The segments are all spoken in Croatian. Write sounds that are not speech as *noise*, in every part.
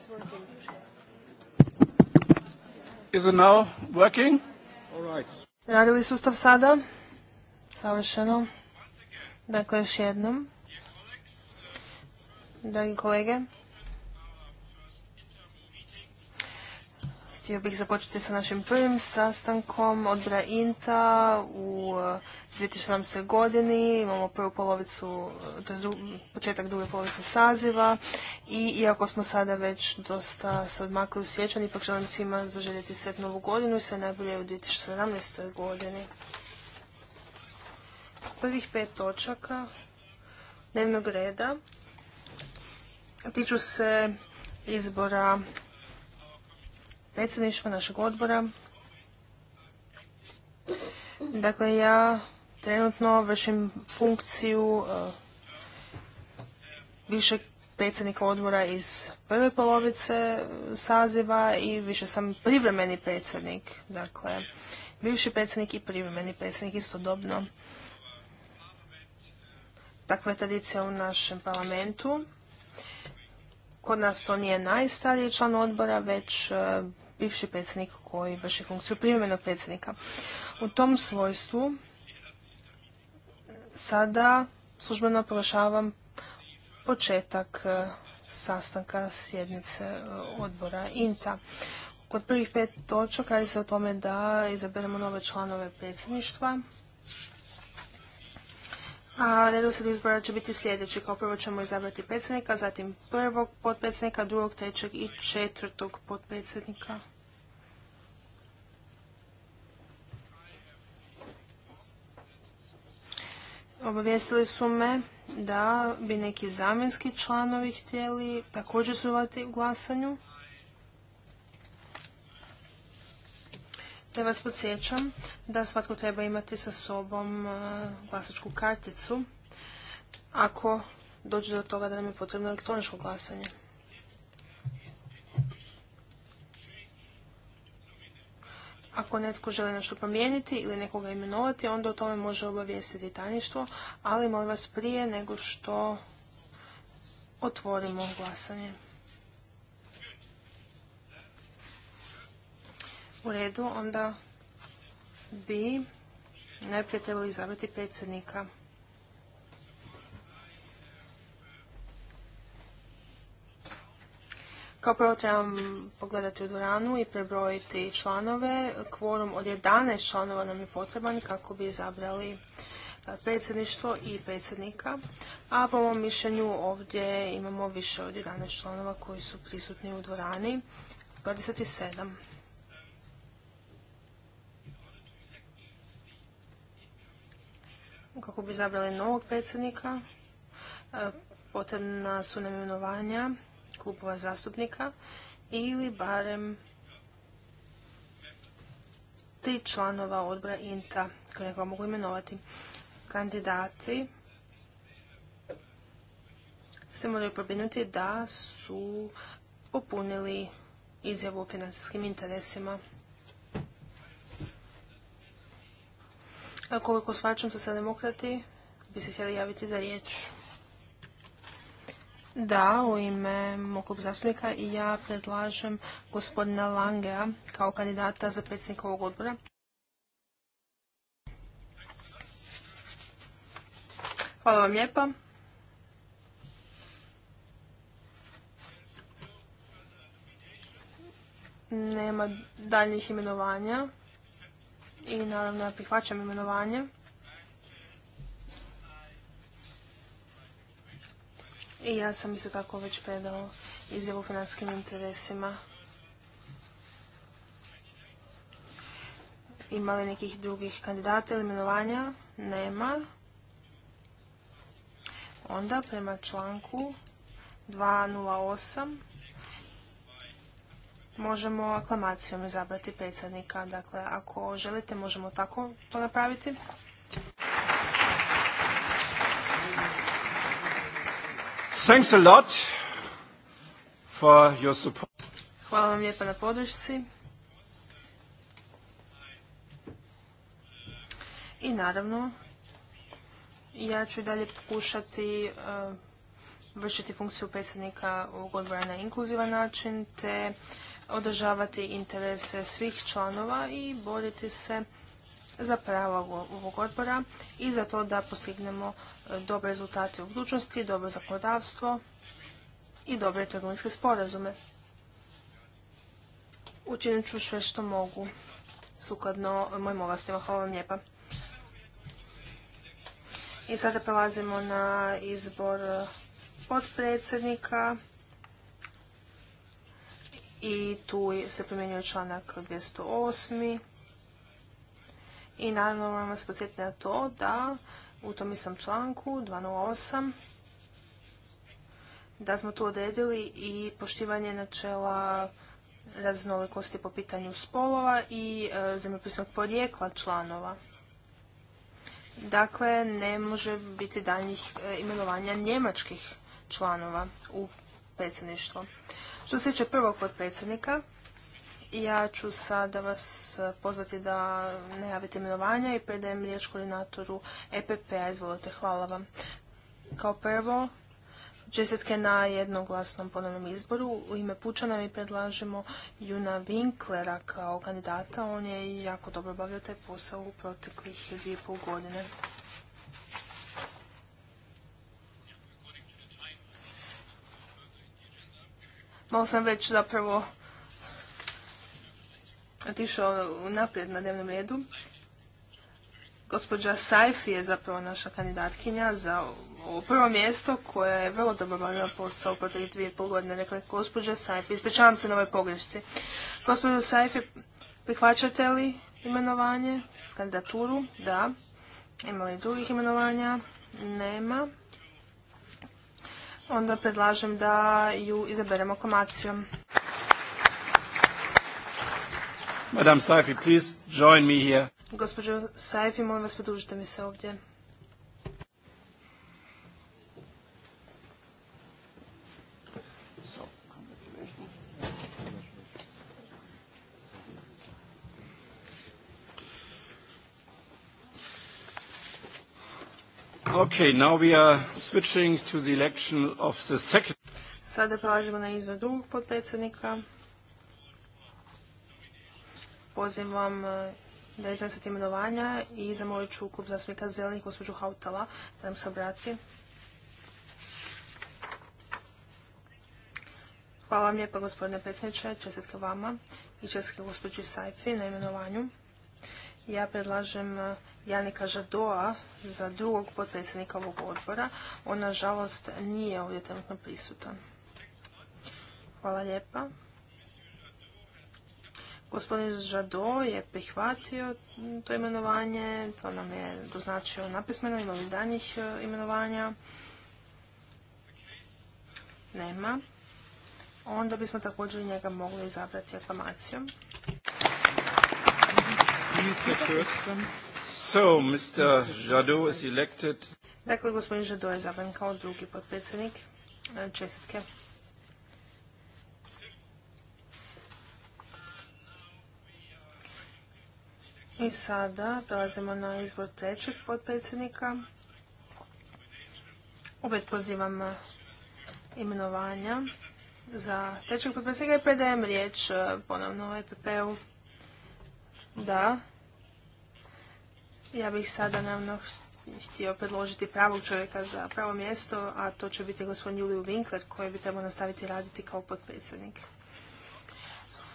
it's working. Is it now working? All right. Radi li sustav sada? Savršeno. Dakle, još jednom. Dragi kolege, htio bih započeti sa našim prvim sastankom odbora INTA u 2017. Eh, godini. Imamo prvu polovicu, eh, početak druge polovice saziva i iako smo sada već dosta se odmakli u sjećan, ipak želim svima zaželjeti set novu godinu i sve najbolje u 2017. godini. Prvih pet točaka dnevnog reda tiču se izbora predsjedništvo našeg odbora. Dakle, ja trenutno vršim funkciju e, bivšeg predsjednika odbora iz prve polovice e, saziva i više sam privremeni predsjednik. Dakle, bivši predsjednik i privremeni predsjednik istodobno. Takva je tradicija u našem parlamentu kod nas to nije najstariji član odbora, već e, bivši predsjednik koji vrši funkciju privremenog predsjednika. U tom svojstvu sada službeno prošavam početak e, sastanka sjednice e, odbora INTA. Kod prvih pet točaka radi se o tome da izaberemo nove članove predsjedništva a redoslijed izbora će biti sljedeći. Kao prvo ćemo izabrati predsjednika, zatim prvog potpredsjednika, drugog, trećeg i četvrtog potpredsjednika. Obavijestili su me da bi neki zamjenski članovi htjeli također sudjelovati u glasanju. Te vas podsjećam da svatko treba imati sa sobom e, glasačku karticu ako dođe do toga da nam je potrebno elektroničko glasanje. Ako netko želi nešto promijeniti ili nekoga imenovati, onda o tome može obavijestiti tajništvo, ali molim vas prije nego što otvorimo glasanje. U redu, onda bi najprije trebali izabrati predsjednika. Kao prvo trebam pogledati u dvoranu i prebrojiti članove. Kvorum od 11 članova nam je potreban kako bi izabrali e, predsjedništvo i predsjednika. A po mom mišljenju ovdje imamo više od 11 članova koji su prisutni u dvorani. 27. kako bi izabrali novog predsjednika, e, potrebna su nam imenovanja klubova zastupnika ili barem tri članova odbora INTA koje nekoga mogu imenovati. Kandidati se moraju probinuti da su popunili izjavu o financijskim interesima. Koliko svačam demokrati bi se htjeli javiti za riječ. Da, u ime mog zastupnika i ja predlažem gospodina Langea kao kandidata za predsjednika ovog odbora. Hvala vam lijepa. Nema daljnjih imenovanja i naravno ja prihvaćam imenovanje. I ja sam isto tako već predao izjavu financijskim interesima. Ima li nekih drugih kandidata ili imenovanja? Nema. Onda prema članku 208 možemo aklamacijom izabrati predsjednika. Dakle, ako želite, možemo tako to napraviti. Thanks a lot for your support. Hvala vam lijepa na podršci. I naravno, ja ću dalje pokušati eh, vršiti funkciju predsjednika u odbora na inkluzivan način, te održavati interese svih članova i boriti se za pravo ovog odbora i za to da postignemo e, dobre rezultate u budućnosti, dobro zakonodavstvo i dobre trgovinske sporazume. Učinit ću sve što mogu sukladno mojim ovlastima. Hvala vam lijepa. I sada prelazimo na izbor e, potpredsjednika i tu se primjenjuje članak 208. I naravno vam vas podsjetiti na to da u tom istom članku 208 da smo tu odredili i poštivanje načela raznolikosti po pitanju spolova i e, zemljopisnog porijekla članova. Dakle, ne može biti daljnjih e, imenovanja njemačkih članova u predsjedništvo. Što se tiče prvog potpredsjednika, ja ću sada vas pozvati da javite imenovanja i predajem riječ koordinatoru EPP-a. Izvolite, hvala vam. Kao prvo, čestitke na jednoglasnom ponovnom izboru. U ime Pučana mi predlažemo Juna Winklera kao kandidata. On je jako dobro bavio taj posao u proteklih dvije i pol godine. malo sam već zapravo otišao naprijed na dnevnom redu. Gospođa Saifi je zapravo naša kandidatkinja za ovo prvo mjesto koja je vrlo dobro bavila posao u dvije i pol godine. Rekla gospođa Saifi, ispričavam se na ovoj pogrešci. Gospođo Saifi, prihvaćate li imenovanje s kandidaturu? Da. Ima li drugih imenovanja? Nema onda predlažem da ju izaberemo komacijom. Madame Saifi, please join me here. Gospođo Saifi, molim vas pridružite mi se ovdje. Okay, now we Sada prelazimo na izbor drugog potpredsjednika. Pozivam eh, da iznesete imenovanja i zamolit ću klub zastupnika zelenih gospođu Hautala da nam se obrati. Hvala vam lijepa gospodine predsjedniče, čestitka vama i čestitke gospođi Sajfi na imenovanju. Ja predlažem eh, Janika Žadoa za drugog potpredsjednika ovog odbora. On, nažalost, nije ovdje trenutno prisutan. Hvala lijepa. Gospodin Žado je prihvatio to imenovanje, to nam je doznačio napismeno, ima li danjih e, imenovanja? Nema. Onda bismo također njega mogli izabrati aklamacijom. So, Mr. Jadot is elected. Dakle, gospodin Jadot je zabran kao drugi potpredsjednik. E, čestitke. I sada prelazimo na izbor trećeg potpredsjednika. Opet pozivam e, imenovanja za trećeg potpredsjednika i predajem riječ e, ponovno EPP-u. Da, ja bih sada naravno htio predložiti pravog čovjeka za pravo mjesto, a to će biti gospodin Juliju Winkler koji bi trebao nastaviti raditi kao potpredsjednik.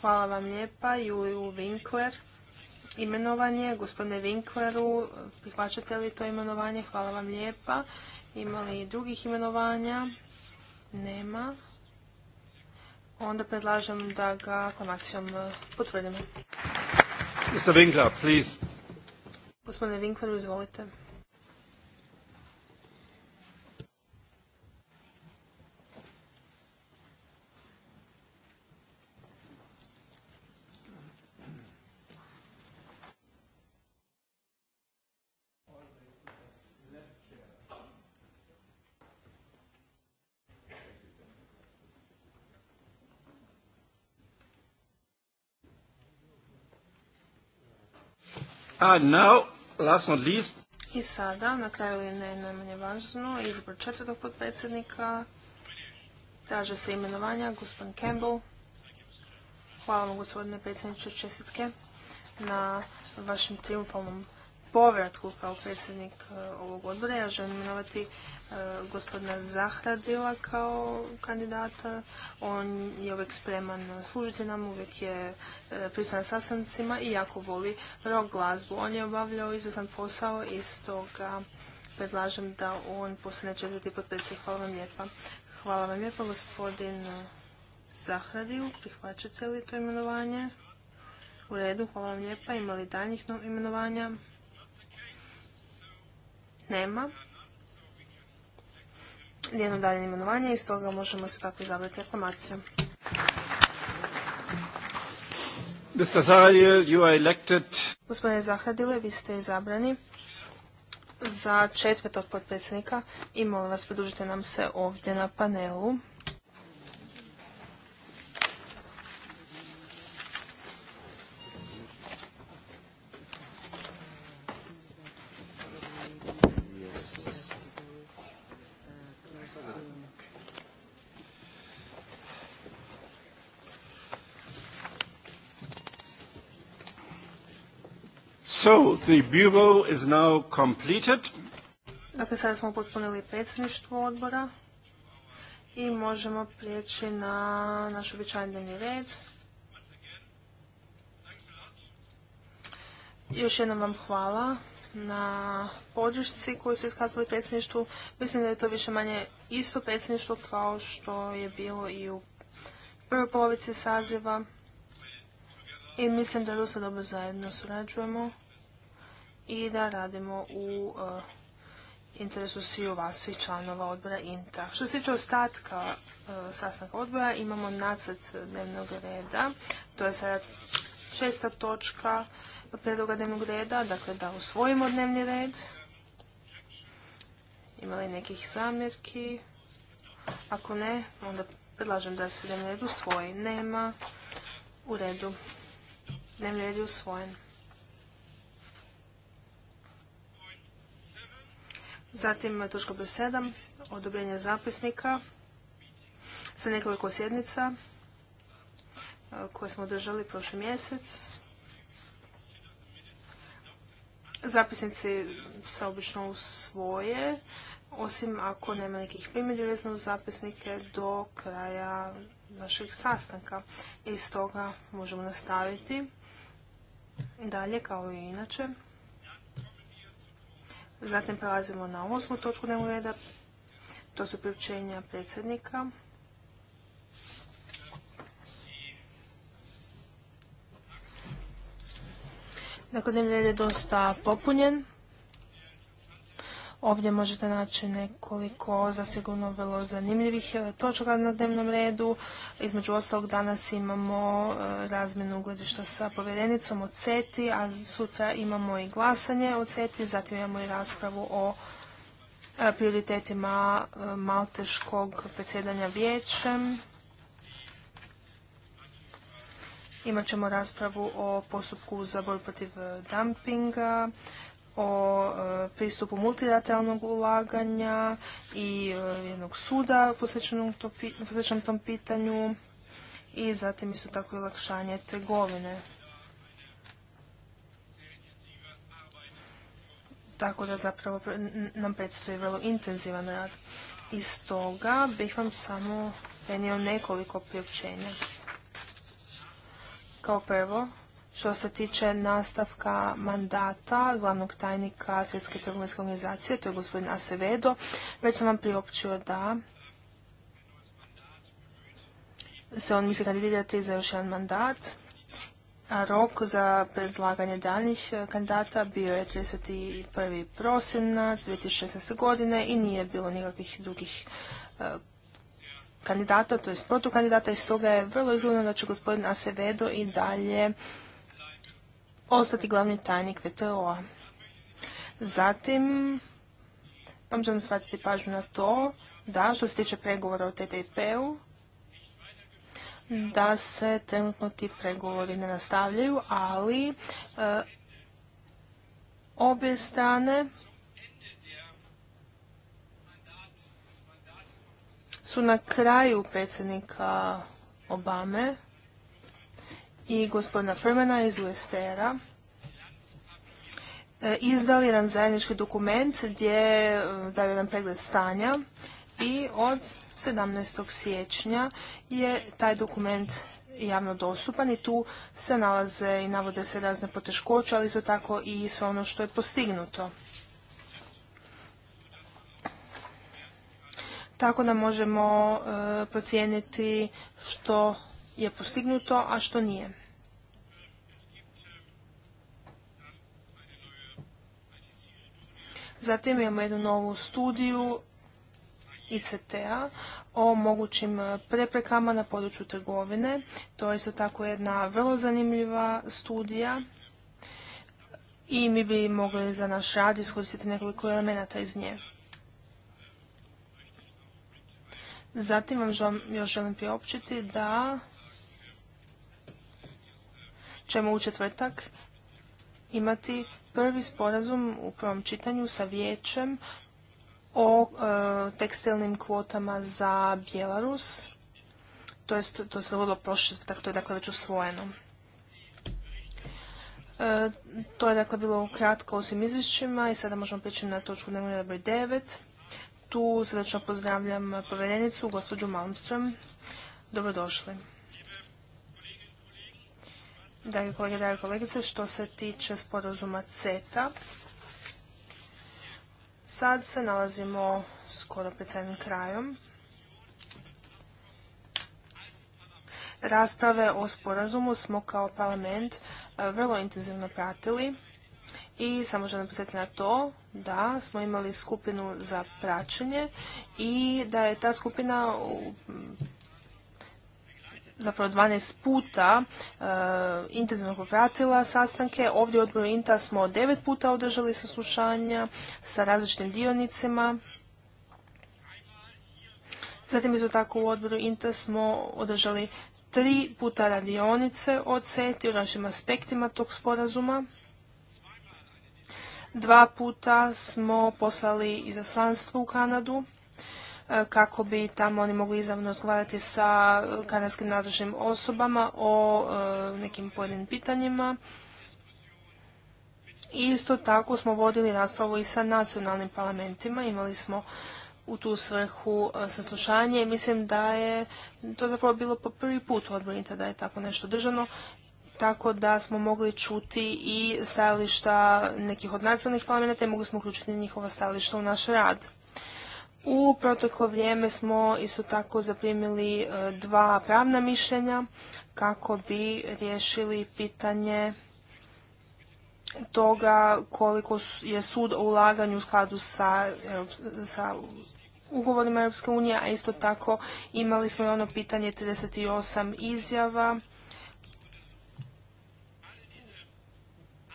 Hvala vam lijepa, Juliju Winkler. Imenovanje, gospodine Winkleru, prihvaćate li to imenovanje? Hvala vam lijepa. Ima li drugih imenovanja? Nema. Onda predlažem da ga aklamacijom potvrdimo. Mr. Winkler, please. Gospodine Winkler, izvolite. Uh, no last I sada, na kraju li ne najmanje važno, izbor četvrtog potpredsjednika. Traže se imenovanja, gospodin Campbell. Hvala vam gospodine predsjedniče, čestitke na vašem triumfalnom povratku kao predsjednik e, ovog odbora. Ja želim imenovati e, gospodina Zahradila kao kandidata. On je uvijek spreman služiti nam, uvijek je e, prisutan sastancima i jako voli rock glazbu. On je obavljao izuzetan posao i stoga predlažem da on postane četvrti potpredsjednik. Hvala vam lijepa. Hvala vam lijepa gospodin Zahradil. Prihvaćate li to imenovanje? U redu, hvala vam lijepa. Ima li danjih imenovanja? Nema. Nijedno dalje imenovanje i stoga možemo se tako izabrati reklamacijom. Mr. Gospodine Zahadile, vi ste izabrani za četvrtog potpredsjednika i molim vas pridružite nam se ovdje na panelu. is now completed. Dakle, sada smo potpunili predsjedništvo odbora i možemo prijeći na naš običajni dnevni red. Još jednom vam hvala na podršci koju su iskazali predsjedništvu. Mislim da je to više manje isto predsjedništvo kao što je bilo i u prvoj polovici saziva. I mislim da dosta dobro zajedno surađujemo i da radimo u eh, interesu sviju vas, svih članova odbora INTA. Što se tiče ostatka eh, sastanka odbora, imamo nacrt dnevnog reda. To je sada šesta točka predloga dnevnog reda, dakle da usvojimo dnevni red. Ima li nekih zamjerki? Ako ne, onda predlažem da se dnevni red usvoji. Nema. U redu. Dnevni red je usvojen. Zatim točka broj sedam, odobrenje zapisnika sa nekoliko sjednica e, koje smo održali prošli mjesec. Zapisnici se obično usvoje, osim ako nema nekih primjedbi vezano uz zapisnike do kraja našeg sastanka. I stoga možemo nastaviti dalje kao i inače. Zatim prelazimo na osmu točku dnevnog reda. To su priopćenja predsjednika. Dakle, dnevni red je dosta popunjen. Ovdje možete naći nekoliko zasigurno vrlo zanimljivih e, točaka na dnevnom redu. Između ostalog danas imamo e, razmjenu ugledišta sa povjerenicom o CETI, a sutra imamo i glasanje o CETI, zatim imamo i raspravu o e, prioritetima malteškog predsjedanja vijećem. Imat ćemo raspravu o postupku za borbu protiv dumpinga, o e, pristupu multilateralnog ulaganja i e, jednog suda posvećenom tom, tom pitanju i zatim isto tako i olakšanje trgovine. Tako da zapravo nam predstoji vrlo intenzivan rad. I stoga bih vam samo prenio nekoliko priopćenja. Kao prvo, što se tiče nastavka mandata glavnog tajnika Svjetske trgovinske organizacije, to je gospodin Asevedo, već sam vam priopćio da se on misli kandidirati za još jedan mandat. A rok za predlaganje daljih e, kandidata bio je 31. prosinac 2016. godine i nije bilo nikakvih drugih e, kandidata, to je protukandidata i stoga je vrlo izgledno da će gospodin Asevedo i dalje ostati glavni tajnik VTO-a. Zatim, vam želim shvatiti pažnju na to da što se tiče pregovora o TTIP-u, da se trenutno ti pregovori ne nastavljaju, ali e, obje strane su na kraju predsjednika Obame i gospodina Fermana iz USTR-a e, izdali jedan zajednički dokument gdje e, daju jedan pregled stanja i od 17. siječnja je taj dokument javno dostupan i tu se nalaze i navode se razne poteškoće, ali isto tako i sve ono što je postignuto. Tako da možemo e, procijeniti što je postignuto, a što nije. Zatim imamo jednu novu studiju ICT-a o mogućim preprekama na području trgovine. To je isto tako jedna vrlo zanimljiva studija i mi bi mogli za naš rad iskoristiti nekoliko elemenata iz nje. Zatim vam još želim priopćiti da ćemo u četvrtak imati prvi sporazum u prvom čitanju sa vijećem o e, tekstilnim kvotama za Bjelarus. To, to se vrlo prošli četvrtak, to je dakle već usvojeno. E, to je dakle bilo kratko o svim izvješćima i sada možemo prići na točku dnevnog reda broj 9. Tu srdečno pozdravljam povjerenicu, gospođu Malmström. Dobrodošli. Dragi kolege, dragi kolegice, što se tiče sporazuma CETA, sad se nalazimo skoro pred samim krajom. Rasprave o sporazumu smo kao parlament e, vrlo intenzivno pratili i samo želim posjetiti na to da smo imali skupinu za praćenje i da je ta skupina zapravo 12 puta e, intenzivno popratila sastanke. Ovdje u odboru INTA smo 9 puta održali saslušanja sa različitim dionicima. Zatim isto tako u odboru INTA smo održali tri puta radionice o CETI u našim aspektima tog sporazuma. Dva puta smo poslali izaslanstvo u Kanadu E, kako bi tamo oni mogli izravno razgovarati sa kanadskim nadležnim osobama o e, nekim pojedinim pitanjima. Isto tako smo vodili raspravu i sa nacionalnim parlamentima. Imali smo u tu svrhu e, saslušanje i mislim da je to zapravo bilo po prvi put u da je tako nešto držano tako da smo mogli čuti i stajališta nekih od nacionalnih parlamenta i mogli smo uključiti njihova stajališta u naš rad. U proteklo vrijeme smo isto tako zaprimili e, dva pravna mišljenja kako bi riješili pitanje toga koliko je sud o ulaganju u skladu e, sa, ugovorima Europske unije, a isto tako imali smo i ono pitanje 38 izjava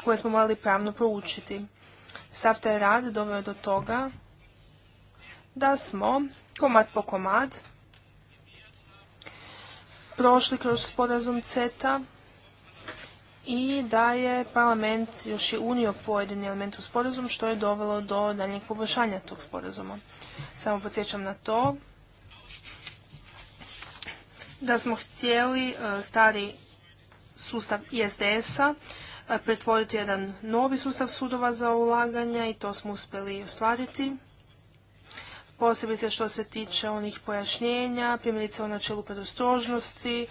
koje smo morali pravno proučiti. Sav taj rad doveo do toga da smo komad po komad prošli kroz sporazum CETA i da je parlament još i unio pojedini element u sporazum što je dovelo do daljnjeg poboljšanja tog sporazuma. Samo podsjećam na to da smo htjeli e, stari sustav ISDS-a e, pretvoriti jedan novi sustav sudova za ulaganja i to smo uspjeli ostvariti posebice što se tiče onih pojašnjenja, primjerice o načelu predostrožnosti,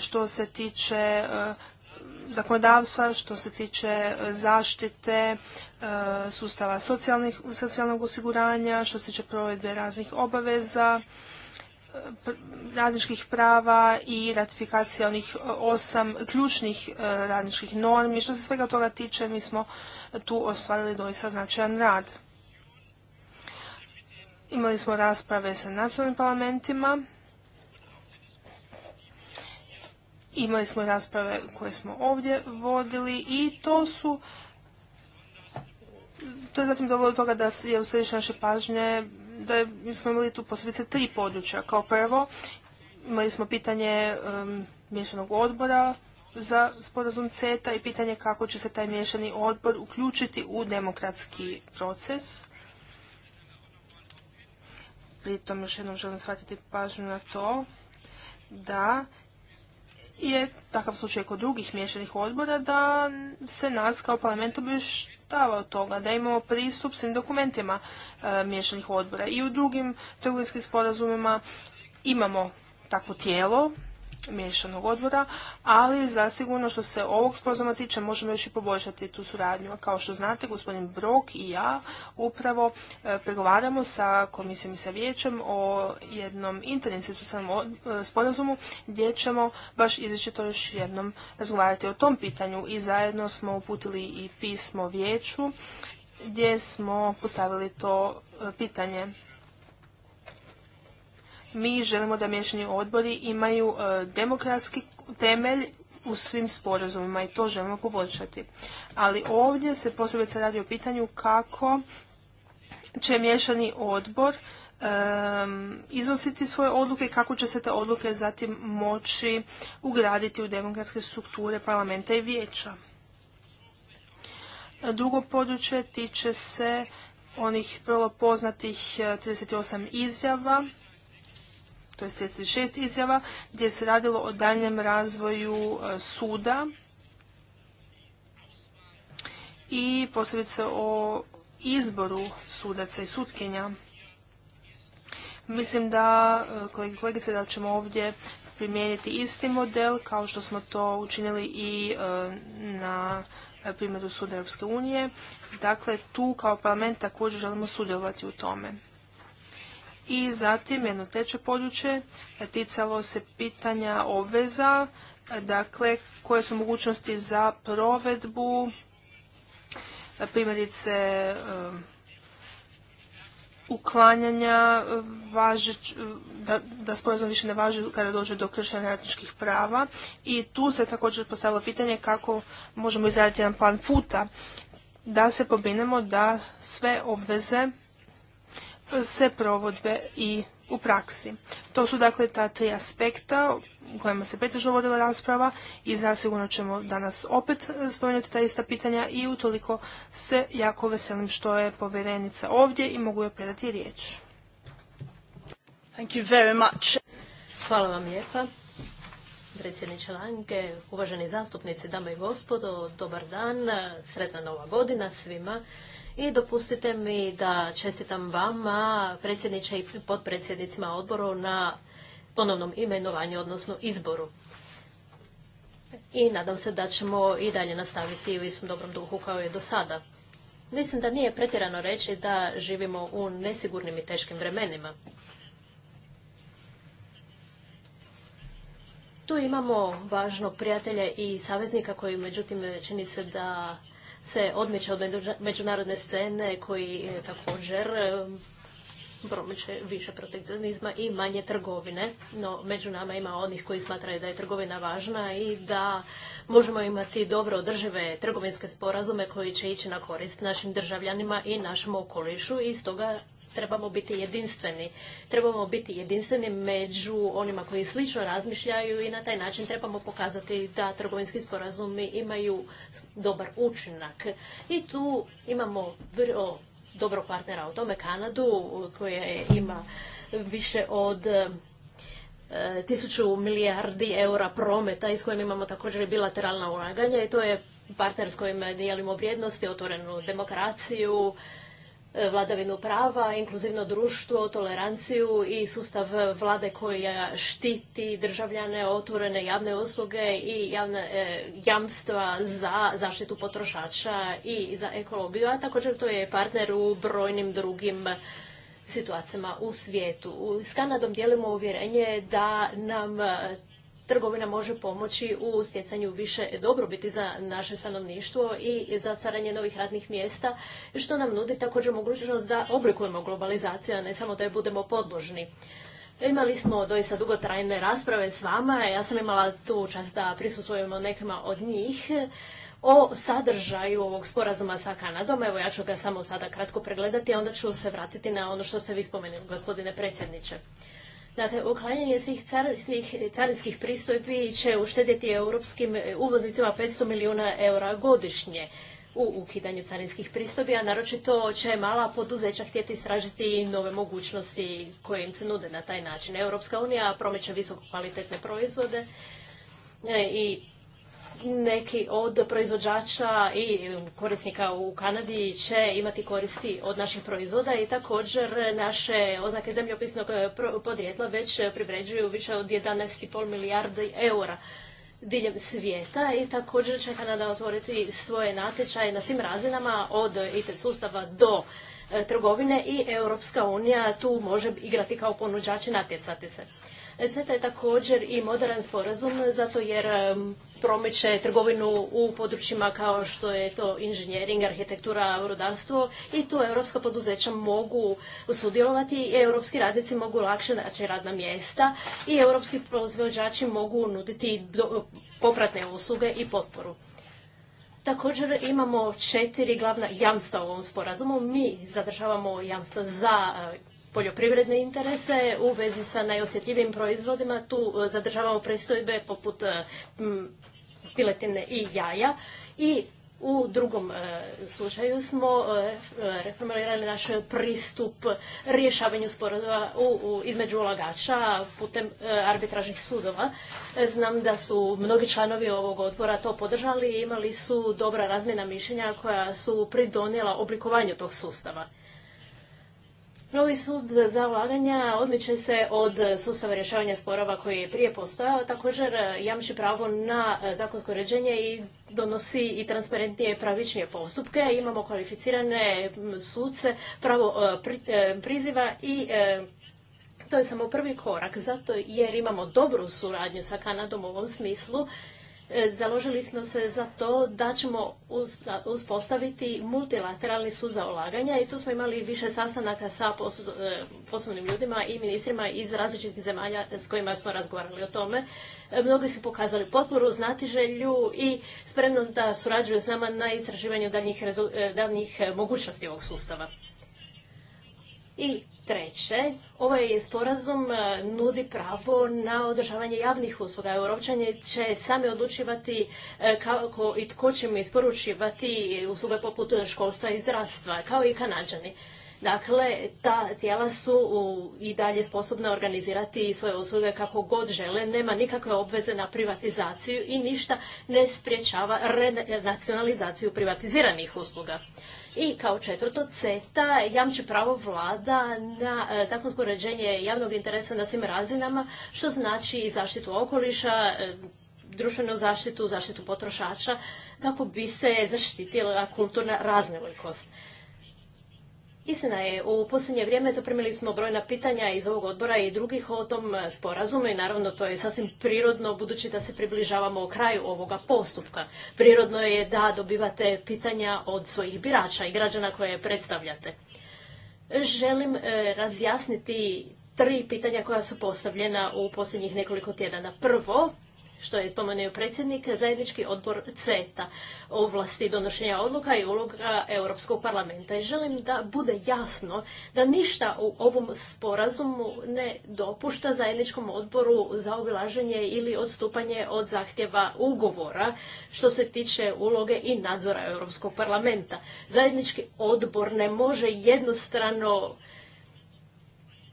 što se tiče eh, zakonodavstva, što se tiče eh, zaštite eh, sustava socijalnih, socijalnog osiguranja, što se tiče provedbe raznih obaveza, radničkih prava i ratifikacija onih osam ključnih radničkih normi. Što se svega toga tiče, mi smo tu ostvarili doista značajan rad. Imali smo rasprave sa nacionalnim parlamentima. Imali smo rasprave koje smo ovdje vodili i to su to je zatim dovoljno toga da je u naše pažnje da smo imali tu posebice tri područja. Kao prvo, imali smo pitanje mješanog um, odbora za sporazum CETA i pitanje kako će se taj mješani odbor uključiti u demokratski proces. Pritom još jednom želim shvatiti pažnju na to da je takav slučaj kod drugih miješanih odbora da se nas kao parlament obještava od toga, da imamo pristup svim dokumentima e, miješanih odbora. I u drugim trgovinskim sporazumima imamo takvo tijelo miješanog odbora, ali zasigurno što se ovog sporazuma tiče možemo još i poboljšati tu suradnju. kao što znate, gospodin Brok i ja upravo e, pregovaramo sa komisijom i sa vijećem o jednom interinstitucionalnom e, sporazumu gdje ćemo baš to još jednom razgovarati o tom pitanju i zajedno smo uputili i pismo vijeću gdje smo postavili to e, pitanje mi želimo da mješani odbori imaju e, demokratski temelj u svim sporazumima i to želimo poboljšati. Ali ovdje se posebice radi o pitanju kako će mješani odbor iznositi svoje odluke i kako će se te odluke zatim moći ugraditi u demokratske strukture parlamenta i vijeća. Drugo područje tiče se onih vrlo poznatih 38 e, izjava to je 36 izjava, gdje se radilo o daljem razvoju e, suda i posebice o izboru sudaca i sutkinja. Mislim da, e, kolegi kolegice, da ćemo ovdje primijeniti isti model kao što smo to učinili i e, na primjeru Suda Europske unije. Dakle, tu kao parlament također želimo sudjelovati u tome. I zatim jedno treće područje ticalo se pitanja obveza, dakle koje su mogućnosti za provedbu primjerice um, uklanjanja da, da sporazum više ne važi kada dođe do kršenja radničkih prava i tu se također postavilo pitanje kako možemo izraditi jedan plan puta da se pobinemo da sve obveze se provodbe i u praksi. To su dakle ta tri aspekta u kojima se pretežno vodila rasprava i zasigurno ćemo danas opet e, spomenuti ta ista pitanja i utoliko se jako veselim što je povjerenica ovdje i mogu joj predati riječ. Thank you very much. Hvala vam lijepa. Predsjedniče Lange, uvaženi zastupnici, dame i gospodo, dobar dan, sretna nova godina svima. I dopustite mi da čestitam vama, predsjedniče i potpredsjednicima odboru na ponovnom imenovanju, odnosno izboru. I nadam se da ćemo i dalje nastaviti u istom dobrom duhu kao i do sada. Mislim da nije pretjerano reći da živimo u nesigurnim i teškim vremenima. Tu imamo važnog prijatelja i saveznika koji međutim čini se da se odmiče od međunarodne scene koji e, također e, promiče više protekcionizma i manje trgovine. No, među nama ima onih koji smatraju da je trgovina važna i da možemo imati dobro održive trgovinske sporazume koji će ići na korist našim državljanima i našem okolišu i stoga trebamo biti jedinstveni. Trebamo biti jedinstveni među onima koji slično razmišljaju i na taj način trebamo pokazati da trgovinski sporazumi imaju dobar učinak. I tu imamo vrlo dobro partnera u tome Kanadu koja ima više od e, tisuću milijardi eura prometa i s kojim imamo također i bilateralna ulaganja i to je partner s kojim dijelimo vrijednosti, otvorenu demokraciju, E, vladavinu prava, inkluzivno društvo, toleranciju i sustav vlade koja štiti državljane, otvorene javne usluge i javne, e, jamstva za zaštitu potrošača i za ekologiju, a također to je partner u brojnim drugim situacijama u svijetu. S Kanadom dijelimo uvjerenje da nam trgovina može pomoći u stjecanju više dobrobiti za naše stanovništvo i za stvaranje novih radnih mjesta, što nam nudi također mogućnost da oblikujemo globalizaciju, a ne samo da je budemo podložni. Imali smo doista dugotrajne rasprave s vama, ja sam imala tu čast da prisustvujemo nekima od njih o sadržaju ovog sporazuma sa Kanadom. Evo ja ću ga samo sada kratko pregledati, a onda ću se vratiti na ono što ste vi spomenuli, gospodine predsjedniče. Dakle, uklanjanje svih, carinskih pristojbi će uštedjeti europskim e, uvoznicima 500 milijuna eura godišnje u ukidanju carinskih pristojbi, a naročito će mala poduzeća htjeti sražiti nove mogućnosti koje im se nude na taj način. Europska unija promiče visoko kvalitetne proizvode e, i neki od proizvođača i korisnika u Kanadi će imati koristi od naših proizvoda i također naše oznake zemljopisnog podrijetla već privređuju više od 11,5 milijardi eura diljem svijeta i također će Kanada otvoriti svoje natječaje na svim razinama od IT sustava do e, trgovine i Europska unija tu može igrati kao ponuđač natjecati se. E, CETA je također i modern sporazum zato jer promiče trgovinu u područjima kao što je to inženjering, arhitektura, rudarstvo i tu europska poduzeća mogu sudjelovati i europski radnici mogu lakše naći radna mjesta i europski proizvođači mogu nuditi popratne usluge i potporu. Također imamo četiri glavna jamstva u ovom sporazumu. Mi zadržavamo jamstva za poljoprivredne interese u vezi sa najosjetljivim proizvodima. Tu e, zadržavamo prestojbe poput e, piletine i jaja i u drugom e, slučaju smo reformirali naš pristup rješavanju sporova između ulagača putem arbitražnih sudova. Znam da su mnogi članovi ovog odbora to podržali i imali su dobra razmjena mišljenja koja su pridonijela oblikovanju tog sustava. Novi sud za ulaganja odmiče se od sustava rješavanja sporova koji je prije postojao, također e, jamči pravo na e, zakonsko uređenje i donosi i transparentnije i pravičnije postupke. Imamo kvalificirane sudce, pravo e, priziva i to je samo prvi korak, zato jer imamo dobru suradnju sa Kanadom u ovom smislu E, založili smo se za to da ćemo uspostaviti multilateralni sud za ulaganja i tu smo imali više sastanaka sa e, poslovnim ljudima i ministrima iz različitih zemalja s kojima smo razgovarali o tome. E, mnogi su pokazali potporu, znatiželju i spremnost da surađuju s nama na istraživanju daljnjih mogućnosti ovog sustava. I treće, ovaj sporazum e, nudi pravo na održavanje javnih usluga. Europčanje će sami odlučivati e, kako i tko će mu isporučivati usluge poput školstva i zdravstva, kao i kanadžani. Dakle, ta tijela su i dalje sposobna organizirati svoje usluge kako god žele, nema nikakve obveze na privatizaciju i ništa ne spriječava renacionalizaciju privatiziranih usluga. I kao četvrto, CETA jamči pravo vlada na e, zakonsko uređenje javnog interesa na svim razinama, što znači i zaštitu okoliša, e, društvenu zaštitu, zaštitu potrošača, kako bi se zaštitila kulturna raznolikost. Istina je, u posljednje vrijeme zaprimili smo brojna pitanja iz ovog odbora i drugih o tom sporazumu i naravno to je sasvim prirodno budući da se približavamo kraju ovoga postupka. Prirodno je da dobivate pitanja od svojih birača i građana koje predstavljate. Želim e, razjasniti tri pitanja koja su postavljena u posljednjih nekoliko tjedana. Prvo, što je spomenuo predsjednik, zajednički odbor CETA, ovlasti donošenja odluka i uloga Europskog parlamenta. I želim da bude jasno da ništa u ovom sporazumu ne dopušta zajedničkom odboru za obilaženje ili odstupanje od zahtjeva ugovora što se tiče uloge i nadzora Europskog parlamenta. Zajednički odbor ne može jednostrano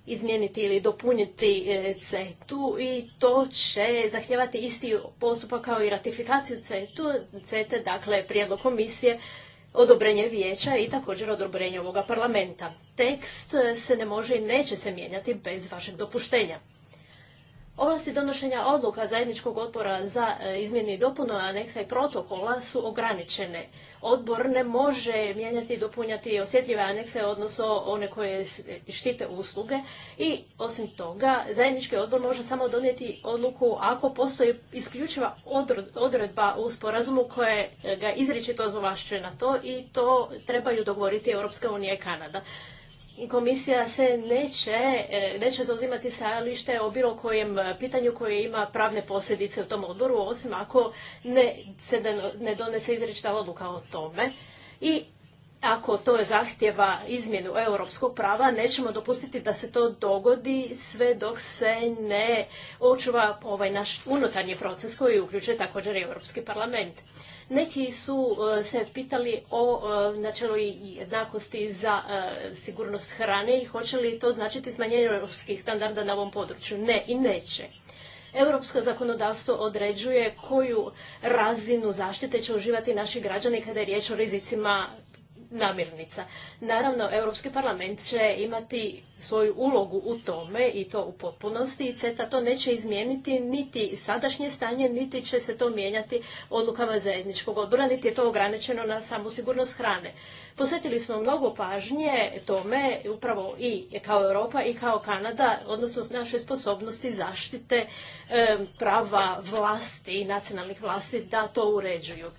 izmijeniti ili dopuniti e, CETU i to će zahtjevati isti postupak kao i ratifikaciju CETU, CETE, dakle prijedlog komisije, odobrenje vijeća i također odobrenje ovoga parlamenta. Tekst se ne može i neće se mijenjati bez vašeg dopuštenja. Ovlasti donošenja odluka zajedničkog odbora za e, izmjene i dopunu aneksa i protokola su ograničene. Odbor ne može mijenjati i dopunjati osjetljive anekse, odnosno one koje štite usluge i osim toga zajednički odbor može samo donijeti odluku ako postoji isključiva odredba u sporazumu koje ga izričito ovlaštena na to i to trebaju dogovoriti Europska unija i Kanada komisija se neće, e, neće zauzimati stajalište o bilo kojem pitanju koje ima pravne posljedice u tom odboru, osim ako ne, se ne donese izričita odluka o tome. I ako to je zahtjeva izmjenu europskog prava, nećemo dopustiti da se to dogodi sve dok se ne očuva ovaj naš unutarnji proces koji uključuje također i Europski parlament. Neki su e, se pitali o e, načelu jednakosti za e, sigurnost hrane i hoće li to značiti smanjenje europskih standarda na ovom području. Ne i neće. Europsko zakonodavstvo određuje koju razinu zaštite će uživati naši građani kada je riječ o rizicima namirnica. Naravno, Europski parlament će imati svoju ulogu u tome i to u potpunosti i CETA to neće izmijeniti niti sadašnje stanje, niti će se to mijenjati odlukama zajedničkog odbora, niti je to ograničeno na samu sigurnost hrane. Posvetili smo mnogo pažnje tome upravo i kao Europa i kao Kanada, odnosno naše sposobnosti zaštite prava vlasti i nacionalnih vlasti da to uređuju.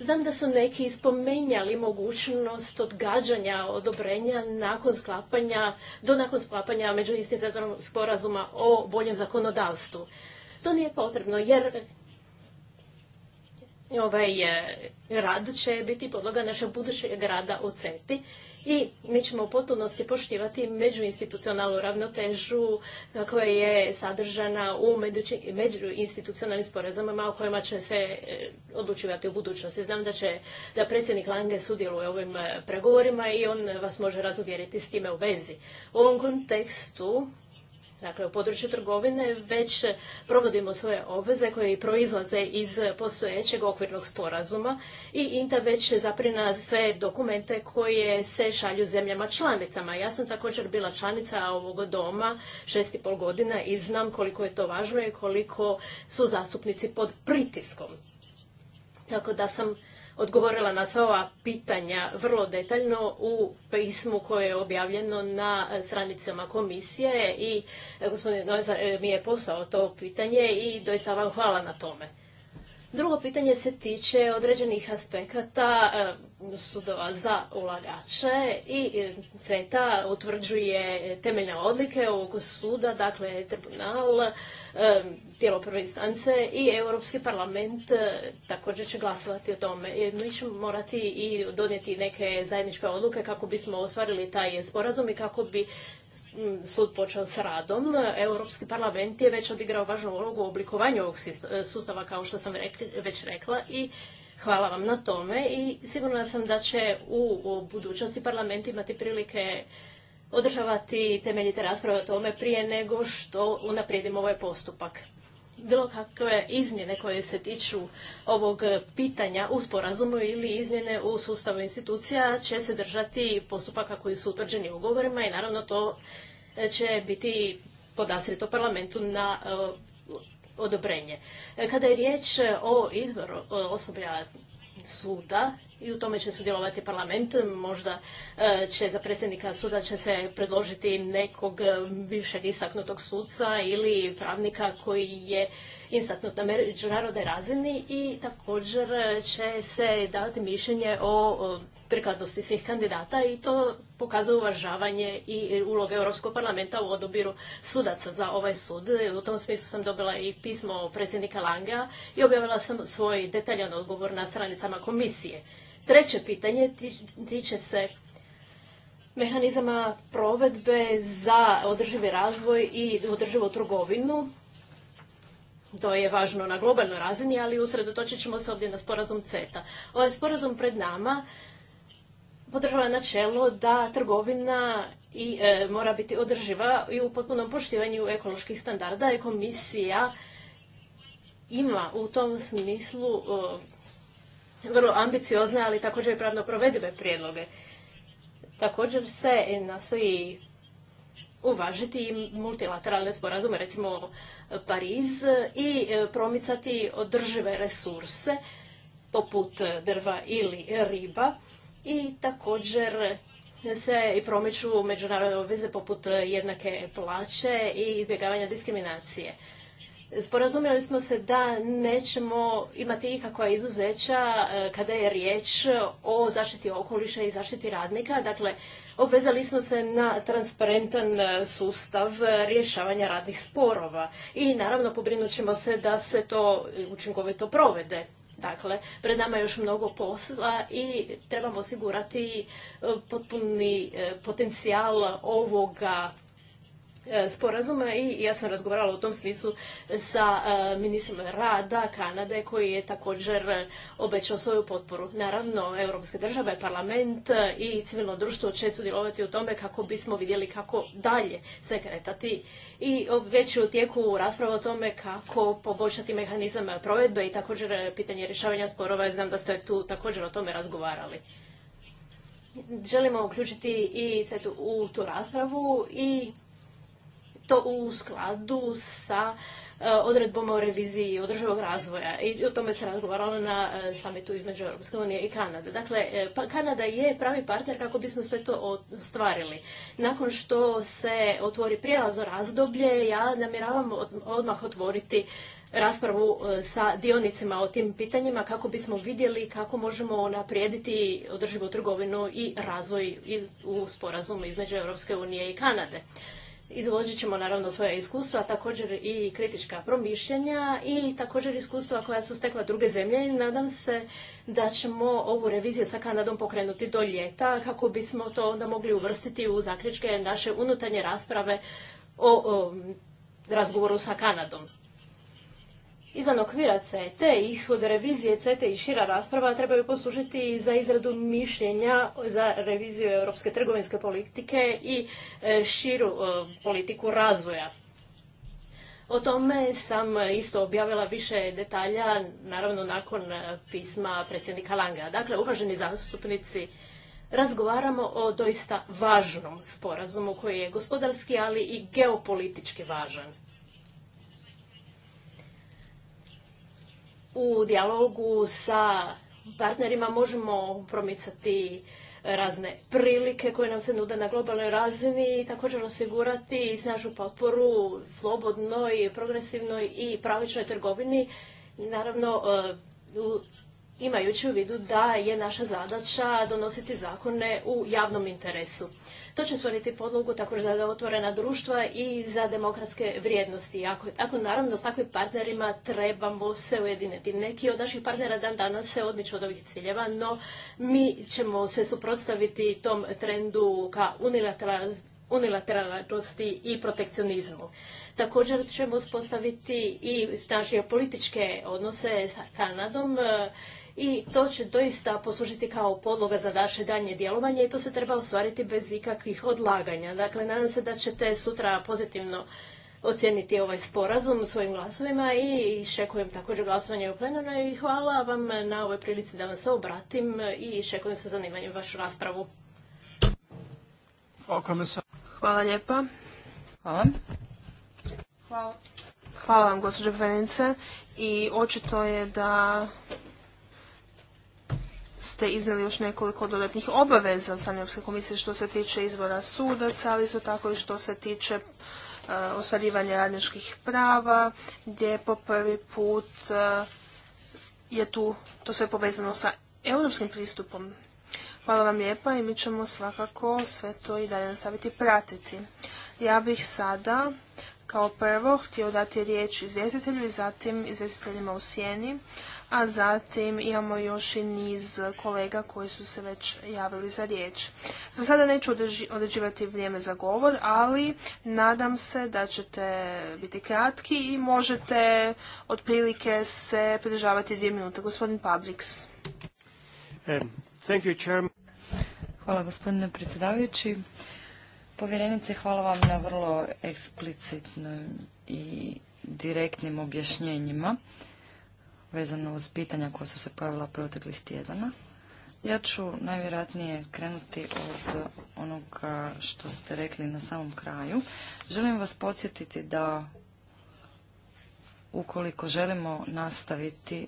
Znam da su neki spomenjali mogućnost odgađanja odobrenja nakon sklapanja, do nakon sklapanja međuinstitucionalnog sporazuma o boljem zakonodavstvu. To nije potrebno jer ovaj eh, rad će biti podloga našeg budućeg rada u CETI i mi ćemo u potpunosti poštivati međuinstitucionalnu ravnotežu e, koja je sadržana u međuinstitucionalnim sporazumima o kojima će se e, odlučivati u budućnosti. Znam da će da predsjednik Lange sudjeluje u ovim e, pregovorima i on vas može razuvjeriti s time u vezi. U ovom kontekstu dakle u području trgovine, već provodimo svoje obveze koje proizlaze iz postojećeg okvirnog sporazuma i INTA već zaprina sve dokumente koje se šalju zemljama članicama. Ja sam također bila članica ovog doma šest i pol godina i znam koliko je to važno i koliko su zastupnici pod pritiskom. Tako da sam odgovorila na sva ova pitanja vrlo detaljno u pismu koje je objavljeno na stranicama komisije i e, gospodin Nozar e, mi je poslao to pitanje i doista vam hvala na tome. Drugo pitanje se tiče određenih aspekata e, sudova za ulagače i e, CETA utvrđuje temeljne odlike ovog suda, dakle tribunal, e, tijelo prve instance i Europski parlament također će glasovati o tome. Mi ćemo morati i donijeti neke zajedničke odluke kako bismo ostvarili taj sporazum i kako bi sud počeo s radom. Europski parlament je već odigrao važnu ulogu u oblikovanju ovog e, sustava, kao što sam već rekla, i hvala vam na tome i sigurna sam da će u, budućnosti parlament imati prilike održavati temeljite rasprave o tome prije nego što unaprijedimo ovaj postupak bilo kakve izmjene koje se tiču ovog pitanja u sporazumu ili izmjene u sustavu institucija će se držati postupaka koji su utvrđeni ugovorima i naravno to e, će biti podasrito parlamentu na e, odobrenje. E, kada je riječ o izboru osoblja suda, i u tome će sudjelovati parlament. Možda e, će za predsjednika suda će se predložiti nekog e, bivšeg istaknutog suca ili pravnika koji je istaknut na međunarodnoj razini i također e, će se dati mišljenje o prikladnosti svih kandidata i to pokazuje uvažavanje i uloge Europskog parlamenta u odobiru sudaca za ovaj sud. U tom smislu sam dobila i pismo predsjednika Langa i objavila sam svoj detaljan odgovor na stranicama komisije. Treće pitanje tiče se mehanizama provedbe za održivi razvoj i održivu trgovinu. To je važno na globalnoj razini, ali usredotočit ćemo se ovdje na sporazum CETA. Ovaj sporazum pred nama podržava načelo da trgovina i e, mora biti održiva i u potpunom poštivanju ekoloških standarda i komisija ima u tom smislu vrlo ambiciozne, ali također i pravno provedive prijedloge. Također se nastoji uvažiti multilateralne sporazume, recimo Pariz, i e, promicati održive resurse poput drva ili riba i također se i promiču međunarodne obveze poput jednake plaće i izbjegavanja diskriminacije. Sporazumjeli smo se da nećemo imati ikakva izuzeća e, kada je riječ o zaštiti okoliša i zaštiti radnika. Dakle, obvezali smo se na transparentan e, sustav rješavanja radnih sporova i naravno pobrinut ćemo se da se to učinkovito provede. Dakle, pred nama je još mnogo posla i trebamo osigurati e, potpuni potencijal ovoga E, sporazuma i ja sam razgovarala u tom smislu e, sa e, ministrom rada Kanade koji je također obećao svoju potporu. Naravno, Europske države, parlament i civilno društvo će sudjelovati u tome kako bismo vidjeli kako dalje se kretati i već je u tijeku rasprava o tome kako poboljšati mehanizam provedbe i također pitanje rješavanja sporova. Znam da ste tu također o tome razgovarali želimo uključiti i u tu raspravu i to u skladu sa e, odredbom o reviziji održivog razvoja i o tome se razgovaralo na e, samitu između Europske unije i Kanade. Dakle, e, pa, Kanada je pravi partner kako bismo sve to ostvarili. Nakon što se otvori prijelazno razdoblje, ja namjeravam odmah otvoriti raspravu sa dionicima o tim pitanjima kako bismo vidjeli kako možemo naprijediti održivu trgovinu i razvoj u sporazumu između Europske unije i Kanade. Izložit ćemo naravno svoje iskustva, također i kritička promišljenja i također iskustva koja su stekla druge zemlje i nadam se da ćemo ovu reviziju sa Kanadom pokrenuti do ljeta kako bismo to onda mogli uvrstiti u zaključke naše unutarnje rasprave o razgovoru sa Kanadom. Izan okvira i ishod revizije CET i šira rasprava trebaju poslužiti za izradu mišljenja za reviziju europske trgovinske politike i e, širu e, politiku razvoja. O tome sam isto objavila više detalja, naravno nakon e, pisma predsjednika Langa. Dakle, uvaženi zastupnici, razgovaramo o doista važnom sporazumu koji je gospodarski, ali i geopolitički važan. u dijalogu sa partnerima možemo promicati razne prilike koje nam se nude na globalnoj razini i također osigurati snažnu potporu slobodnoj, progresivnoj i pravičnoj trgovini. Naravno, e, imajući u vidu da je naša zadaća donositi zakone u javnom interesu. To će stvoriti podlogu također za otvorena društva i za demokratske vrijednosti. Ako, ako naravno s takvim partnerima trebamo se ujediniti. Neki od naših partnera dan danas se odmiču od ovih ciljeva, no mi ćemo se suprotstaviti tom trendu ka unilateralizmu unilateralnosti i protekcionizmu. Također ćemo uspostaviti i snažnije političke odnose sa Kanadom e, i to će doista poslužiti kao podloga za naše danje djelovanje i to se treba ostvariti bez ikakvih odlaganja. Dakle, nadam se da ćete sutra pozitivno ocijeniti ovaj sporazum svojim glasovima i iščekujem također glasovanje u plenarnoj i hvala vam na ovoj prilici da vam se obratim i iščekujem sa zanimanjem vašu raspravu. Hvala lijepa. Hvala. Hvala. vam, gospođo Penice. I očito je da ste iznijeli još nekoliko dodatnih obaveza od strane Europske komisije što se tiče izbora sudaca, ali su tako i što se tiče osvarivanja e, ostvarivanja radničkih prava, gdje po prvi put e, je tu to sve povezano sa europskim pristupom Hvala vam lijepa i mi ćemo svakako sve to i dalje nastaviti pratiti. Ja bih sada kao prvo htio dati riječ izvjestitelju i zatim izvjestiteljima u sjeni, a zatim imamo još i niz kolega koji su se već javili za riječ. Za sada neću određivati vrijeme za govor, ali nadam se da ćete biti kratki i možete otprilike se pridržavati dvije minute. Gospodin Pabriks hvala gospodine predsjedavajući. Povjerenice, hvala vam na vrlo eksplicitnim i direktnim objašnjenjima vezano uz pitanja koja su se pojavila proteklih tjedana. Ja ću najvjerojatnije krenuti od onoga što ste rekli na samom kraju. Želim vas podsjetiti da ukoliko želimo nastaviti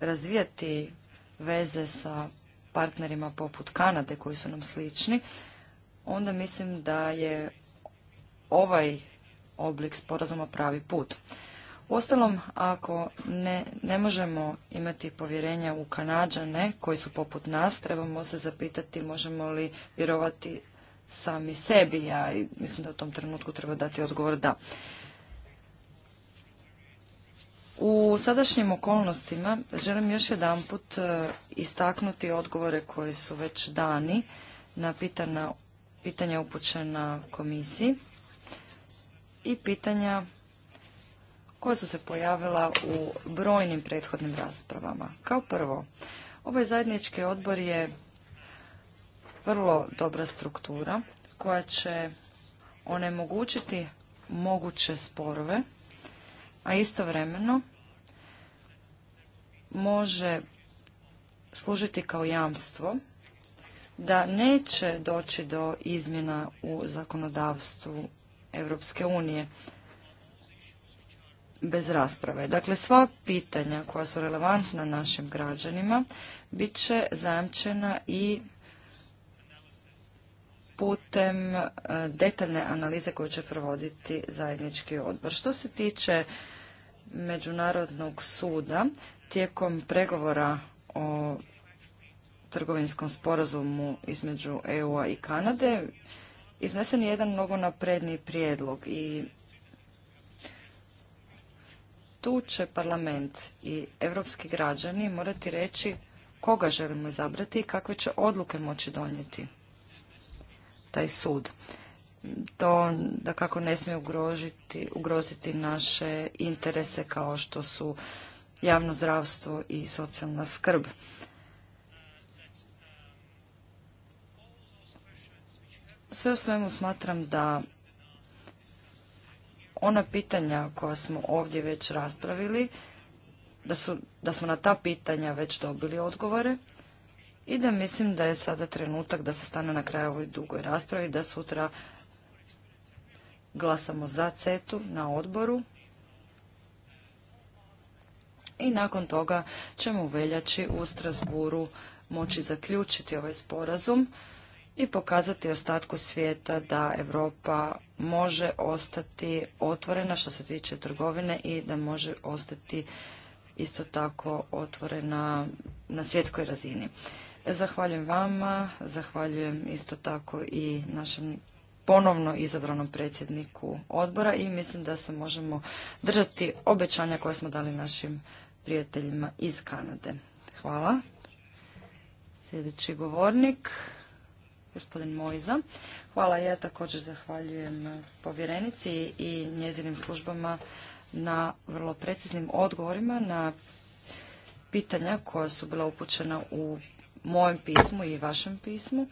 razvijati veze sa partnerima poput Kanade koji su nam slični, onda mislim da je ovaj oblik sporazuma pravi put. Uostalom, ako ne, ne možemo imati povjerenja u Kanađane koji su poput nas, trebamo se zapitati možemo li vjerovati sami sebi. Ja mislim da u tom trenutku treba dati odgovor da. U sadašnjim okolnostima želim još jedanput e, istaknuti odgovore koji su već dani na pitanja, pitanja upućena komisiji i pitanja koja su se pojavila u brojnim prethodnim raspravama. Kao prvo, ovaj zajednički odbor je vrlo dobra struktura koja će onemogućiti moguće sporove a istovremeno može služiti kao jamstvo da neće doći do izmjena u zakonodavstvu Europske unije bez rasprave. Dakle, sva pitanja koja su relevantna našim građanima bit će zajamčena i putem e, detaljne analize koju će provoditi zajednički odbor. Što se tiče Međunarodnog suda tijekom pregovora o trgovinskom sporazumu između EU-a i Kanade iznesen je jedan mnogo napredniji prijedlog i tu će parlament i evropski građani morati reći koga želimo izabrati i kakve će odluke moći donijeti taj sud to da kako ne smije ugrožiti, ugroziti naše interese kao što su javno zdravstvo i socijalna skrb. Sve u svemu smatram da ona pitanja koja smo ovdje već raspravili, da, su, da smo na ta pitanja već dobili odgovore i da mislim da je sada trenutak da se stane na kraju ovoj dugoj raspravi, da sutra glasamo za CETU na odboru i nakon toga ćemo u veljači u Strasburu moći zaključiti ovaj sporazum i pokazati ostatku svijeta da Europa može ostati otvorena što se tiče trgovine i da može ostati isto tako otvorena na svjetskoj razini. Zahvaljujem vama, zahvaljujem isto tako i našem ponovno izabranom predsjedniku odbora i mislim da se možemo držati obećanja koje smo dali našim prijateljima iz Kanade. Hvala. Sljedeći govornik, gospodin Mojza. Hvala, ja također zahvaljujem povjerenici i njezinim službama na vrlo preciznim odgovorima na pitanja koja su bila upućena u mojem pismu i vašem pismu.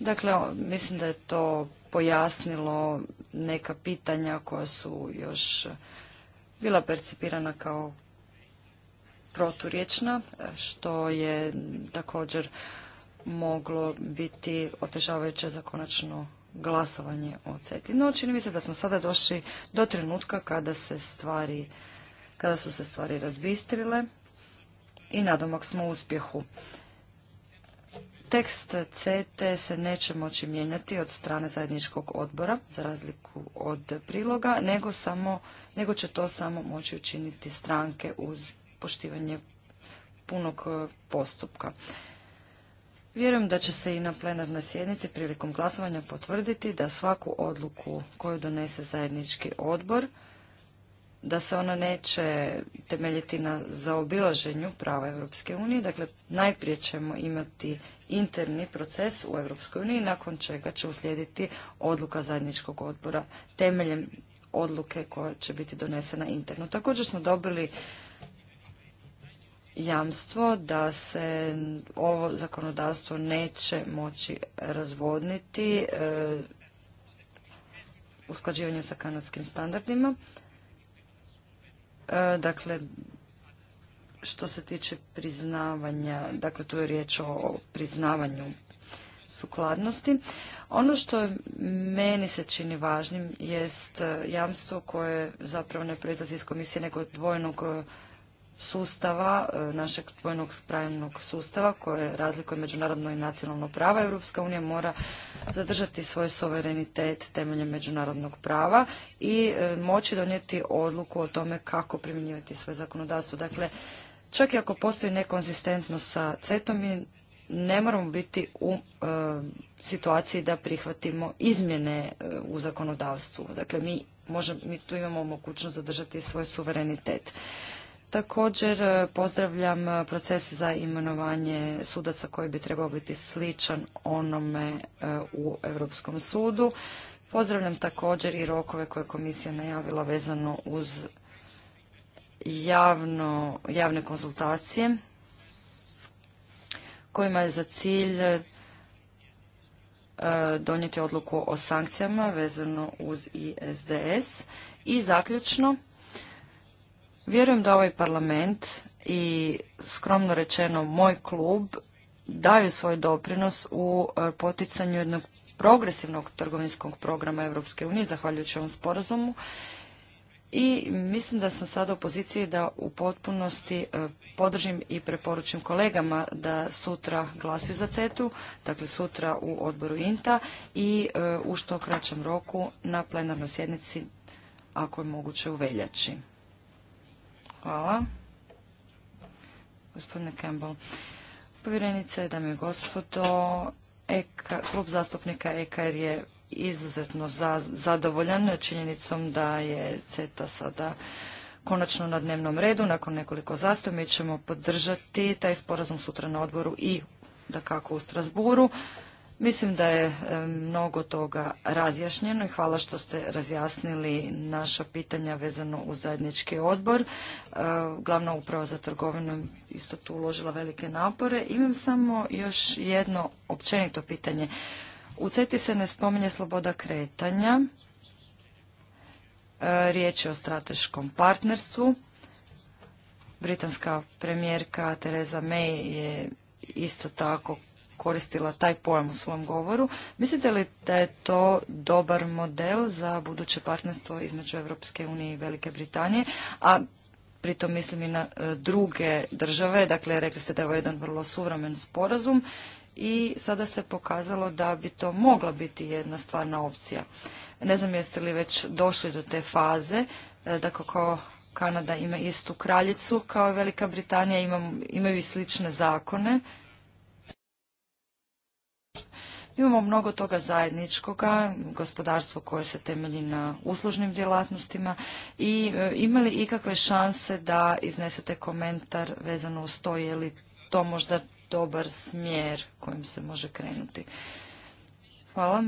Dakle, mislim da je to pojasnilo neka pitanja koja su još bila percipirana kao proturječna, što je također moglo biti otežavajuće za konačno glasovanje o CETI. No, čini mi se da smo sada došli do trenutka kada se stvari, kada su se stvari razbistrile i nadomak smo uspjehu. Tekst CT se neće moći mijenjati od strane zajedničkog odbora, za razliku od priloga, nego, samo, nego će to samo moći učiniti stranke uz poštivanje punog postupka. Vjerujem da će se i na plenarnoj sjednici prilikom glasovanja potvrditi da svaku odluku koju donese zajednički odbor da se ona neće temeljiti na zaobilaženju prava Europske unije. Dakle, najprije ćemo imati interni proces u Europskoj uniji, nakon čega će uslijediti odluka zajedničkog odbora temeljem odluke koja će biti donesena interno. Također smo dobili jamstvo da se ovo zakonodavstvo neće moći razvodniti e, usklađivanjem sa kanadskim standardima. E, dakle, što se tiče priznavanja, dakle tu je riječ o priznavanju sukladnosti. Ono što meni se čini važnim jest e, jamstvo koje zapravo ne proizlazi iz komisije nego dvojnog sustava, e, našeg vojnog pravnog sustava koje razlikuje međunarodno i nacionalno prava, Europska unija mora zadržati svoj suverenitet temeljem međunarodnog prava i e, moći donijeti odluku o tome kako primjenjivati svoje zakonodavstvo. Dakle, čak i ako postoji nekonzistentnost sa CETom, mi ne moramo biti u e, situaciji da prihvatimo izmjene u zakonodavstvu. Dakle, mi, mi tu imamo mogućnost zadržati svoj suverenitet. Također e, pozdravljam e, proces za imenovanje sudaca koji bi trebao biti sličan onome e, u Europskom sudu. Pozdravljam također i rokove koje je komisija najavila vezano uz javno, javne konzultacije kojima je za cilj donijeti odluku o sankcijama vezano uz ISDS. I zaključno, Vjerujem da ovaj parlament i skromno rečeno moj klub daju svoj doprinos u e, poticanju jednog progresivnog trgovinskog programa Europske unije, zahvaljujući ovom sporazumu. I mislim da sam sada u poziciji da u potpunosti e, podržim i preporučim kolegama da sutra glasuju za CETU, dakle sutra u odboru INTA i e, u što kraćem roku na plenarnoj sjednici, ako je moguće u veljači. Hvala. Gospodine Campbell. Povjerenice, dame i gospodo, e klub zastupnika EKR je izuzetno zadovoljan činjenicom da je CETA sada konačno na dnevnom redu. Nakon nekoliko zastupnika mi ćemo podržati taj sporazum sutra na odboru i da kako u Strasburu. Mislim da je e, mnogo toga razjašnjeno i hvala što ste razjasnili naša pitanja vezano uz zajednički odbor. E, glavna uprava za trgovinu isto tu uložila velike napore. Imam samo još jedno općenito pitanje. U CETI se ne spominje sloboda kretanja. E, riječ je o strateškom partnerstvu. Britanska premijerka Tereza May je isto tako koristila taj pojam u svom govoru. Mislite li da je to dobar model za buduće partnerstvo između Europske unije i Velike Britanije, a pritom mislim i na e, druge države, dakle rekli ste da je ovo jedan vrlo suvremen sporazum i sada se pokazalo da bi to mogla biti jedna stvarna opcija. Ne znam jeste li već došli do te faze, e, da kao Kanada ima istu kraljicu kao i Velika Britanija, imaju i slične zakone Imamo mnogo toga zajedničkoga, gospodarstvo koje se temelji na uslužnim djelatnostima i e, imali li ikakve šanse da iznesete komentar vezano uz to je li to možda dobar smjer kojim se može krenuti. Hvala.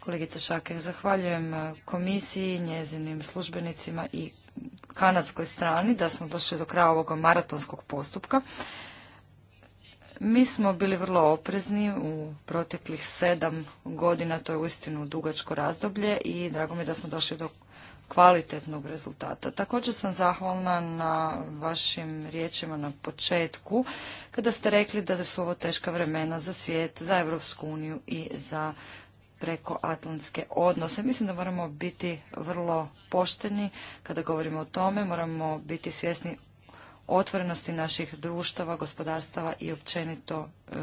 Kolegica Šake, zahvaljujem e, komisiji, njezinim službenicima i kanadskoj strani da smo došli do kraja ovog maratonskog postupka. Mi smo bili vrlo oprezni u proteklih sedam godina, to je uistinu dugačko razdoblje i drago mi je da smo došli do kvalitetnog rezultata. Također sam zahvalna na vašim riječima na početku kada ste rekli da su ovo teška vremena za svijet, za Europsku uniju i za prekoatlantske odnose. Mislim da moramo biti vrlo pošteni kada govorimo o tome, moramo biti svjesni otvorenosti naših društava, gospodarstava i općenito e,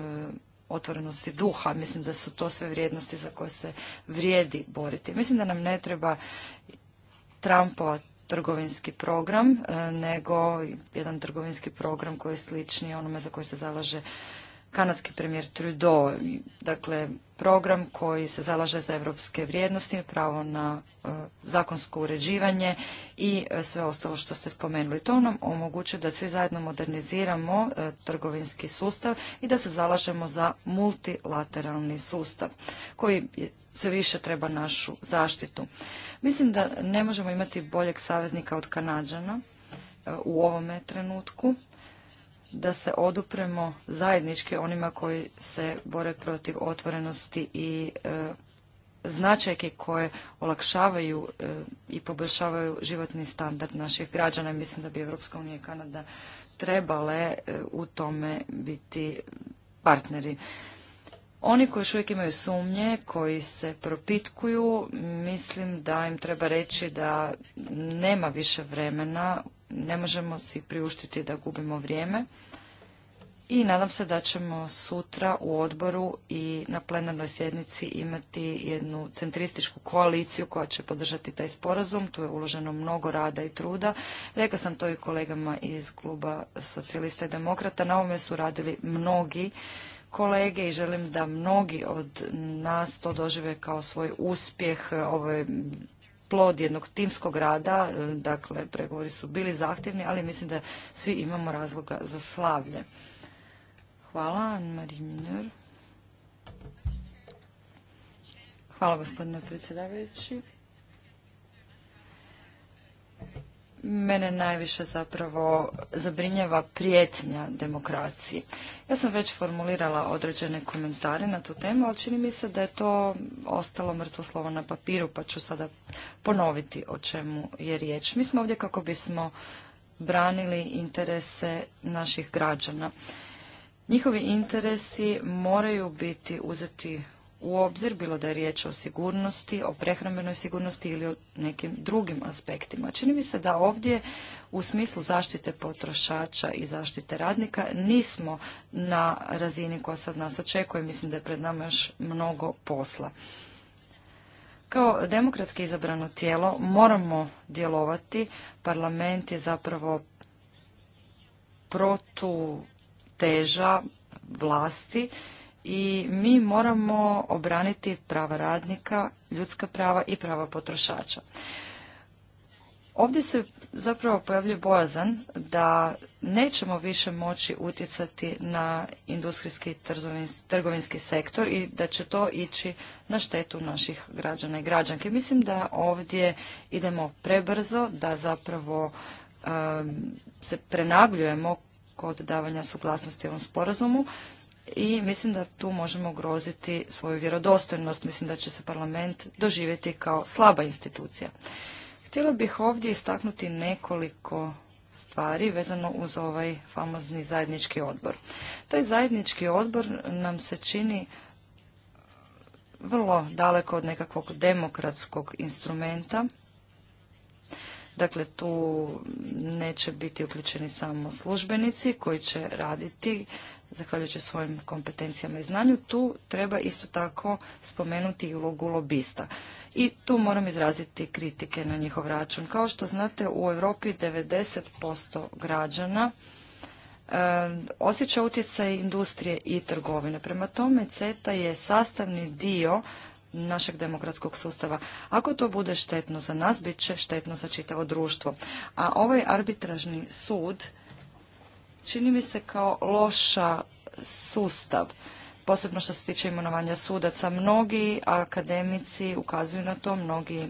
otvorenosti duha. Mislim da su to sve vrijednosti za koje se vrijedi boriti. Mislim da nam ne treba Trumpova trgovinski program, e, nego jedan trgovinski program koji je slični onome za koji se zalaže kanadski premijer Trudeau. Dakle, program koji se zalaže za evropske vrijednosti, pravo na e, zakonsko uređivanje i e, sve ostalo što ste spomenuli. To nam omogućuje da svi zajedno moderniziramo e, trgovinski sustav i da se zalažemo za multilateralni sustav koji sve više treba našu zaštitu. Mislim da ne možemo imati boljeg saveznika od Kanadžana u ovome trenutku da se odupremo zajednički onima koji se bore protiv otvorenosti i e, značajke koje olakšavaju e, i poboljšavaju životni standard naših građana. Mislim da bi Europska unija i Kanada trebale e, u tome biti partneri. Oni koji još uvijek imaju sumnje, koji se propitkuju, mislim da im treba reći da nema više vremena ne možemo si priuštiti da gubimo vrijeme. I nadam se da ćemo sutra u odboru i na plenarnoj sjednici imati jednu centrističku koaliciju koja će podržati taj sporazum. Tu je uloženo mnogo rada i truda. Rekla sam to i kolegama iz kluba socijalista i demokrata. Na ovome su radili mnogi kolege i želim da mnogi od nas to dožive kao svoj uspjeh. Ovo plod jednog timskog rada, e, dakle pregovori su bili zahtjevni, ali mislim da svi imamo razloga za slavlje. Hvala, Hvala gospodine predsjedavajući. mene najviše zapravo zabrinjava prijetnja demokraciji. Ja sam već formulirala određene komentare na tu temu, ali čini mi se da je to ostalo mrtvo slovo na papiru, pa ću sada ponoviti o čemu je riječ. Mi smo ovdje kako bismo branili interese naših građana. Njihovi interesi moraju biti uzeti u obzir, bilo da je riječ o sigurnosti, o prehrambenoj sigurnosti ili o nekim drugim aspektima. Čini mi se da ovdje u smislu zaštite potrošača i zaštite radnika nismo na razini koja se nas očekuje. Mislim da je pred nama još mnogo posla. Kao demokratski izabrano tijelo moramo djelovati. Parlament je zapravo protuteža vlasti i mi moramo obraniti prava radnika, ljudska prava i prava potrošača. Ovdje se zapravo pojavljuje bojazan da nećemo više moći utjecati na industrijski trgovinski sektor i da će to ići na štetu naših građana i građanke. Mislim da ovdje idemo prebrzo, da zapravo um, se prenagljujemo kod davanja suglasnosti ovom sporazumu i mislim da tu možemo ugroziti svoju vjerodostojnost. Mislim da će se parlament doživjeti kao slaba institucija. Htjela bih ovdje istaknuti nekoliko stvari vezano uz ovaj famozni zajednički odbor. Taj zajednički odbor nam se čini vrlo daleko od nekakvog demokratskog instrumenta. Dakle, tu neće biti uključeni samo službenici koji će raditi zahvaljujući svojim kompetencijama i znanju. Tu treba isto tako spomenuti i ulogu lobista. I tu moram izraziti kritike na njihov račun. Kao što znate, u Europi 90% građana osjeća utjecaj industrije i trgovine. Prema tome, CETA je sastavni dio našeg demokratskog sustava. Ako to bude štetno za nas, bit će štetno za čitavo društvo. A ovaj arbitražni sud čini mi se kao loša sustav, posebno što se tiče imenovanja sudaca. Mnogi akademici ukazuju na to, mnogi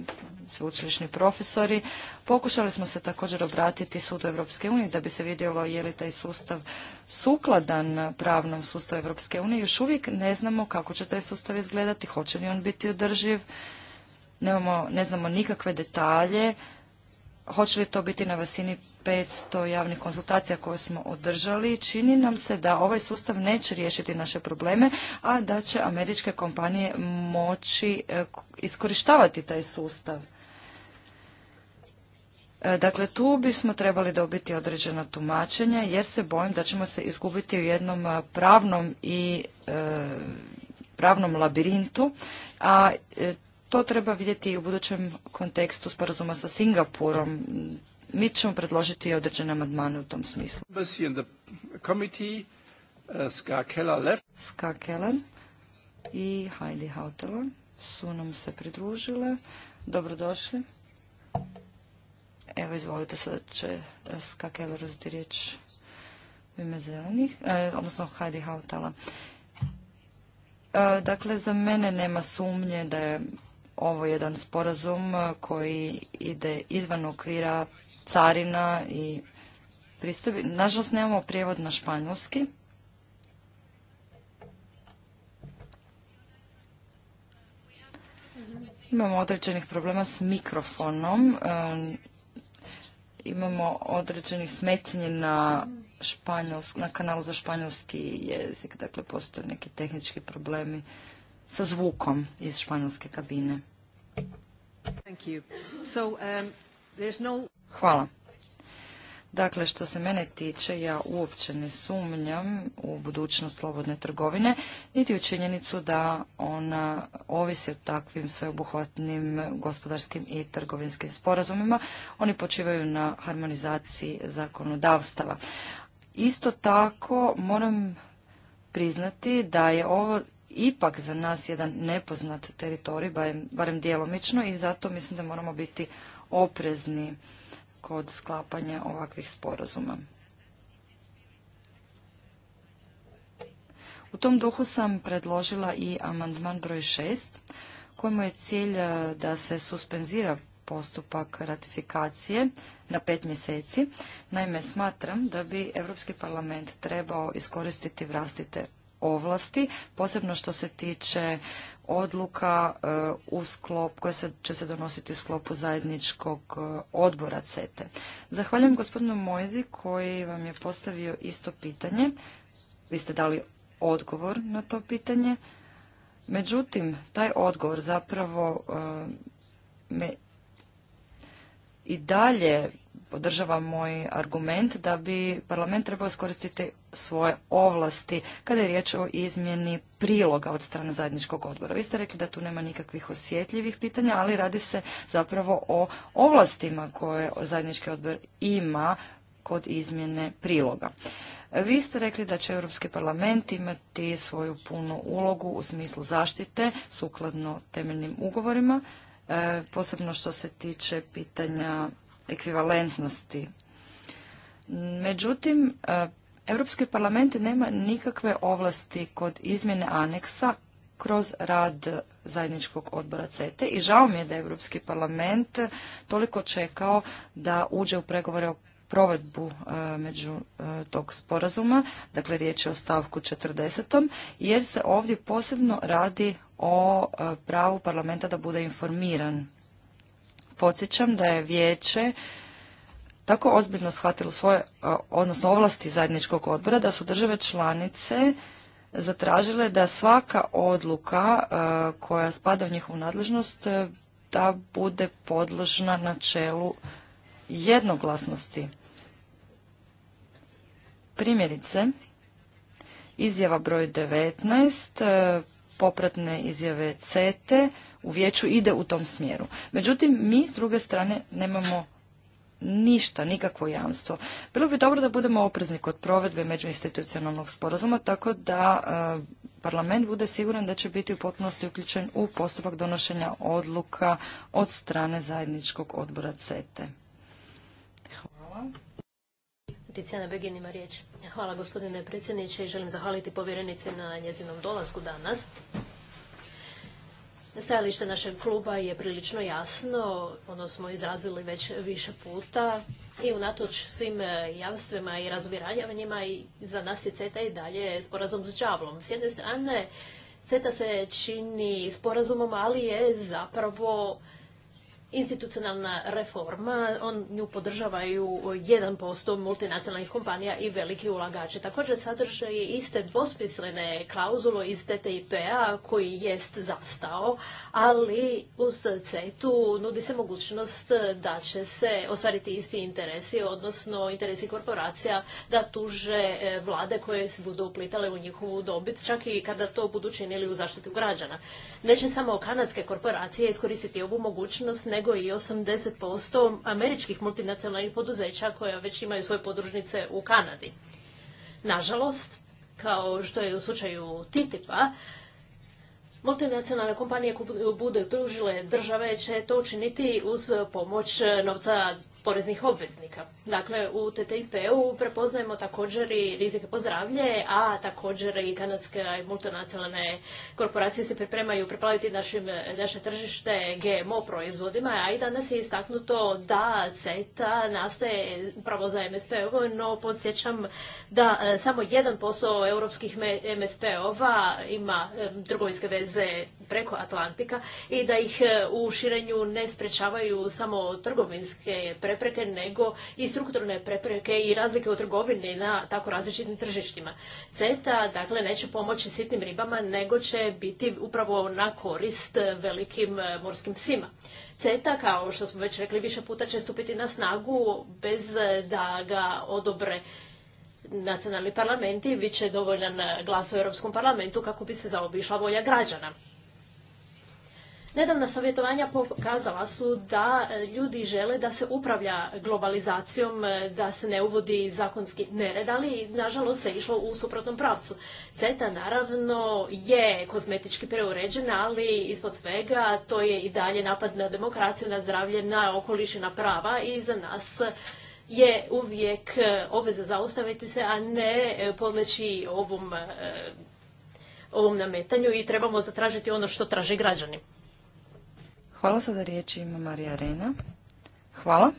sveučilišni profesori. Pokušali smo se također obratiti sudu Europske unije da bi se vidjelo je li taj sustav sukladan pravnom sustavu Europske unije. Još uvijek ne znamo kako će taj sustav izgledati, hoće li on biti održiv. Nemamo, ne znamo nikakve detalje hoće li to biti na vasini 500 javnih konsultacija koje smo održali, čini nam se da ovaj sustav neće riješiti naše probleme, a da će američke kompanije moći e, iskorištavati taj sustav. E, dakle, tu bismo trebali dobiti određena tumačenja, jer se bojim da ćemo se izgubiti u jednom e, pravnom i pravnom labirintu, a to treba vidjeti i u budućem kontekstu sporazuma sa Singapurom. Mi ćemo predložiti određene amandmane u tom smislu. Uh, Ska Keller i Heidi Hautelon su nam se pridružile. Dobrodošli. Evo, izvolite, sada će e, Ska Keller uzeti riječ u ime zelenih, e, odnosno Heidi Hautala. E, dakle, za mene nema sumnje da je ovo jedan sporazum e, koji ide izvan okvira carina i pristupi. Nažalost, nemamo prijevod na španjolski. Imamo određenih problema s mikrofonom. E, imamo određenih smetnji na, na kanalu za španjolski jezik. Dakle, postoje neki tehnički problemi sa zvukom iz španjolske kabine. Um, Hvala. Dakle, što se mene tiče, ja uopće ne sumnjam u budućnost slobodne trgovine, niti u činjenicu da ona ovisi o takvim sveobuhvatnim gospodarskim i trgovinskim sporazumima. Oni počivaju na harmonizaciji zakonodavstava. Isto tako moram priznati da je ovo ipak za nas jedan nepoznat teritorij, barem, barem djelomično i zato mislim da moramo biti oprezni kod sklapanja ovakvih sporazuma. U tom duhu sam predložila i amandman broj 6, kojemu je cilj e, da se suspenzira postupak ratifikacije na pet mjeseci. Naime, smatram da bi Europski parlament trebao iskoristiti vlastite ovlasti, posebno što se tiče odluka e, u sklop, koje se, će se donositi u sklopu zajedničkog e, odbora CETE. Zahvaljujem gospodinu Mojzi koji vam je postavio isto pitanje. Vi ste dali odgovor na to pitanje. Međutim, taj odgovor zapravo e, me i dalje podržava moj argument da bi parlament trebao iskoristiti svoje ovlasti kada je riječ o izmjeni priloga od strane zajedničkog odbora. Vi ste rekli da tu nema nikakvih osjetljivih pitanja, ali radi se zapravo o ovlastima koje zajednički odbor ima kod izmjene priloga. Vi ste rekli da će Europski parlament imati svoju punu ulogu u smislu zaštite sukladno temeljnim ugovorima, E, posebno što se tiče pitanja ekvivalentnosti. Međutim, e, Europski parlament nema nikakve ovlasti kod izmjene aneksa kroz rad zajedničkog odbora CETE i žao mi je da je Europski parlament toliko čekao da uđe u pregovore o provedbu e, među e, tog sporazuma, dakle riječ je o stavku 40. jer se ovdje posebno radi o e, pravu parlamenta da bude informiran. Podsjećam da je vijeće tako ozbiljno shvatilo svoje, odnosno ovlasti zajedničkog odbora, da su države članice zatražile da svaka odluka koja spada u njihovu nadležnost da bude podložna načelu jednoglasnosti. Primjerice, izjava broj 19, e, popratne izjave CETE u vijeću ide u tom smjeru. Međutim, mi s druge strane nemamo ništa, nikakvo jamstvo. Bilo bi dobro da budemo oprezni kod provedbe međuinstitucionalnog sporazuma, tako da e, parlament bude siguran da će biti u potpunosti uključen u postupak donošenja odluka od strane zajedničkog odbora CETE. Ticijana Begin ima riječ. Hvala gospodine predsjedniče i želim zahvaliti povjerenice na njezinom dolasku danas. Stajalište našeg kluba je prilično jasno, ono smo izrazili već više puta i unatoč svim e, javstvima i razuvjeravanjima i za nas je CETA i dalje sporazum s džavlom. S jedne strane, CETA se čini sporazumom, ali je zapravo institucionalna reforma, on nju podržavaju 1% multinacionalnih kompanija i veliki ulagači. Također sadrže i iste dvosmislene klauzule iz TTIP-a koji jest zastao, ali uz e u nudi se mogućnost da će se ostvariti isti interesi, odnosno interesi korporacija da tuže e, vlade koje se budu uplitale u njihovu dobit, čak i kada to budu činili u zaštitu građana. Neće samo kanadske korporacije iskoristiti ovu mogućnost, ne nego i 80% američkih multinacionalnih poduzeća koja već imaju svoje podružnice u Kanadi. Nažalost, kao što je u slučaju TTIP-a, multinacionalne kompanije budu družile države će to učiniti uz pomoć novca poreznih obveznika. Dakle, u TTIP-u prepoznajemo također i rizike pozdravlje, a također i kanadske multinacionalne korporacije se pripremaju preplaviti našim, naše tržište GMO proizvodima, a i danas je istaknuto da CETA nastaje upravo za MSP-ove, no podsjećam da e, samo jedan posao europskih MSP-ova ima e, trgovinske veze preko Atlantika i da ih e, u širenju ne sprečavaju samo trgovinske prepreke, nego i strukturne prepreke i razlike u trgovini na tako različitim tržištima. CETA, dakle, neće pomoći sitnim ribama, nego će biti upravo na korist velikim e, morskim psima. CETA, kao što smo već rekli, više puta će stupiti na snagu bez da ga odobre nacionalni parlamenti, bit će dovoljan glas u Europskom parlamentu kako bi se zaobišla volja građana. Nedavna savjetovanja pokazala su da e, ljudi žele da se upravlja globalizacijom, e, da se ne uvodi zakonski nered, ali nažalost se išlo u suprotnom pravcu. CETA naravno je kozmetički preuređena, ali ispod svega to je i dalje napad na demokraciju, na zdravlje, na okoliš i na prava i za nas je uvijek e, obveza zaustaviti se, a ne podleći ovom, ovom nametanju i trebamo zatražiti ono što traže građani. Hvala sada riječ ima Marija Rena. Hvala.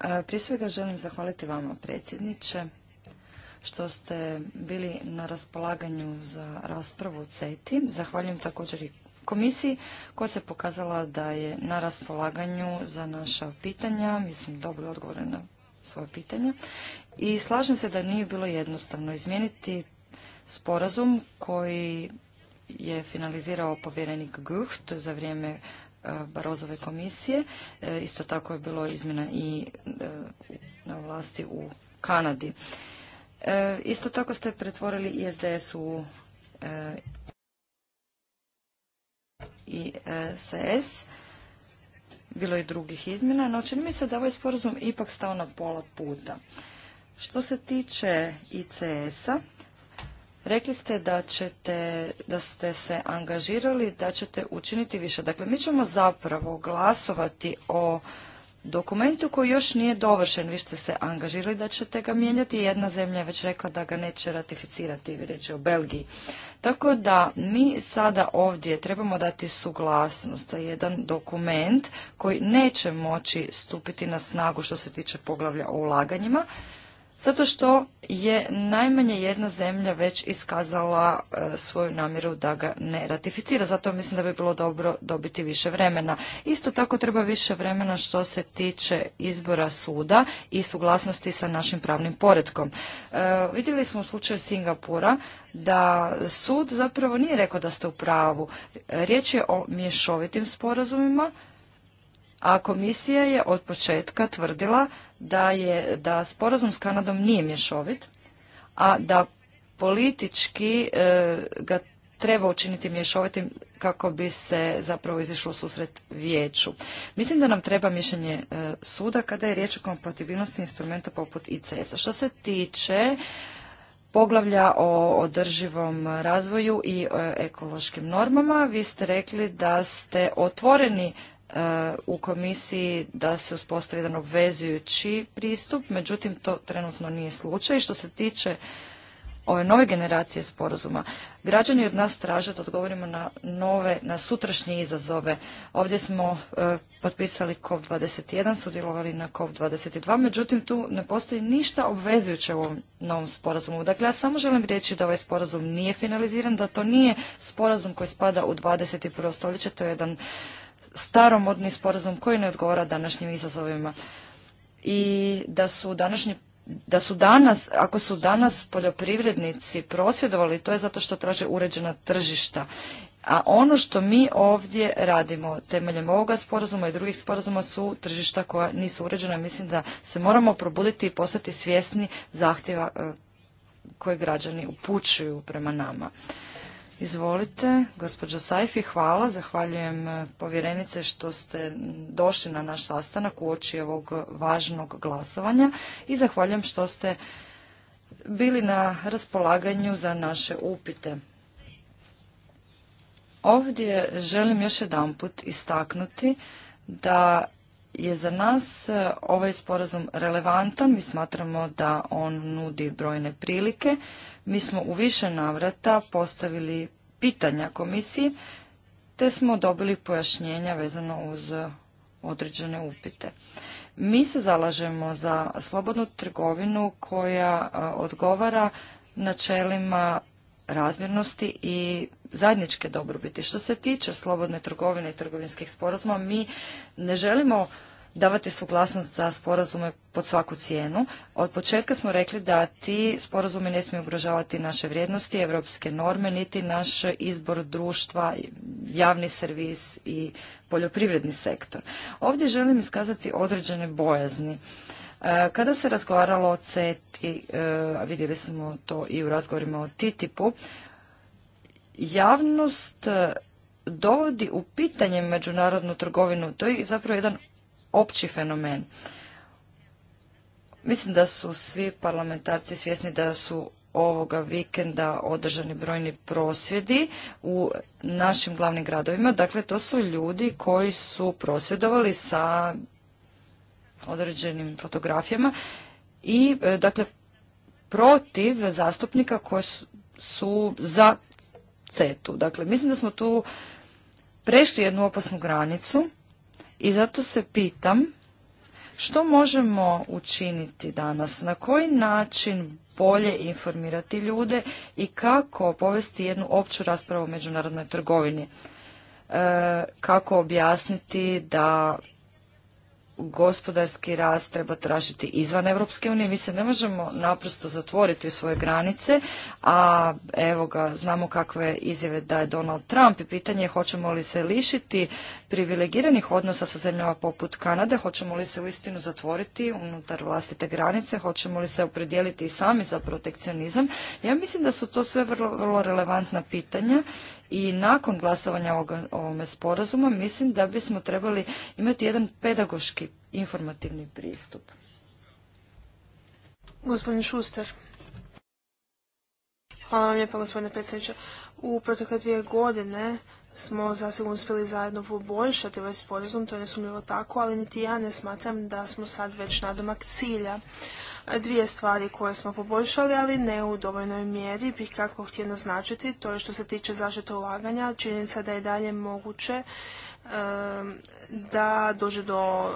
E, prije svega želim zahvaliti vama predsjedniče što ste bili na raspolaganju za raspravu u CETI. Zahvaljujem također i komisiji koja se pokazala da je na raspolaganju za naša pitanja. Mislim, dobro odgovore na svoje pitanja. I slažem se da nije bilo jednostavno izmijeniti sporazum koji je finalizirao povjerenik Guft za vrijeme e, Barozove komisije. E, isto tako je bilo izmjena i e, na vlasti u Kanadi. Isto tako ste pretvorili ISDS u ISS. Bilo je drugih izmjena, no čini mi se da ovaj sporazum ipak stao na pola puta. Što se tiče ICS-a, Rekli ste da ćete, da ste se angažirali, da ćete učiniti više. Dakle, mi ćemo zapravo glasovati o dokumentu koji još nije dovršen. Vi ste se angažirali da ćete ga mijenjati. Jedna zemlja je već rekla da ga neće ratificirati, riječ je o Belgiji. Tako da mi sada ovdje trebamo dati suglasnost za jedan dokument koji neće moći stupiti na snagu što se tiče poglavlja o ulaganjima zato što je najmanje jedna zemlja već iskazala e, svoju namjeru da ga ne ratificira. Zato mislim da bi bilo dobro dobiti više vremena. Isto tako treba više vremena što se tiče izbora suda i suglasnosti sa našim pravnim poredkom. E, vidjeli smo u slučaju Singapura da sud zapravo nije rekao da ste u pravu. Riječ je o mješovitim sporazumima, a komisija je od početka tvrdila da je da sporazum s Kanadom nije mješovit, a da politički e, ga treba učiniti mješovitim kako bi se zapravo izišlo susret vijeću. Mislim da nam treba mišljenje e, suda kada je riječ o kompatibilnosti instrumenta poput ICS-a. Što se tiče poglavlja o održivom razvoju i e, ekološkim normama. Vi ste rekli da ste otvoreni u komisiji da se uspostavi jedan obvezujući pristup, međutim to trenutno nije slučaj. Što se tiče ove nove generacije sporazuma, građani od nas traže da odgovorimo na nove, na sutrašnje izazove. Ovdje smo e, potpisali COP21, sudjelovali na COP22, međutim tu ne postoji ništa obvezujuće u ovom novom sporazumu. Dakle, ja samo želim reći da ovaj sporazum nije finaliziran, da to nije sporazum koji spada u 21. stoljeće, to je jedan staromodni sporazum koji ne odgovara današnjim izazovima i da su današnji da su danas, ako su danas poljoprivrednici prosvjedovali, to je zato što traže uređena tržišta. A ono što mi ovdje radimo temeljem ovoga sporazuma i drugih sporazuma su tržišta koja nisu uređena. Mislim da se moramo probuditi i postati svjesni zahtjeva e, koje građani upućuju prema nama. Izvolite, gospođo Sajfi, hvala. Zahvaljujem eh, povjerenice što ste došli na naš sastanak u oči ovog važnog glasovanja i zahvaljujem što ste bili na raspolaganju za naše upite. Ovdje želim još jedanput istaknuti da je za nas e, ovaj sporazum relevantan, mi smatramo da on nudi brojne prilike. Mi smo u više navrata postavili pitanja komisiji, te smo dobili pojašnjenja vezano uz određene upite. Mi se zalažemo za slobodnu trgovinu koja e, odgovara načelima razmjernosti i zajedničke dobrobiti. Što se tiče slobodne trgovine i trgovinskih sporazuma, mi ne želimo davati suglasnost za sporazume pod svaku cijenu. Od početka smo rekli da ti sporazumi ne smiju ugrožavati naše vrijednosti, evropske norme, niti naš izbor društva, javni servis i poljoprivredni sektor. Ovdje želim iskazati određene bojazni. E, kada se razgovaralo o CETI, e, vidjeli smo to i u razgovorima o TTIP-u, javnost e, dovodi u pitanje međunarodnu trgovinu. To je zapravo jedan opći fenomen. Mislim da su svi parlamentarci svjesni da su ovoga vikenda održani brojni prosvjedi u našim glavnim gradovima. Dakle, to su ljudi koji su prosvjedovali sa određenim fotografijama i, e, dakle, protiv zastupnika koji su, za CETU. Dakle, mislim da smo tu prešli jednu opasnu granicu i zato se pitam što možemo učiniti danas, na koji način bolje informirati ljude i kako povesti jednu opću raspravu o međunarodnoj trgovini. E, kako objasniti da gospodarski rast treba tražiti izvan Europske unije. Mi se ne možemo naprosto zatvoriti u svoje granice, a evo ga, znamo kakve izjave je Donald Trump i pitanje je hoćemo li se lišiti privilegiranih odnosa sa zemljama poput Kanade, hoćemo li se uistinu zatvoriti unutar vlastite granice, hoćemo li se opredijeliti i sami za protekcionizam. Ja mislim da su to sve vrlo, vrlo relevantna pitanja i nakon glasovanja o ovome sporazuma, mislim da bismo trebali imati jedan pedagoški informativni pristup. Gospodin Šuster. Hvala vam lijepa gospodine predsjedniče. U protekle dvije godine smo zasigurno uspjeli zajedno poboljšati ovaj sporazum, to je nesumljivo tako, ali niti ja ne smatram da smo sad već domak cilja. Dvije stvari koje smo poboljšali, ali ne u dovoljnoj mjeri, bih kratko htio naznačiti, to je što se tiče zaštite ulaganja, činjenica da je dalje moguće da dođe do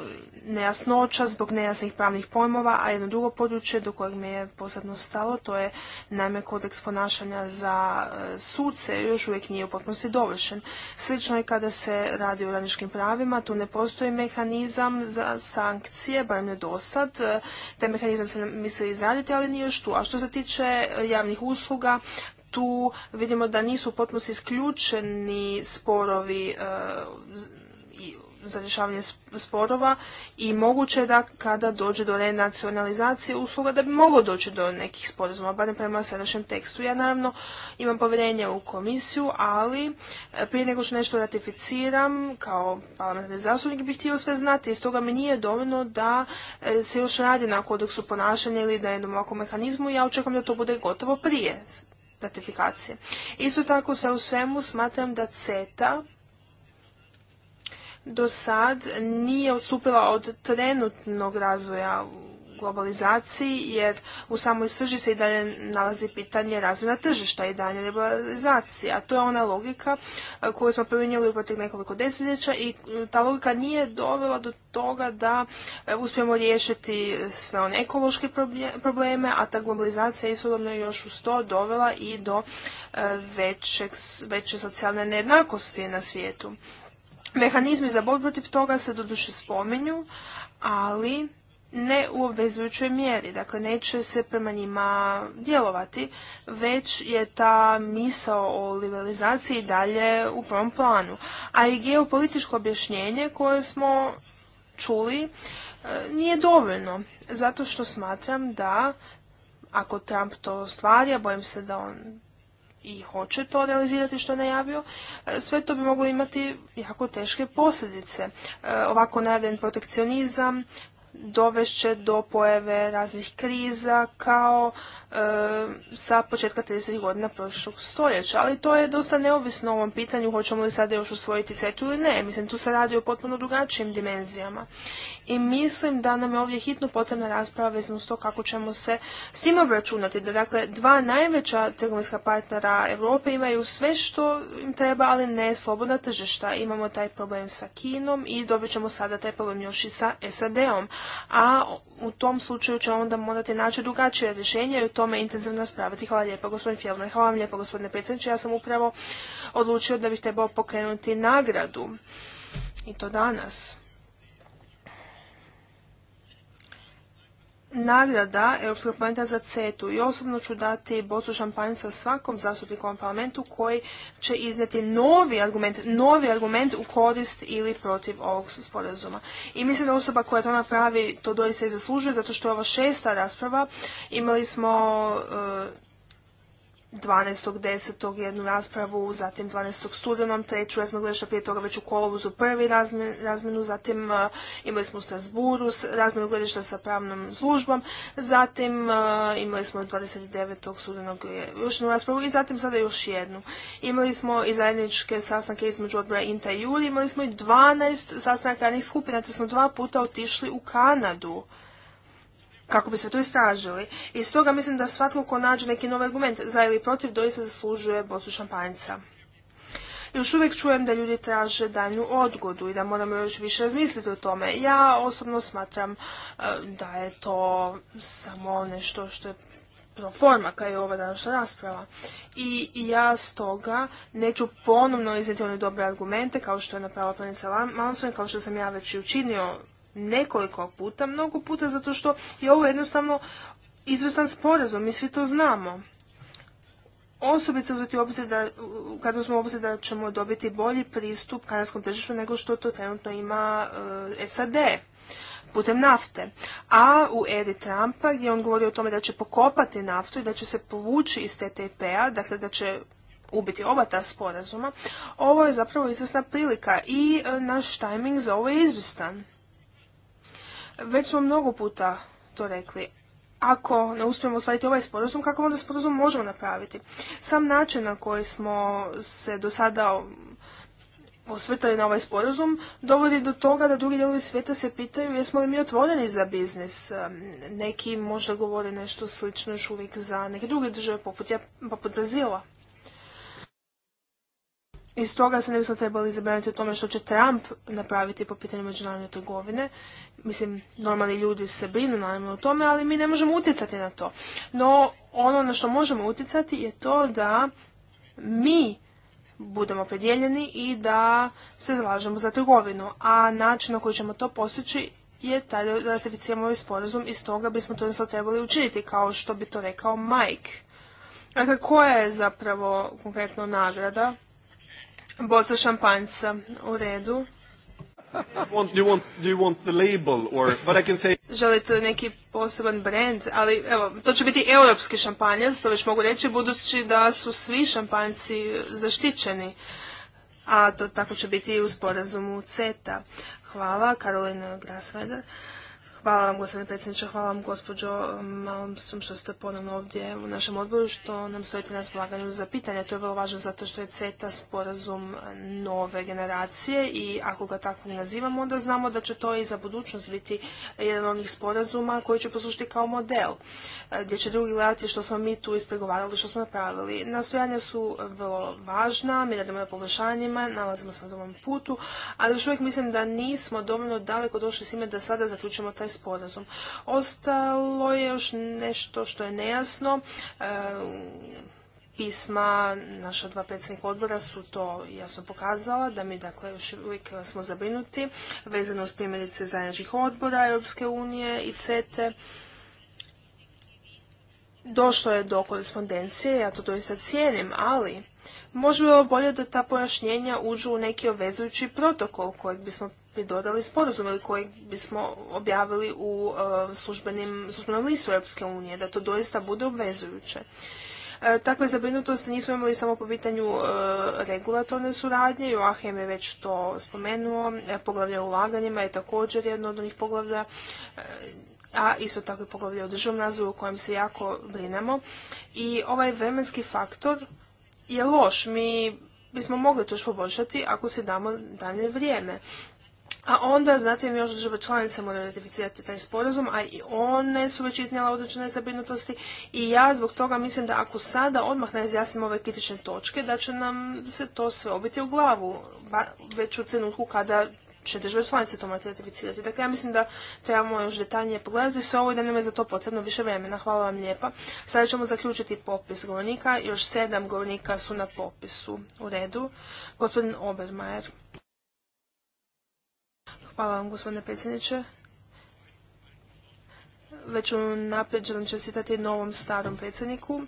nejasnoća zbog nejasnih pravnih pojmova, a jedno drugo područje do kojeg mi je posebno stalo, to je naime kodeks ponašanja za e, suce, još uvijek nije u potpunosti dovršen. Slično je kada se radi o radničkim pravima, tu ne postoji mehanizam za sankcije, barem ne dosad. E, taj mehanizam se misli izraditi, ali nije još tu. A što se tiče e, javnih usluga, tu vidimo da nisu potpuno isključeni sporovi e, za rješavanje sporova i moguće je da kada dođe do renacionalizacije usluga da bi moglo doći do nekih sporazuma, barem prema sadašnjem tekstu. Ja naravno imam povjerenje u komisiju, ali e, prije nego što nešto ratificiram kao parlamentarni zastupnik bih htio sve znati i stoga mi nije dovoljno da e, se još radi na kodeksu ponašanja ili na jednom ovakvom mehanizmu. Ja očekujem da to bude gotovo prije ratifikacije. Isto tako sve u svemu smatram da CETA do sad nije odstupila od trenutnog razvoja globalizaciji jer u samoj srži se i dalje nalazi pitanje razvoja tržišta i dalje a To je ona logika e, koju smo primjenjali u protiv nekoliko desetljeća i e, ta logika nije dovela do toga da e, uspijemo riješiti sve one ekološke probleme, a ta globalizacija je isodobno još uz to dovela i do većeg, veće socijalne nejednakosti na svijetu. Mehanizmi za borbu protiv toga se doduše spominju, ali ne u obvezujućoj mjeri, dakle neće se prema njima djelovati, već je ta misao o liberalizaciji dalje u prvom planu. A i geopolitičko objašnjenje koje smo čuli e, nije dovoljno, zato što smatram da ako Trump to ostvari, a bojim se da on i hoće to realizirati što je najavio, e, sve to bi moglo imati jako teške posljedice. E, ovako najavljen protekcionizam, dovešće do pojave raznih kriza kao E, sa početka 30 godina prošlog stoljeća, ali to je dosta neovisno o ovom pitanju hoćemo li sada još usvojiti CETU ili ne. Mislim, tu se radi o potpuno drugačijim dimenzijama. I mislim da nam je ovdje hitno potrebna rasprava vezano s to kako ćemo se s tim obračunati. Da, dakle, dva najveća trgovinska partnera Europe imaju sve što im treba, ali ne slobodna tržišta. Imamo taj problem sa Kinom i dobit ćemo sada taj problem još i sa SAD-om. A u tom slučaju će onda morati naći drugačije rješenje i o tome intenzivno spraviti. Hvala lijepo, gospodin Fjellner, hvala vam lijepo gospodine predsjedniče. Ja sam upravo odlučio da bih trebao pokrenuti nagradu i to danas. nagrada Europskog parlamenta za CETU i osobno ću dati bocu šampanjca svakom zastupniku parlamentu koji će izneti novi argument, novi argument u korist ili protiv ovog sporazuma. I mislim da osoba koja to napravi to doista i zaslužuje zato što je ova šesta rasprava. Imali smo e, 12.10. jednu raspravu, zatim 12. studenom treću razmjenu prije toga već u kolovozu prvi razmjenu, zatim e, imali smo u Strasburu razmjenu gledišta sa pravnom službom, zatim e, imali smo 29. studenog još jednu raspravu i zatim sada još jednu. Imali smo i zajedničke sastanke između odbora Inta i Juri, imali smo i 12 sastanaka radnih skupina, te smo dva puta otišli u Kanadu kako bi se to istražili. I stoga mislim da svatko ko nađe neki novi argument za ili protiv doista zaslužuje bocu šampanjca. Još uvijek čujem da ljudi traže daljnju odgodu i da moramo još više razmisliti o tome. Ja osobno smatram e, da je to samo nešto što je forma kao je ova današnja rasprava. I ja stoga neću ponovno iznijeti one dobre argumente kao što je napravila planica Manson, kao što sam ja već i učinio nekoliko puta, mnogo puta, zato što je ovo jednostavno izvrstan sporazum, mi svi to znamo. Osobice uzeti obzir da, kada smo obzir da ćemo dobiti bolji pristup kanadskom tržištu nego što to trenutno ima e, SAD putem nafte. A u eri Trumpa gdje on govori o tome da će pokopati naftu i da će se povući iz TTP-a, dakle da će ubiti oba ta sporazuma, ovo je zapravo izvrsna prilika i e, naš tajming za ovo je izvrstan. Već smo mnogo puta to rekli. Ako ne uspijemo ostvariti ovaj sporazum, kako onda sporazum možemo napraviti? Sam način na koji smo se do sada osvrtali na ovaj sporazum dovodi do toga da drugi dijelovi svijeta se pitaju jesmo li mi otvoreni za biznis. Neki možda govore nešto slično još uvijek za neke druge države poput, poput Brazila. Iz toga se ne bismo trebali zabraniti o tome što će Trump napraviti po pitanju međunarodne trgovine. Mislim, normalni ljudi se brinu naravno o tome, ali mi ne možemo utjecati na to. No, ono na što možemo utjecati je to da mi budemo predjeljeni i da se zalažemo za trgovinu. A način na koji ćemo to postići je taj da ratificiramo ovaj sporazum i stoga bismo to jednostavno trebali učiniti, kao što bi to rekao Mike. Dakle, koja je zapravo konkretno nagrada Borto šampanjca. U redu. Želite neki poseban brand, ali evo, to će biti europski šampanjac, to već mogu reći, budući da su svi šampanjci zaštićeni. A to tako će biti i u sporazumu CETA. Hvala, Karolina Grasveder. Hvala vam, gospodine predsjedniče, hvala vam, gospođo Malmström, što ste ponovno ovdje u našem odboru, što nam stojite na raspolaganju za pitanje. To je vrlo važno zato što je CETA sporazum nove generacije i ako ga tako nazivamo, onda znamo da će to i za budućnost biti jedan od onih sporazuma koji će poslušati kao model, e, gdje će drugi gledati što smo mi tu ispregovarali, što smo napravili. Nastojanja su vrlo važna, mi radimo na poboljšanjima, nalazimo se na dobrom putu, ali još uvijek mislim da nismo dovoljno daleko došli s ime da sada zaključimo taj sporazum. Ostalo je još nešto što je nejasno. E, pisma naša dva predsjednika odbora su to jasno pokazala, da mi dakle još uvijek smo zabrinuti vezano uz primjerice zajedničkih odbora Europske unije i CETE. Došlo je do korespondencije, ja to doista cijenim, ali možda bi ovo bolje da ta pojašnjenja uđu u neki obvezujući protokol kojeg bismo dodali sporazum ili koji bismo objavili u e, službenim, službenom listu Europske unije, da to doista bude obvezujuće. E, takve zabrinutosti nismo imali samo po pitanju e, regulatorne suradnje, Joachim je već to spomenuo, poglavlje o ulaganjima je također jedno od onih poglavlja, a isto tako i poglavlje o državnom razvoju u kojem se jako brinemo. I ovaj vremenski faktor je loš. Mi bismo mogli to još poboljšati ako se damo dalje vrijeme. A onda znate još države članice moraju ratificirati taj sporazum, a i one su već iznijela određene zabrinutosti i ja zbog toga mislim da ako sada odmah ne izjasnimo ove kritične točke, da će nam se to sve obiti u glavu, već u trenutku kada će države članice to morati ratificirati. Dakle, ja mislim da trebamo još detaljnije pogledati sve ovo i da nam je za to potrebno više vremena. Hvala vam lijepa. Sada ćemo zaključiti popis govornika. Još sedam govornika su na popisu. U redu. Gospodin Obermajer. Hvala vam, gospodine predsjedniče. Već unaprijed želim čestitati novom starom predsjedniku.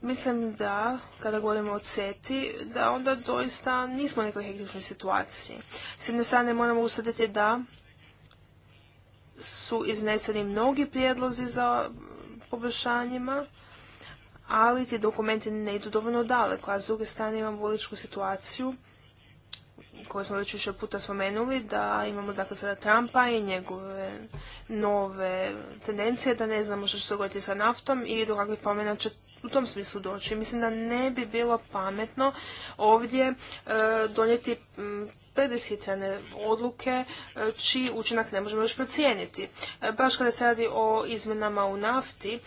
Mislim da, kada govorimo o CETI, da onda doista nismo u nekoj hektičnoj situaciji. S jedne strane moramo usuditi da su izneseni mnogi prijedlozi za poboljšanjima, ali ti dokumenti ne idu dovoljno daleko, a s druge strane imamo voličku situaciju koje smo već više puta spomenuli, da imamo dakle sada Trumpa i njegove nove tendencije, da ne znamo što će se dogoditi sa naftom i do kakvih pomena će u tom smislu doći. Mislim da ne bi bilo pametno ovdje e, donijeti odluke e, čiji učinak ne možemo još procijeniti. E, baš kada se radi o izmjenama u nafti,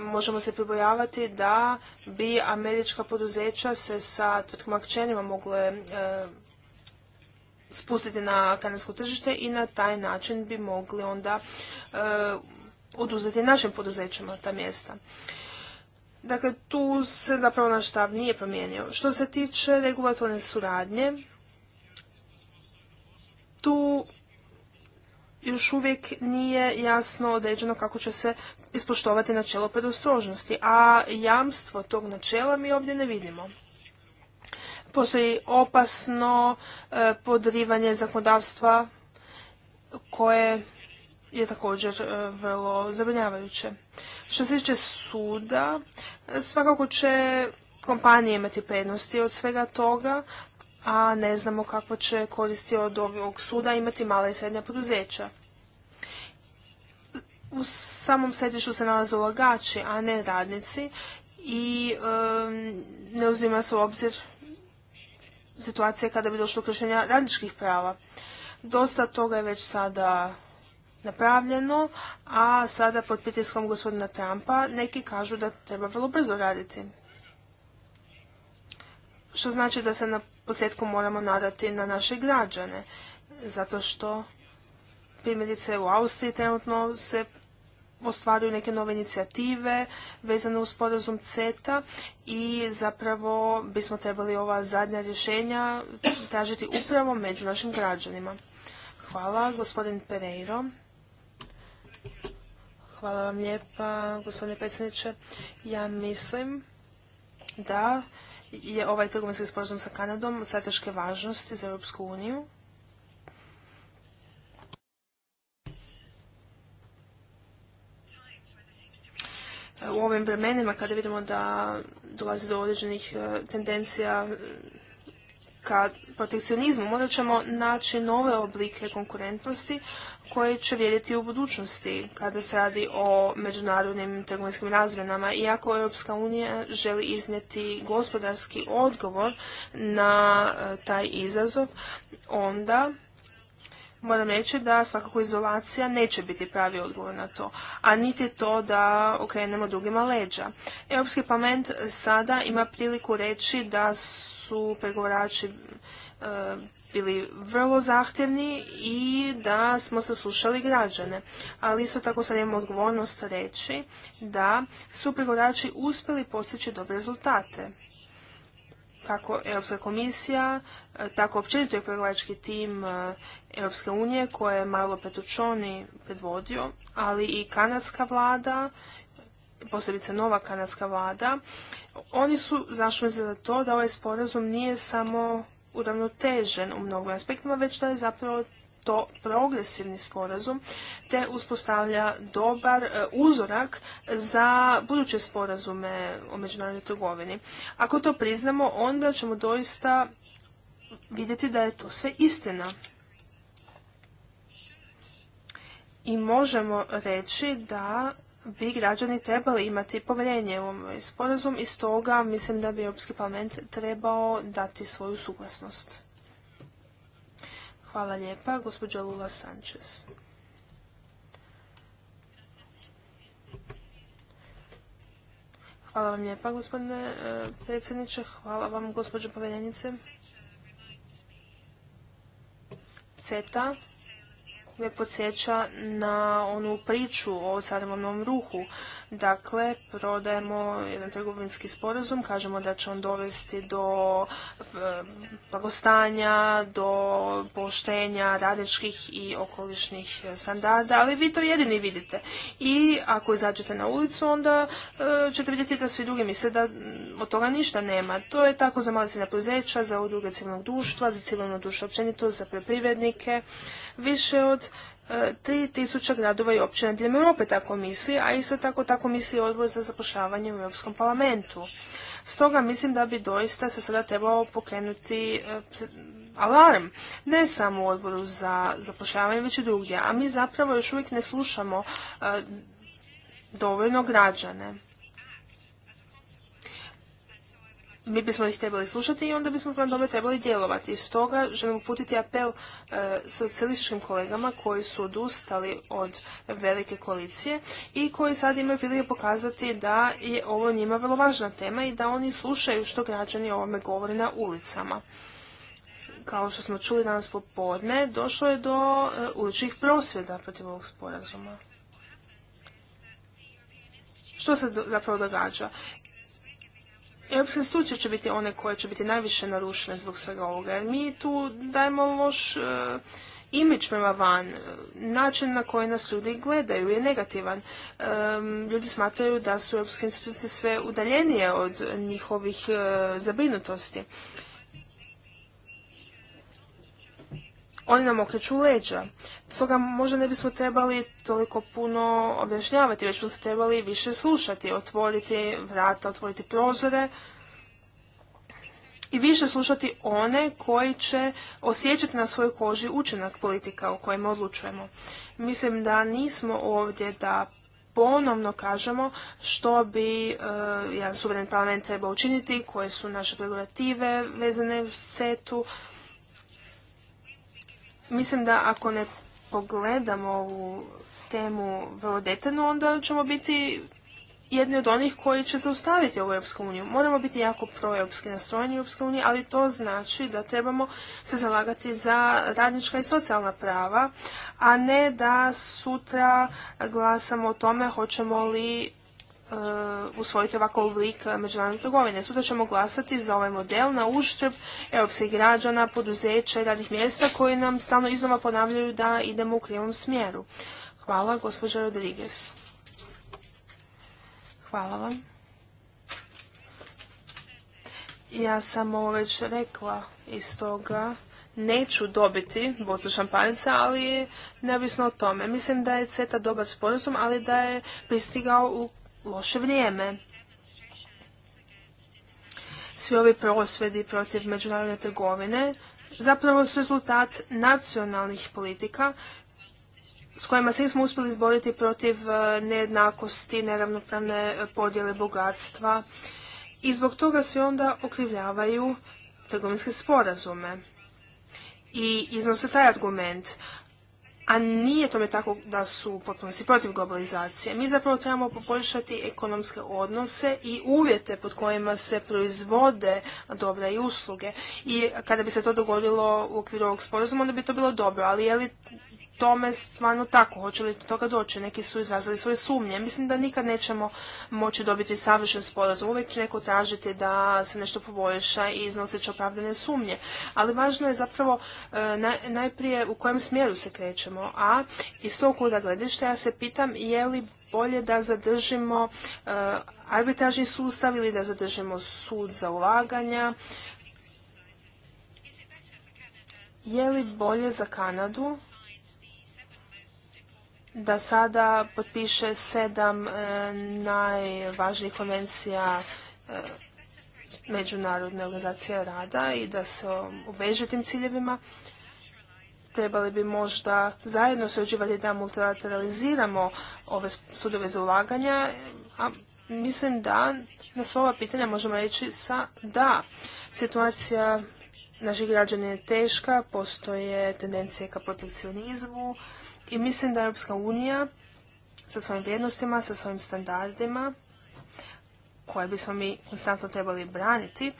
možemo se pribojavati da bi američka poduzeća se sa tvrtkom akčenima mogle spustiti na kanadsko tržište i na taj način bi mogli onda eh, oduzeti našim poduzećima ta mjesta. Dakle, tu se zapravo naš stav nije promijenio. Što se tiče regulatorne suradnje, tu još uvijek nije jasno određeno kako će se ispoštovati načelo predostrožnosti, a jamstvo tog načela mi ovdje ne vidimo postoji opasno e, podrivanje zakonodavstva koje je također e, vrlo zabrinjavajuće. Što se tiče suda, svakako će kompanije imati prednosti od svega toga, a ne znamo kako će koristi od ovog suda imati mala i srednja poduzeća. U samom središtu se nalaze ulagači, a ne radnici i e, ne uzima se u obzir situacije kada bi došlo kršenja radničkih prava. Dosta toga je već sada napravljeno, a sada pod pritiskom gospodina Trumpa neki kažu da treba vrlo brzo raditi. Što znači da se na posljedku moramo nadati na naše građane, zato što primjerice u Austriji trenutno se ostvaruju neke nove inicijative vezane uz sporazum CETA i zapravo bismo trebali ova zadnja rješenja tražiti upravo među našim građanima. Hvala, gospodin Pereiro. Hvala vam lijepa, gospodine predsjedniče. Ja mislim da je ovaj trgovinski sporazum sa Kanadom strateške važnosti za Europsku uniju. u ovim vremenima kada vidimo da dolazi do određenih e, tendencija e, ka protekcionizmu, morat ćemo naći nove oblike konkurentnosti koje će vrijediti u budućnosti kada se radi o međunarodnim trgovinskim razmjenama. Iako Europska unija želi iznijeti gospodarski odgovor na e, taj izazov, onda moram reći da svakako izolacija neće biti pravi odgovor na to, a niti to da okrenemo drugima leđa. Europski parlament sada ima priliku reći da su pregovarači e, bili vrlo zahtjevni i da smo saslušali građane. Ali isto tako sad imamo odgovornost reći da su pregovarači uspjeli postići dobre rezultate kako Europska komisija, e, tako općenito je pregovarački tim e, Europske unije koje je Marlo Petučoni predvodio, ali i kanadska vlada, posebice nova kanadska vlada, oni su zašli za to da ovaj sporazum nije samo uravnotežen u mnogim aspektima, već da je zapravo to progresivni sporazum te uspostavlja dobar e, uzorak za buduće sporazume o međunarodnoj trgovini. Ako to priznamo, onda ćemo doista vidjeti da je to sve istina. I možemo reći da bi građani trebali imati povjerenje u ovaj sporazum i stoga mislim da bi Europski parlament trebao dati svoju suglasnost. Hvala lijepa, gospođa Lula Sanchez. Hvala vam lijepa, gospodine e, predsjedniče. Hvala vam, gospođo povjerenice. CETA me podsjeća na onu priču o carevom ruhu Dakle, prodajemo jedan trgovinski sporazum, kažemo da će on dovesti do blagostanja, do poštenja radičkih i okolišnih standarda, ali vi to jedini vidite. I ako izađete na ulicu, onda e, ćete vidjeti da svi drugi misle da od toga ništa nema. To je tako za mala poduzeća, za udruge civilnog društva, za civilno društvo općenito, za poljoprivrednike. Više od 3000 gradova i općina diljem Europe tako misli, a isto tako tako misli odbor za zapošljavanje u Europskom parlamentu. Stoga mislim da bi doista se sada trebao pokrenuti e, alarm, ne samo u odboru za zapošljavanje, već i drugdje, a mi zapravo još uvijek ne slušamo e, dovoljno građane. mi bismo ih trebali slušati i onda bismo prema tome trebali djelovati. Stoga želim uputiti apel e, socijalističkim kolegama koji su odustali od velike koalicije i koji sad imaju prilike pokazati da je ovo njima vrlo važna tema i da oni slušaju što građani o ovome govore na ulicama. Kao što smo čuli danas popodne, došlo je do e, uličnih prosvjeda protiv ovog sporazuma. Što se zapravo događa? europske institucije će biti one koje će biti najviše narušene zbog svega ovoga. Jer mi tu dajemo loš e, imidž prema van. Način na koji nas ljudi gledaju je negativan. E, ljudi smatraju da su europske institucije sve udaljenije od njihovih e, zabrinutosti. Oni nam okreću leđa. Stoga možda ne bismo trebali toliko puno objašnjavati, već bismo trebali više slušati, otvoriti vrata, otvoriti prozore i više slušati one koji će osjećati na svojoj koži učinak politika o kojima odlučujemo. Mislim da nismo ovdje da ponovno kažemo što bi e, jedan suveren parlament trebao učiniti, koje su naše regulative vezane u setu, Mislim da ako ne pogledamo ovu temu vrlo detaljno, onda ćemo biti jedni od onih koji će zaustaviti ovu Europsku uniju. Moramo biti jako proeuropski nastrojeni u Europskoj uniji, ali to znači da trebamo se zalagati za radnička i socijalna prava, a ne da sutra glasamo o tome hoćemo li Uh, usvojiti ovakav oblik uh, međunarodne trgovine. Sutra ćemo glasati za ovaj model na uštrb europskih građana, poduzeća i radnih mjesta koji nam stalno iznova ponavljaju da idemo u krivom smjeru. Hvala, gospođa Rodriguez. Hvala vam. Ja sam ovo već rekla iz toga neću dobiti bocu šampanjca, ali neovisno o tome. Mislim da je CETA dobar sporazum, ali da je pristigao u loše vrijeme. Svi ovi prosvjedi protiv međunarodne trgovine zapravo su rezultat nacionalnih politika s kojima se smo uspjeli izboriti protiv e, nejednakosti, neravnopravne e, podjele bogatstva i zbog toga svi onda okrivljavaju trgovinske sporazume i iznose taj argument a nije tome tako da su potpuno si protiv globalizacije. Mi zapravo trebamo poboljšati ekonomske odnose i uvjete pod kojima se proizvode dobra i usluge. I kada bi se to dogodilo u okviru ovog sporazuma, onda bi to bilo dobro. Ali je li tome stvarno tako, hoće li toga doći. Neki su izrazili svoje sumnje. Mislim da nikad nećemo moći dobiti savršen sporazum. Uvijek će neko tražiti da se nešto poboljša i iznoseći opravdane sumnje. Ali važno je zapravo e, najprije u kojem smjeru se krećemo. A iz tog kuda gledišta ja se pitam je li bolje da zadržimo e, arbitražni sustav ili da zadržimo sud za ulaganja. Je li bolje za Kanadu da sada potpiše sedam e, najvažnijih konvencija e, Međunarodne organizacije rada i da se obveže tim ciljevima. Trebali bi možda zajedno se surađivati da multilateraliziramo ove sudove za ulaganja, a mislim da na sva ova pitanja možemo reći sa da. Situacija naših građana je teška, postoje tendencije ka protekcionizmu, i mislim da Europska unija sa svojim vrijednostima, sa svojim standardima, koje bismo mi konstantno trebali braniti,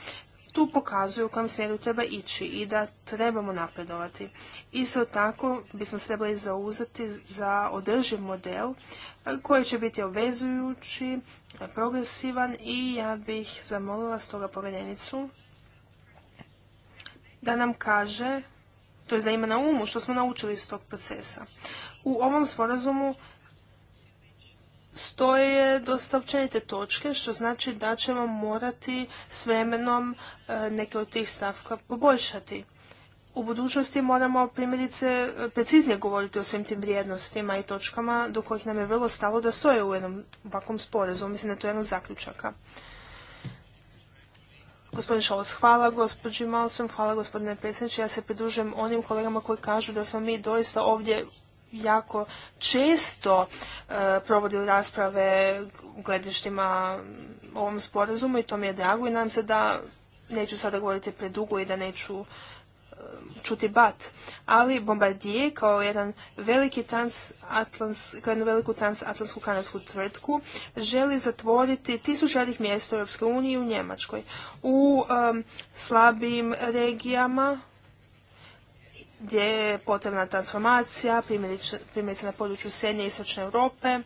tu pokazuju u kojem smjeru treba ići i da trebamo napredovati. Isto tako bismo se trebali zauzeti za održiv model eh, koji će biti obvezujući, progresivan i ja bih zamolila stoga povjerenicu da nam kaže to je da ima na umu što smo naučili iz tog procesa. U ovom sporazumu stoje dosta općenite točke, što znači da ćemo morati s vremenom e, neke od tih stavka poboljšati. U budućnosti moramo primjerice e, preciznije govoriti o svim tim vrijednostima i točkama do kojih nam je vrlo stalo da stoje u jednom ovakvom sporazumu. Mislim da je to jedan od zaključaka. Gospodin Šolos, hvala gospođi Malsom, hvala gospodine predsjedniče. Ja se pridružujem onim kolegama koji kažu da smo mi doista ovdje jako često e, provodili rasprave u gledištima ovom sporazumu i to mi je drago i nadam se da neću sada govoriti predugo i da neću čuti bat. Ali Bombardier kao jedan veliki transatlans, kao jednu veliku transatlansku kanadsku tvrtku želi zatvoriti tisuću radnih mjesta u Europskoj uniji i u Njemačkoj. U um, slabim regijama gdje je potrebna transformacija, primjerice na području srednje i Istočne Europe,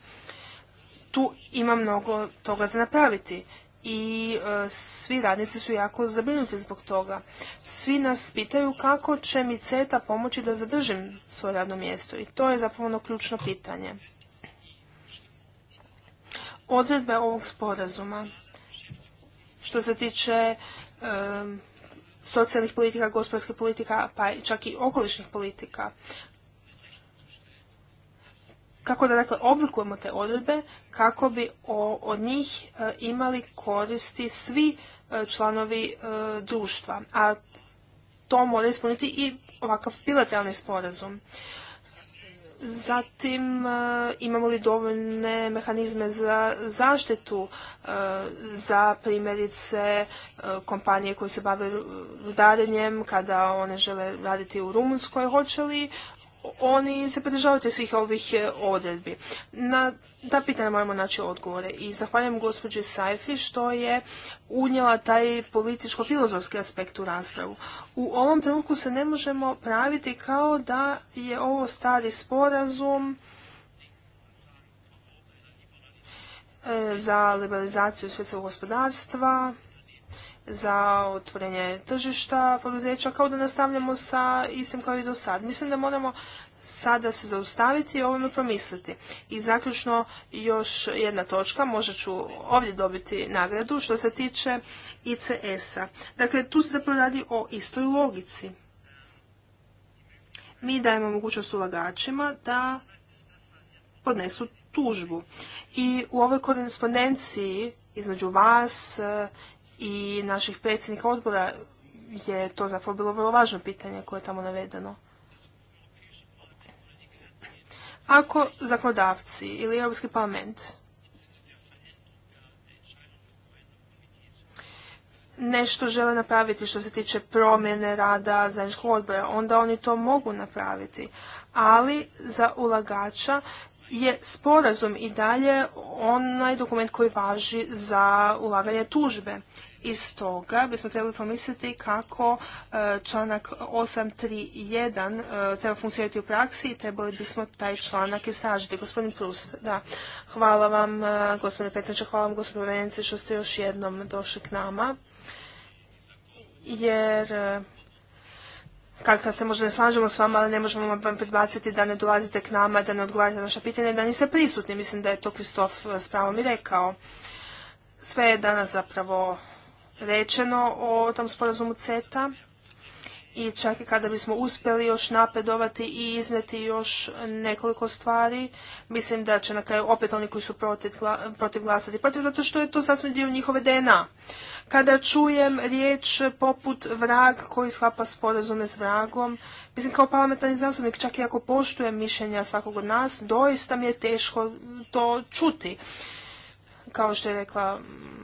tu ima mnogo toga za napraviti i e, svi radnici su jako zabrinuti zbog toga. Svi nas pitaju kako će mi CETA pomoći da zadržim svoje radno mjesto i to je zapravo ono ključno pitanje. Odredbe ovog sporazuma što se tiče e, socijalnih politika, gospodarskih politika, pa čak i okolišnih politika, kako da dakle oblikujemo te odredbe kako bi od njih e, imali koristi svi e, članovi e, društva, a to mora ispuniti i ovakav bilateralni sporazum. Zatim imamo li dovoljne mehanizme za zaštitu za primjerice kompanije koje se bave rudarenjem kada one žele raditi u Rumunskoj, hoće li oni se pridržavaju svih ovih e, odredbi. Na ta pitanja moramo naći odgovore i zahvaljujem gospođi Sajfi što je unijela taj političko-filozofski aspekt u raspravu. U ovom trenutku se ne možemo praviti kao da je ovo stari sporazum e, za liberalizaciju svjetskog gospodarstva, za otvorenje tržišta poduzeća, kao da nastavljamo sa istim kao i do sad. Mislim da moramo sada se zaustaviti i ovome promisliti. I zaključno još jedna točka, možda ću ovdje dobiti nagradu, što se tiče ICS-a. Dakle, tu se zapravo radi o istoj logici. Mi dajemo mogućnost ulagačima da podnesu tužbu. I u ovoj korespondenciji između vas i naših predsjednika odbora je to zapravo bilo vrlo važno pitanje koje je tamo navedeno. Ako zakonodavci ili Europski parlament nešto žele napraviti što se tiče promjene rada zajedničkog odbora, onda oni to mogu napraviti. Ali za ulagača je sporazum i dalje onaj dokument koji važi za ulaganje tužbe. Iz toga bismo trebali pomisliti kako e, članak 831 e, treba funkcionirati u praksi i trebali bismo taj članak istražiti. Gospodin Prust, da, hvala vam, e, gospodine predsjedniče, hvala vam, gospodine Venice, što ste još jednom došli k nama, jer kad, se možda ne slažemo s vama, ali ne možemo vam predbaciti da ne dolazite k nama, da ne odgovarate na naša pitanja i da niste prisutni. Mislim da je to Kristof eh, s pravom i rekao. Sve je danas zapravo rečeno o tom sporazumu CETA i čak i kada bismo uspjeli još napredovati i izneti još nekoliko stvari, mislim da će na kraju opet oni koji su protiv, protiv glasati protiv, zato što je to sasvim dio njihove DNA. Kada čujem riječ poput vrag koji sklapa sporazume s vragom, mislim kao parlamentarni zastupnik, čak i ako poštujem mišljenja svakog od nas, doista mi je teško to čuti. Kao što je rekla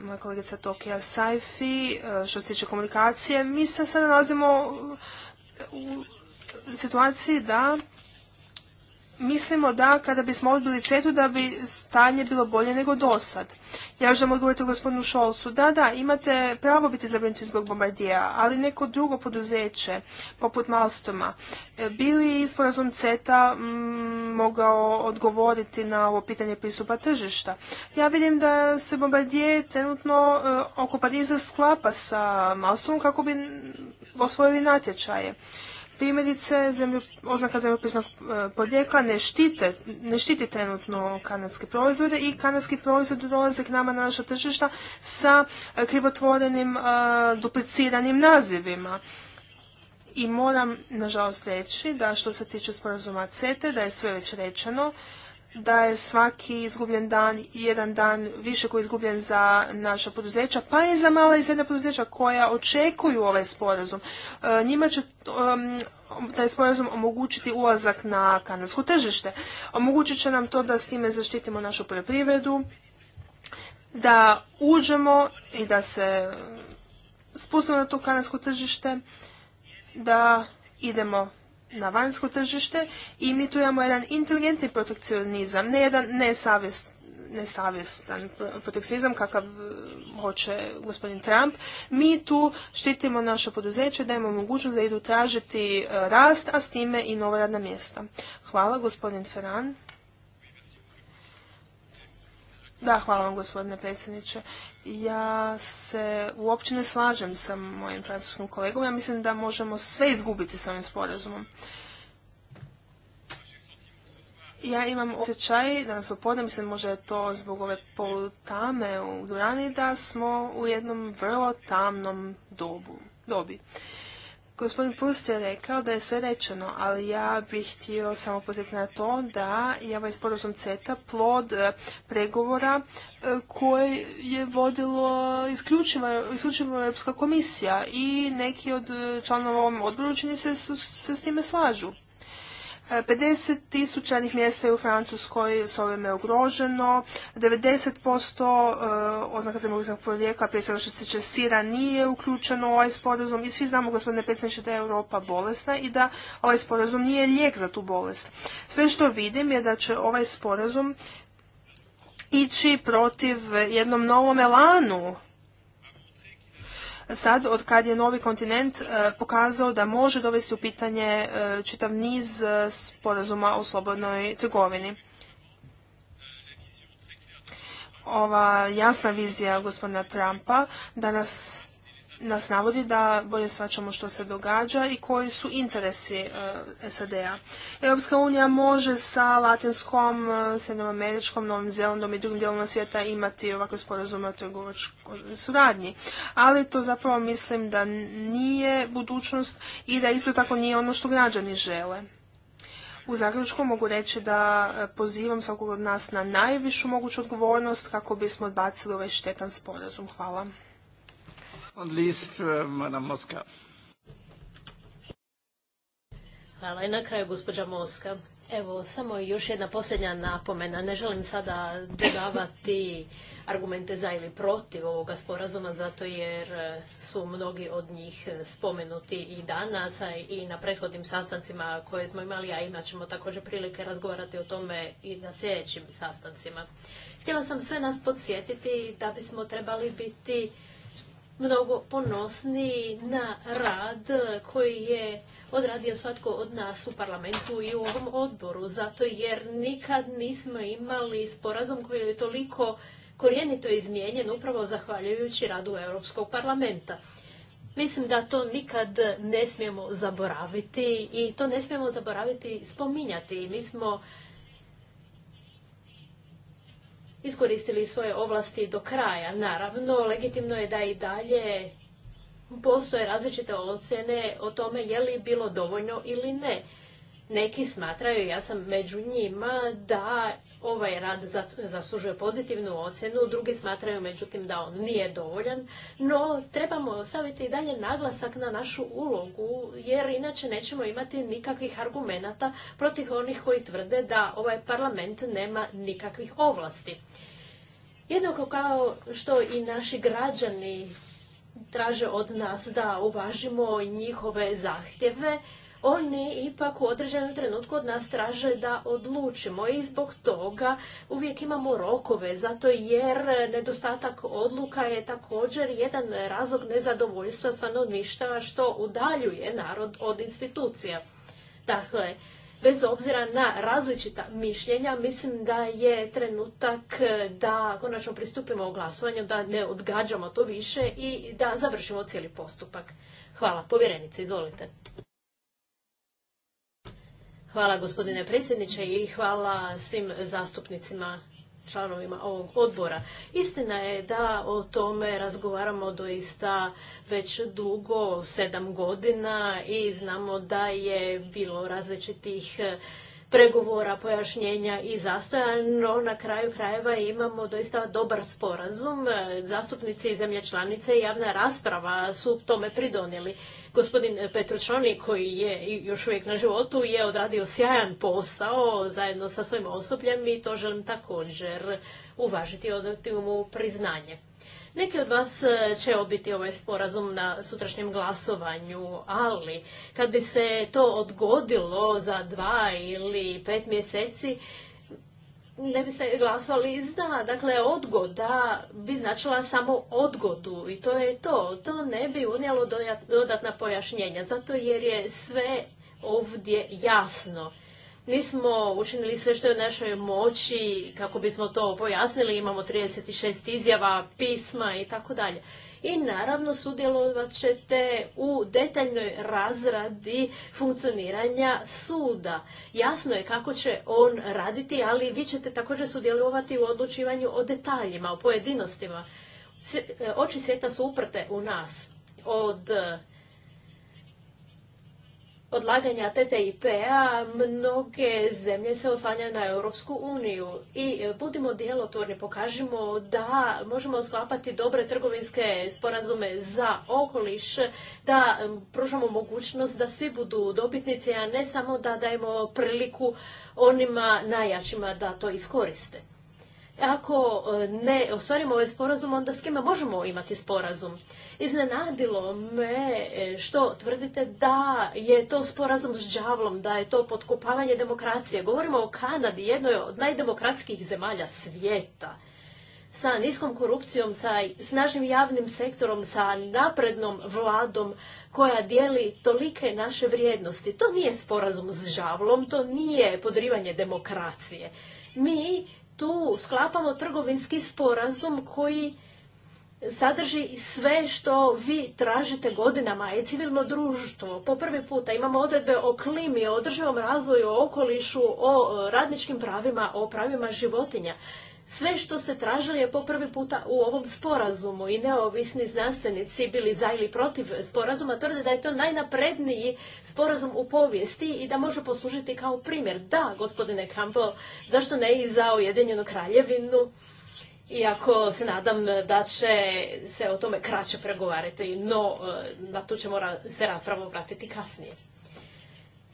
moja kolegica Tokija Saifi, e, što se tiče komunikacije, mi se sada nalazimo u situaciji da mislimo da kada bismo odbili CETU da bi stanje bilo bolje nego dosad. Ja želim odgovoriti gospodinu Šolcu. Da, da, imate pravo biti zabrinuti zbog bombardija, ali neko drugo poduzeće, poput Malstoma, e, bili isporazum CETA mm, mogao odgovoriti na ovo pitanje pristupa tržišta. Ja vidim da se bombardije trenutno e, oko Pariza sklapa sa Malstomom kako bi osvojili natječaje. Primjerice, oznaka zemljopisnog e, podrijekla ne, štite, štiti trenutno kanadske proizvode i kanadski proizvod dolaze k nama na naša tržišta sa e, krivotvorenim e, dupliciranim nazivima. I moram, nažalost, reći da što se tiče sporazuma CETE, da je sve već rečeno, da je svaki izgubljen dan jedan dan više koji je izgubljen za naša poduzeća, pa i za mala i srednja poduzeća koja očekuju ovaj sporazum. E, njima će taj sporazum omogućiti ulazak na kanadsko tržište. Omogućit će nam to da s time zaštitimo našu poljoprivredu, da uđemo i da se spustimo na to kanadsko tržište, da idemo na vanjsko tržište i mi tu imamo jedan inteligentni protekcionizam, ne jedan nesavjest, nesavjestan protekcionizam kakav e, hoće gospodin Trump. Mi tu štitimo naše poduzeće, dajemo mogućnost da idu tražiti e, rast, a s time i nova radna mjesta. Hvala gospodin Ferran. Da, hvala vam gospodine predsjedniče. Ja se uopće ne slažem sa mojim francuskim kolegom. Ja mislim da možemo sve izgubiti sa ovim sporazumom. Ja imam osjećaj, nas opodne. mislim možda je to zbog ove polutame u Durani, da smo u jednom vrlo tamnom dobu, dobi. Gospodin Pust je rekao da je sve rečeno, ali ja bih htio samo potjeti na to da je ovaj sporazum CETA plod e, pregovora e, koje je vodilo isključivo, Europska komisija i neki od e, članova ovom odboru čini se se s time slažu. 50 tisuća mjesta je u Francuskoj s ovime ugroženo, 90% eh, oznaka zemljopisnog porijekla, prije svega što se česira sira, nije uključeno u ovaj sporazum i svi znamo, gospodine predsjedniče, da je Europa bolesna i da ovaj sporazum nije lijek za tu bolest. Sve što vidim je da će ovaj sporazum ići protiv jednom novom elanu sad, od kad je novi kontinent e, pokazao da može dovesti u pitanje e, čitav niz e, sporazuma o slobodnoj trgovini. Ova jasna vizija gospodina Trumpa danas nas navodi da bolje svačamo što se događa i koji su interesi e, SAD-a. Europska unija može sa Latinskom, e, Srednjom Novim Zelandom i drugim dijelom svijeta imati ovakve sporazume o trgovačkoj suradnji. Ali to zapravo mislim da nije budućnost i da isto tako nije ono što građani žele. U zaključku mogu reći da e, pozivam svakog od nas na najvišu moguću odgovornost kako bismo odbacili ovaj štetan sporazum. Hvala. Uh, Hvala i na kraju gospođa Moska. Evo, samo još jedna posljednja napomena. Ne želim sada dodavati argumente za ili protiv ovoga sporazuma, zato jer e, su mnogi od njih e, spomenuti i danas i na prethodnim sastancima koje smo imali, a imat ćemo također prilike razgovarati o tome i na sljedećim sastancima. Htjela sam sve nas podsjetiti da bismo trebali biti mnogo ponosni na rad koji je odradio svatko od nas u parlamentu i u ovom odboru, zato jer nikad nismo imali sporazum koji je toliko korijenito izmijenjen upravo zahvaljujući radu Europskog parlamenta. Mislim da to nikad ne smijemo zaboraviti i to ne smijemo zaboraviti spominjati. Mi smo iskoristili svoje ovlasti do kraja. Naravno, legitimno je da i dalje postoje različite ocjene o tome je li bilo dovoljno ili ne. Neki smatraju, ja sam među njima, da ovaj rad zaslužuje pozitivnu ocjenu, drugi smatraju međutim da on nije dovoljan, no trebamo staviti i dalje naglasak na našu ulogu jer inače nećemo imati nikakvih argumenata protiv onih koji tvrde da ovaj parlament nema nikakvih ovlasti. Jednako kao što i naši građani traže od nas da uvažimo njihove zahtjeve, oni ipak u određenom trenutku od nas traže da odlučimo i zbog toga uvijek imamo rokove, zato jer nedostatak odluka je također jedan razlog nezadovoljstva stanovništva što udaljuje narod od institucija. Dakle, bez obzira na različita mišljenja, mislim da je trenutak da konačno pristupimo u glasovanju, da ne odgađamo to više i da završimo cijeli postupak. Hvala. Povjerenice, izvolite. Hvala gospodine predsjedniče i hvala svim zastupnicima članovima ovog odbora. Istina je da o tome razgovaramo doista već dugo, sedam godina i znamo da je bilo različitih pregovora, pojašnjenja i zastoja, no na kraju krajeva imamo doista dobar sporazum. Zastupnici i zemlje članice i javna rasprava su tome pridonijeli. Gospodin Petručoni, koji je još uvijek na životu, je odradio sjajan posao zajedno sa svojim osobljem i to želim također uvažiti i odati mu priznanje. Neki od vas e, će obiti ovaj sporazum na sutrašnjem glasovanju, ali kad bi se to odgodilo za dva ili pet mjeseci, ne bi se glasovali zna. Dakle, odgoda bi značila samo odgodu i to je to. To ne bi unijelo dodatna pojašnjenja, zato jer je sve ovdje jasno. Nismo smo učinili sve što je u našoj moći kako bismo to pojasnili. Imamo 36 izjava, pisma i tako dalje. I naravno sudjelovat ćete u detaljnoj razradi funkcioniranja suda. Jasno je kako će on raditi, ali vi ćete također sudjelovati u odlučivanju o detaljima, o pojedinostima. E, oči svijeta su uprte u nas od odlaganja TTIP-a mnoge zemlje se oslanjaju na Europsku uniju i e, budimo djelotvorni, pokažimo da možemo sklapati dobre trgovinske sporazume za okoliš, da pružamo mogućnost da svi budu dobitnici, a ne samo da dajemo priliku onima najjačima da to iskoriste. Ako e, ne ostvarimo ovaj sporazum, onda s kime možemo imati sporazum? Iznenadilo me e, što tvrdite da je to sporazum s đavlom, da je to potkopavanje demokracije. Govorimo o Kanadi, jednoj od najdemokratskih zemalja svijeta sa niskom korupcijom, sa snažnim javnim sektorom, sa naprednom vladom koja dijeli tolike naše vrijednosti. To nije sporazum s žavlom, to nije podrivanje demokracije. Mi tu sklapamo trgovinski sporazum koji sadrži sve što vi tražite godinama i civilno društvo. Po prvi puta imamo odredbe o klimi, o održivom razvoju, o okolišu, o e, radničkim pravima, o pravima životinja sve što ste tražili je po prvi puta u ovom sporazumu i neovisni znanstvenici bili za ili protiv sporazuma tvrde da je to najnapredniji sporazum u povijesti i da može poslužiti kao primjer. Da, gospodine Campbell, zašto ne i za Ujedinjenu kraljevinu? Iako se nadam da će se o tome kraće pregovarati, no eh, na to ćemo se raspravo vratiti kasnije.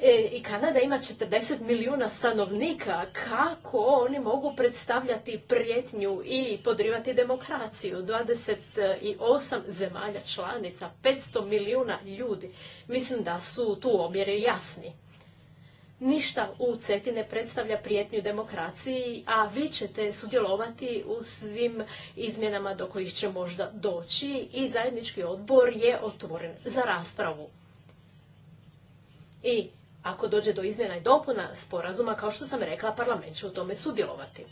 E, i Kanada ima 40 milijuna stanovnika. Kako oni mogu predstavljati prijetnju i podrivati demokraciju? 28 zemalja članica, 500 milijuna ljudi. Mislim da su tu omjeri jasni. Ništa u CETI ne predstavlja prijetnju demokraciji, a vi ćete sudjelovati u svim izmjenama do kojih će možda doći i zajednički odbor je otvoren za raspravu. I ako dođe do izmjena i dopuna sporazuma, kao što sam rekla, parlament će u tome sudjelovati.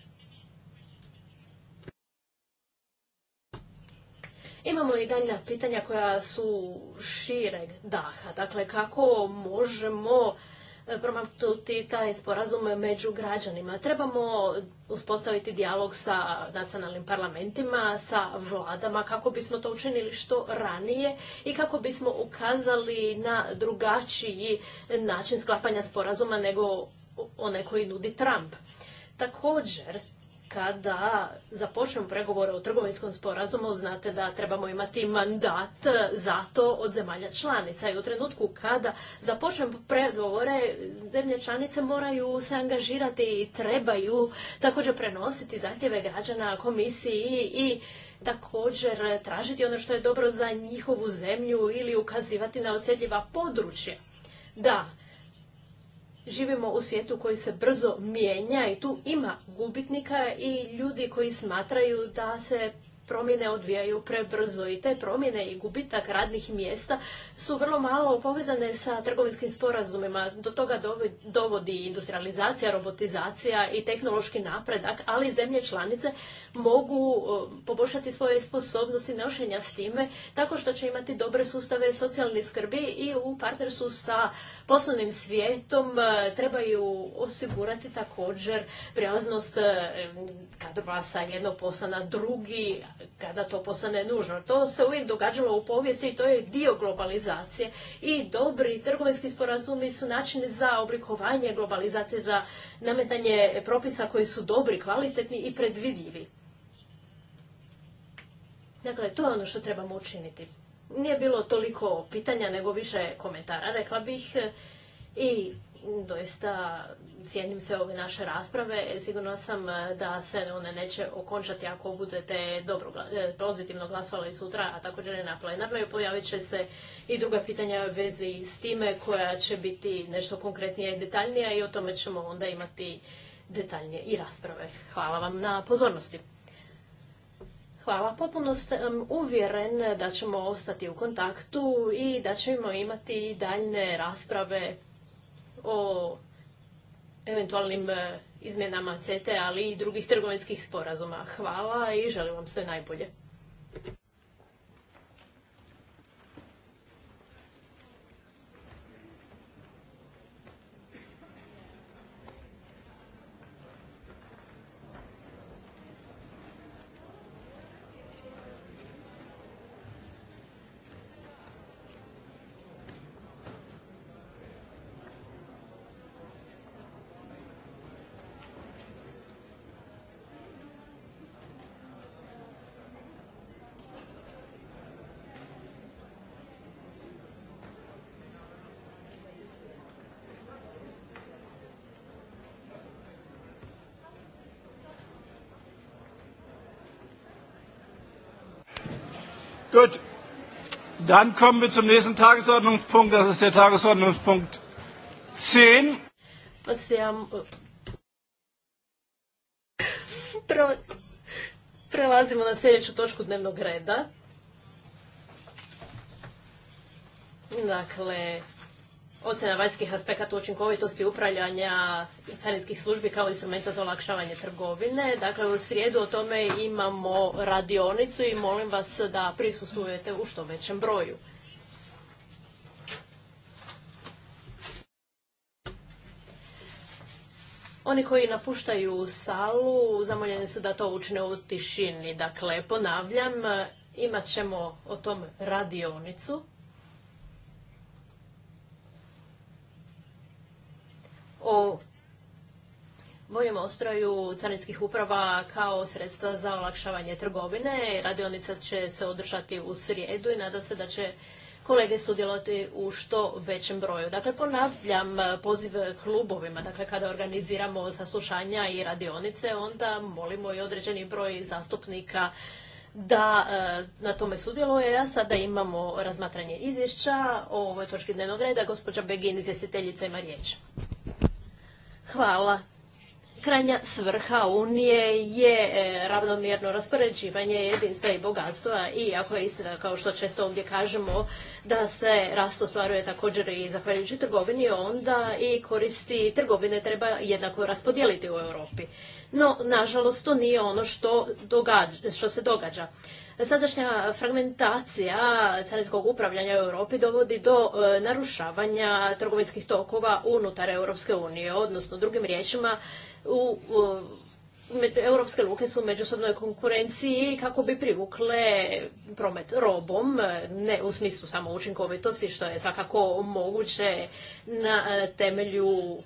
Imamo i daljna pitanja koja su šireg daha. Dakle, kako možemo promaknuti taj sporazum među građanima. Trebamo uspostaviti dijalog sa nacionalnim parlamentima, sa vladama, kako bismo to učinili što ranije i kako bismo ukazali na drugačiji način sklapanja sporazuma nego onaj koji nudi Trump. Također, kada započnemo pregovore o trgovinskom sporazumu, znate da trebamo imati mandat za to od zemalja članica. I u trenutku kada započnemo pregovore, zemlje članice moraju se angažirati i trebaju također prenositi zahtjeve građana komisiji i također tražiti ono što je dobro za njihovu zemlju ili ukazivati na osjetljiva područja. Da, živimo u svijetu koji se brzo mijenja i tu ima gubitnika i ljudi koji smatraju da se promjene odvijaju prebrzo i te promjene i gubitak radnih mjesta su vrlo malo povezane sa trgovinskim sporazumima. Do toga dovodi industrializacija, robotizacija i tehnološki napredak, ali zemlje članice mogu poboljšati svoje sposobnosti nošenja s time tako što će imati dobre sustave socijalne skrbi i u partnerstvu sa poslovnim svijetom e, trebaju osigurati također prijelaznost e, kadrova sa jednog posla na drugi, kada to postane nužno. To se uvijek događalo u povijesti i to je dio globalizacije. I dobri trgovinski sporazumi su način za oblikovanje globalizacije, za nametanje propisa koji su dobri, kvalitetni i predvidljivi. Dakle, to je ono što trebamo učiniti. Nije bilo toliko pitanja, nego više komentara, rekla bih. I doista cijenim se ove naše rasprave. E, sigurno sam e, da se one neće okončati ako budete dobro, e, pozitivno glasovali sutra, a također i na plenarnoj. Pojavit će se i druga pitanja u vezi s time koja će biti nešto konkretnije i detaljnija i o tome ćemo onda imati detaljnije i rasprave. Hvala vam na pozornosti. Hvala. Potpuno sam uvjeren da ćemo ostati u kontaktu i da ćemo imati daljne rasprave o eventualnim e, izmjenama CETA ali i drugih trgovinskih sporazuma. Hvala i želim vam sve najbolje. Dann kommen wir zum nächsten Tagesordnungspunkt. Das ist der Tagesordnungspunkt 10. Äh, prelazimo na sljedeću točku dnevnog reda. Dakle, ocjena vanjskih aspekata učinkovitosti upravljanja carinskih službi kao instrumenta za olakšavanje trgovine. Dakle, u srijedu o tome imamo radionicu i molim vas da prisustujete u što većem broju. Oni koji napuštaju salu zamoljeni su da to učine u tišini. Dakle, ponavljam, imat ćemo o tom radionicu. o vojnom ostroju carinskih uprava kao sredstva za olakšavanje trgovine. Radionica će se održati u srijedu i nadam se da će kolege sudjelovati u što većem broju. Dakle, ponavljam poziv klubovima. Dakle, kada organiziramo saslušanja i radionice, onda molimo i određeni broj zastupnika da e, na tome sudjeluje. A sada imamo razmatranje izvješća o ovoj točki dnevnog reda. Gospođa Begin, izvjestiteljica, ima riječ. Hvala. Krajnja svrha Unije je e, ravnomjerno raspoređivanje jedinstva i bogatstva i ako je istina, kao što često ovdje kažemo, da se rast ostvaruje također i zahvaljujući trgovini, onda i koristi trgovine treba jednako raspodijeliti u Europi. No, nažalost, to nije ono što, što se događa. Sadašnja fragmentacija carinskog upravljanja u Europi dovodi do e, narušavanja trgovinskih tokova unutar Europske unije, odnosno drugim riječima u europske luke su u međusobnoj konkurenciji kako bi privukle promet robom, ne u smislu samo učinkovitosti, što je svakako moguće na e, temelju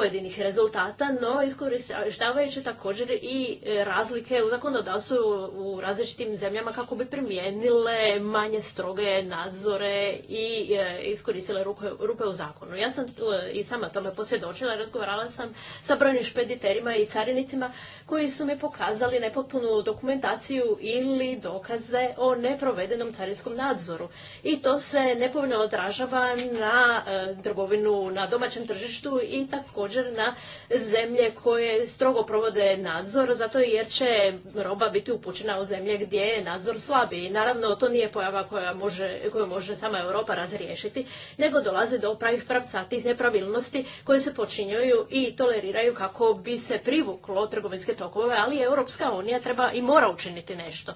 pojedinih rezultata, no iskoristavajući također i e, razlike u zakonodavstvu u različitim zemljama kako bi primijenile manje stroge nadzore i e, iskoristile rupe u zakonu. Ja sam e, i sama tome posvjedočila, razgovarala sam sa brojnim špediterima i carinicima koji su mi pokazali nepotpunu dokumentaciju ili dokaze o neprovedenom carinskom nadzoru. I to se nepovoljno odražava na trgovinu na domaćem tržištu i također također na zemlje koje strogo provode nadzor, zato jer će roba biti upućena u zemlje gdje je nadzor slabiji. Naravno, to nije pojava koja može, koju može sama Europa razriješiti, nego dolazi do pravih pravca, tih nepravilnosti koje se počinjuju i toleriraju kako bi se privuklo trgovinske tokove, ali Europska unija treba i mora učiniti nešto.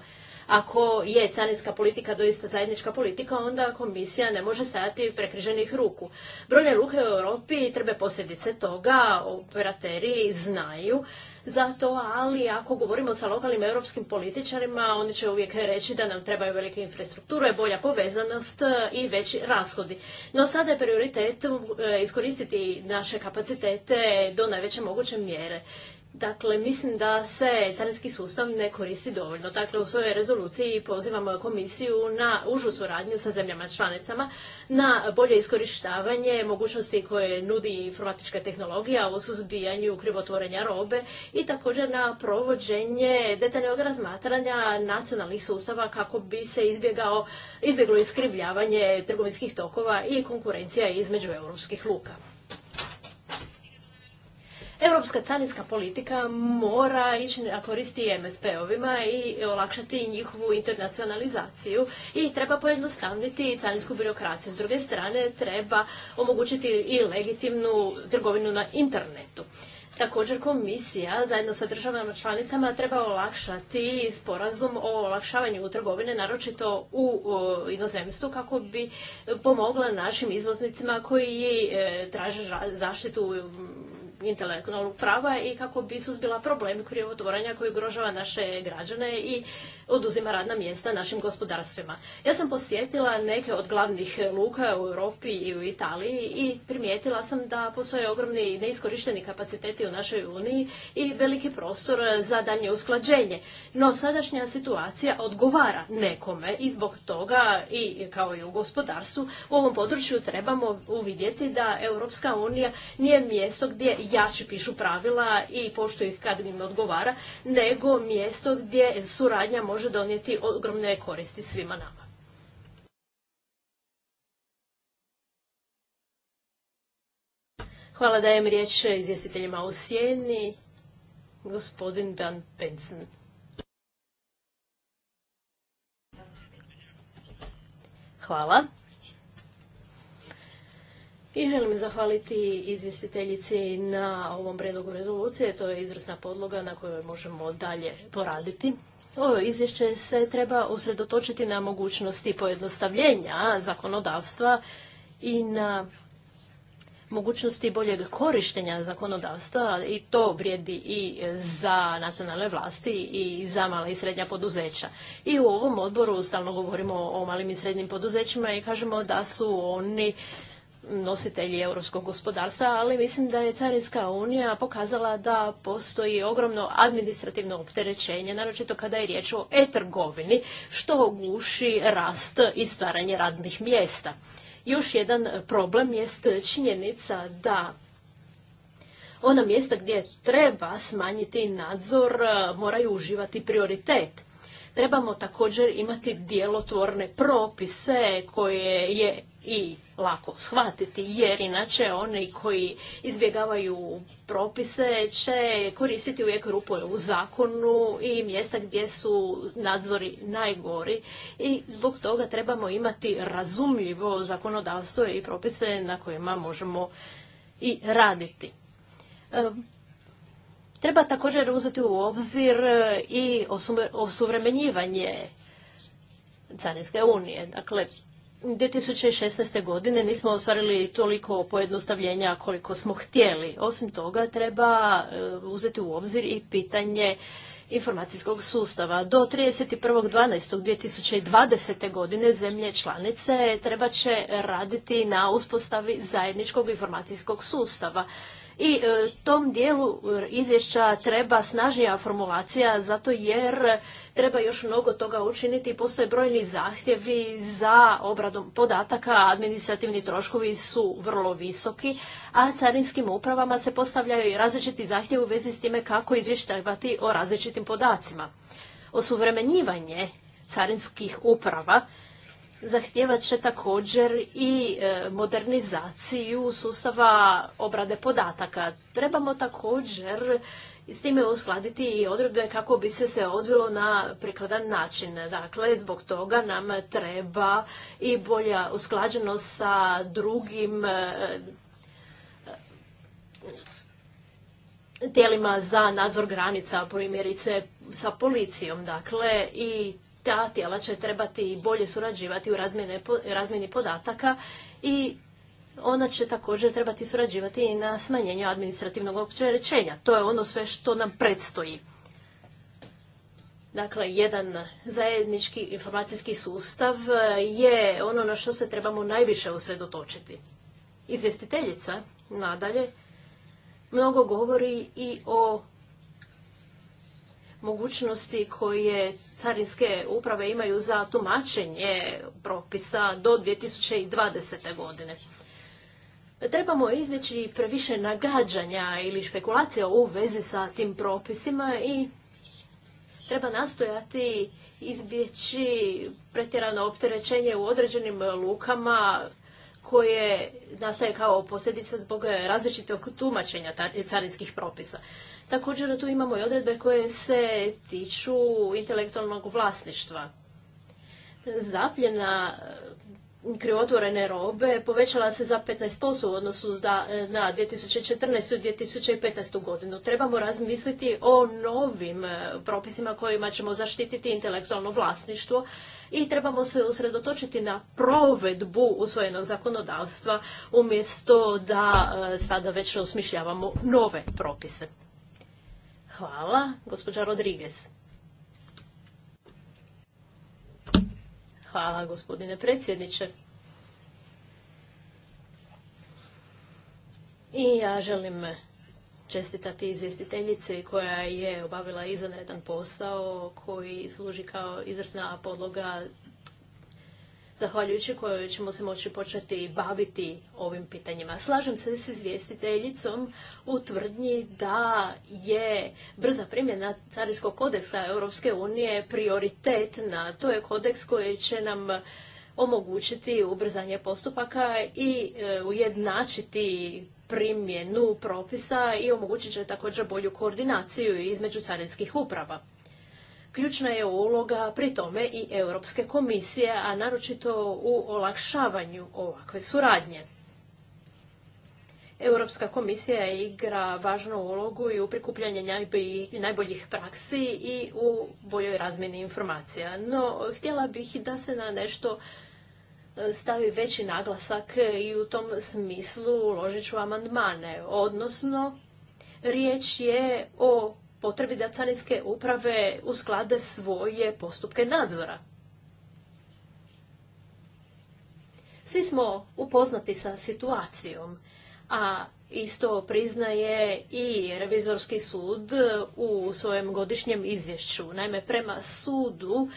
Ako je carinska politika doista zajednička politika, onda komisija ne može stajati prekriženih ruku. Brojne luke u Europi trbe posljedice toga, operateri znaju za to, ali ako govorimo sa lokalnim europskim političarima, oni će uvijek reći da nam trebaju velike infrastrukture, bolja povezanost i veći rashodi. No sada je prioritet e, iskoristiti naše kapacitete do najveće moguće mjere. Dakle, mislim da se carinski sustav ne koristi dovoljno. Dakle, u svojoj rezoluciji pozivamo komisiju na užu suradnju sa zemljama članicama, na bolje iskorištavanje mogućnosti koje nudi informatička tehnologija u suzbijanju krivotvorenja robe i također na provođenje detaljnog razmatranja nacionalnih sustava kako bi se izbjegao, izbjeglo iskrivljavanje trgovinskih tokova i konkurencija između europskih luka. Europska carinska politika mora ići na koristi MSP-ovima i olakšati njihovu internacionalizaciju i treba pojednostavniti carinsku birokraciju. S druge strane, treba omogućiti i legitimnu trgovinu na internetu. Također komisija zajedno sa državama članicama treba olakšati sporazum o olakšavanju trgovine, naročito u inozemstvu, kako bi pomogla našim izvoznicima koji e, traže zaštitu intelektualnog prava i kako bi suzbila problemi krivotvorenja koji ugrožava naše građane i oduzima radna mjesta našim gospodarstvima. Ja sam posjetila neke od glavnih luka u Europi i u Italiji i primijetila sam da postoje ogromni neiskorišteni kapaciteti u našoj Uniji i veliki prostor za daljnje usklađenje. No sadašnja situacija odgovara nekome i zbog toga i kao i u gospodarstvu u ovom području trebamo uvidjeti da Europska unija nije mjesto gdje jače pišu pravila i poštuju ih kad im odgovara, nego mjesto gdje suradnja može donijeti ogromne koristi svima nama. Hvala dajem riječ izvjestiteljima u sjeni. Gospodin Van Pensen. Hvala. I želim zahvaliti izvjestiteljici na ovom predlogu rezolucije. To je izvrsna podloga na kojoj možemo dalje poraditi. Ovo izvješće se treba usredotočiti na mogućnosti pojednostavljenja zakonodavstva i na mogućnosti boljeg korištenja zakonodavstva i to vrijedi i za nacionalne vlasti i za mala i srednja poduzeća. I u ovom odboru stalno govorimo o malim i srednjim poduzećima i kažemo da su oni nositelji europskog gospodarstva, ali mislim da je Carinska unija pokazala da postoji ogromno administrativno opterećenje, naročito kada je riječ o e-trgovini, što guši rast i stvaranje radnih mjesta. Još jedan problem jest činjenica da ona mjesta gdje treba smanjiti nadzor e, moraju uživati prioritet. Trebamo također imati djelotvorne propise koje je i lako shvatiti, jer inače oni koji izbjegavaju propise će koristiti uvijek rupu u zakonu i mjesta gdje su nadzori najgori i zbog toga trebamo imati razumljivo zakonodavstvo i propise na kojima možemo i raditi. E, treba također uzeti u obzir i osuvremenjivanje Carinske unije. Dakle, 2016. godine nismo ostvarili toliko pojednostavljenja koliko smo htjeli. Osim toga, treba e, uzeti u obzir i pitanje informacijskog sustava. Do 31.12.2020. godine zemlje članice treba će raditi na uspostavi zajedničkog informacijskog sustava. I e, tom dijelu e, izvješća treba snažnija formulacija zato jer treba još mnogo toga učiniti. Postoje brojni zahtjevi za obradom podataka, administrativni troškovi su vrlo visoki, a carinskim upravama se postavljaju i različiti zahtjevi u vezi s time kako izvještavati o različitim podacima. Osuvremenjivanje carinskih uprava zahtijevat će također i e, modernizaciju sustava obrade podataka. Trebamo također s time uskladiti i odredbe kako bi se sve odvilo na prikladan način. Dakle, zbog toga nam treba i bolja usklađenost sa drugim e, e, tijelima za nadzor granica, primjerice sa policijom. Dakle, i ta tijela će trebati bolje surađivati u razmjeni podataka i ona će također trebati surađivati i na smanjenju administrativnog opterećenja. To je ono sve što nam predstoji. Dakle, jedan zajednički informacijski sustav je ono na što se trebamo najviše usredotočiti. Izvjestiteljica, nadalje, mnogo govori i o mogućnosti koje carinske uprave imaju za tumačenje propisa do 2020. godine. Trebamo izbjeći previše nagađanja ili špekulacija u vezi sa tim propisima i treba nastojati izbjeći pretjerano opterećenje u određenim lukama koje nastaje kao posljedica zbog različitog tumačenja carinskih propisa. Također tu imamo i odredbe koje se tiču intelektualnog vlasništva. Zapljena e, krivotvorene robe povećala se za 15% u odnosu e, na 2014. i 2015. godinu. Trebamo razmisliti o novim e, propisima kojima ćemo zaštititi intelektualno vlasništvo i trebamo se usredotočiti na provedbu usvojenog zakonodavstva umjesto da sada već osmišljavamo nove propise. Hvala. Gospođa Rodriguez. Hvala, gospodine predsjedniče. I ja želim čestitati izvjestiteljici koja je obavila izvanredan posao koji služi kao izvrsna podloga zahvaljujući kojoj ćemo se moći početi baviti ovim pitanjima. Slažem se s izvjestiteljicom u tvrdnji da je brza primjena Carinskog kodeksa Europske unije prioritetna. To je kodeks koji će nam omogućiti ubrzanje postupaka i e, ujednačiti primjenu propisa i omogućit će također bolju koordinaciju između carinskih uprava. Ključna je uloga pri tome i Europske komisije, a naročito u olakšavanju ovakve suradnje. Europska komisija igra važnu ulogu i u prikupljanju najboljih praksi i u boljoj razmjeni informacija. No, htjela bih da se na nešto e, stavi veći naglasak i u tom smislu uložit ću amandmane. Odnosno, riječ je o potrebi da carinske uprave usklade svoje postupke nadzora. Svi smo upoznati sa situacijom, a isto priznaje i revizorski sud u svojem godišnjem izvješću. Naime, prema sudu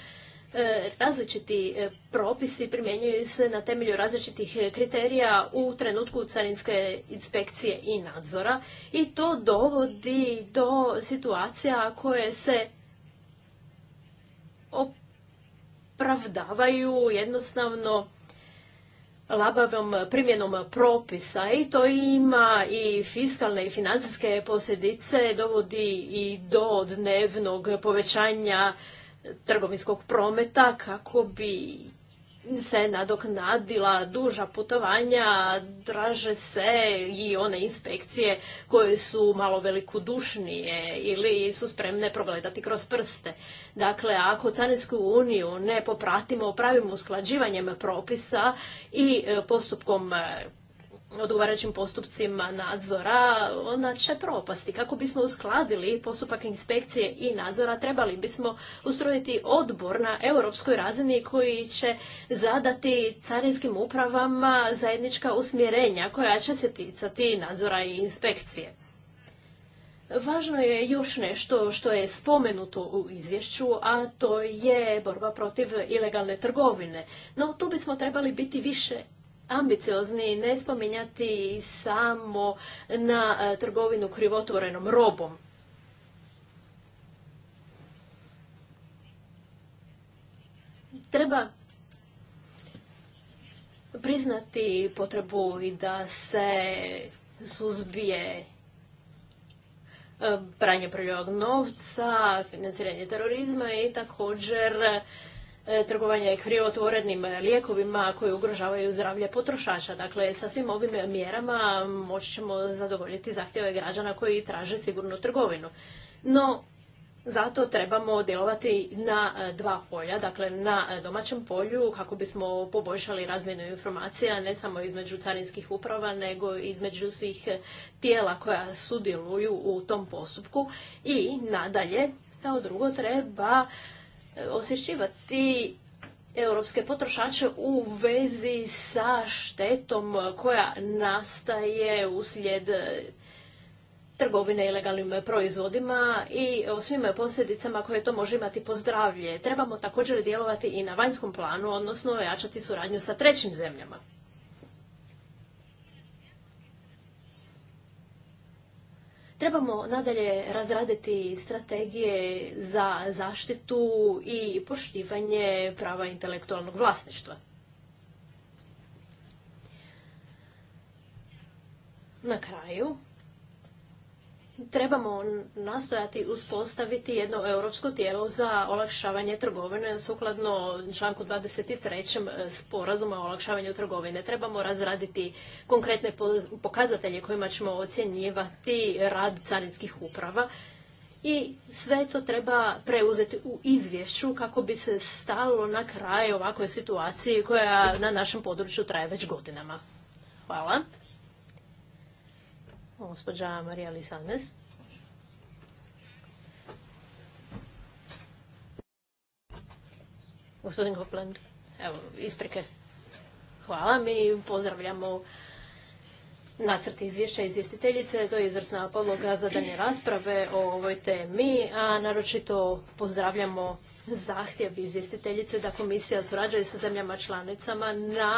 E, različiti e, propisi primjenjuju se na temelju različitih e, kriterija u trenutku carinske inspekcije i nadzora i to dovodi do situacija koje se opravdavaju jednostavno labavom primjenom propisa i to ima i fiskalne i financijske posljedice, dovodi i do dnevnog povećanja trgovinskog prometa kako bi se nadoknadila duža putovanja, draže se i one inspekcije koje su malo velikodušnije ili su spremne progledati kroz prste. Dakle, ako Carinsku uniju ne popratimo pravim usklađivanjem propisa i postupkom odgovarajućim postupcima nadzora, ona će propasti. Kako bismo uskladili postupak inspekcije i nadzora, trebali bismo ustrojiti odbor na europskoj razini koji će zadati carinskim upravama zajednička usmjerenja koja će se ticati nadzora i inspekcije. Važno je još nešto što je spomenuto u izvješću, a to je borba protiv ilegalne trgovine. No tu bismo trebali biti više ambiciozni ne spominjati samo na e, trgovinu krivotvorenom robom. Treba priznati potrebu i da se suzbije e, pranje prljog novca, financiranje terorizma i također E, trgovanje krivotvorenim e, lijekovima koji ugrožavaju zdravlje potrošača. Dakle, sa svim ovim mjerama moći ćemo zadovoljiti zahtjeve građana koji traže sigurnu trgovinu. No, zato trebamo djelovati na e, dva polja, dakle na domaćem polju kako bismo poboljšali razmjenu informacija ne samo između carinskih uprava nego između svih tijela koja sudjeluju u tom postupku i nadalje kao drugo treba Osjećivati europske potrošače u vezi sa štetom koja nastaje uslijed trgovine ilegalnim proizvodima i o svim posljedicama koje to može imati pozdravlje. Trebamo također djelovati i na vanjskom planu, odnosno ojačati suradnju sa trećim zemljama. Trebamo nadalje razraditi strategije za zaštitu i poštivanje prava intelektualnog vlasništva. Na kraju, trebamo nastojati uspostaviti jedno europsko tijelo za olakšavanje trgovine sukladno članku 23. sporazuma o olakšavanju trgovine. Trebamo razraditi konkretne pokazatelje kojima ćemo ocjenjivati rad carinskih uprava i sve to treba preuzeti u izvješću kako bi se stalo na kraj ovakvoj situaciji koja na našem području traje već godinama. Hvala gospođa Marija Lisanes. Gospodin Hopland, evo, isprike. Hvala, mi pozdravljamo nacrt izvješća izvjestiteljice. To je izvrsna podloga za danje rasprave o ovoj temi, a naročito pozdravljamo zahtjev izvjestiteljice da komisija surađuje sa zemljama članicama na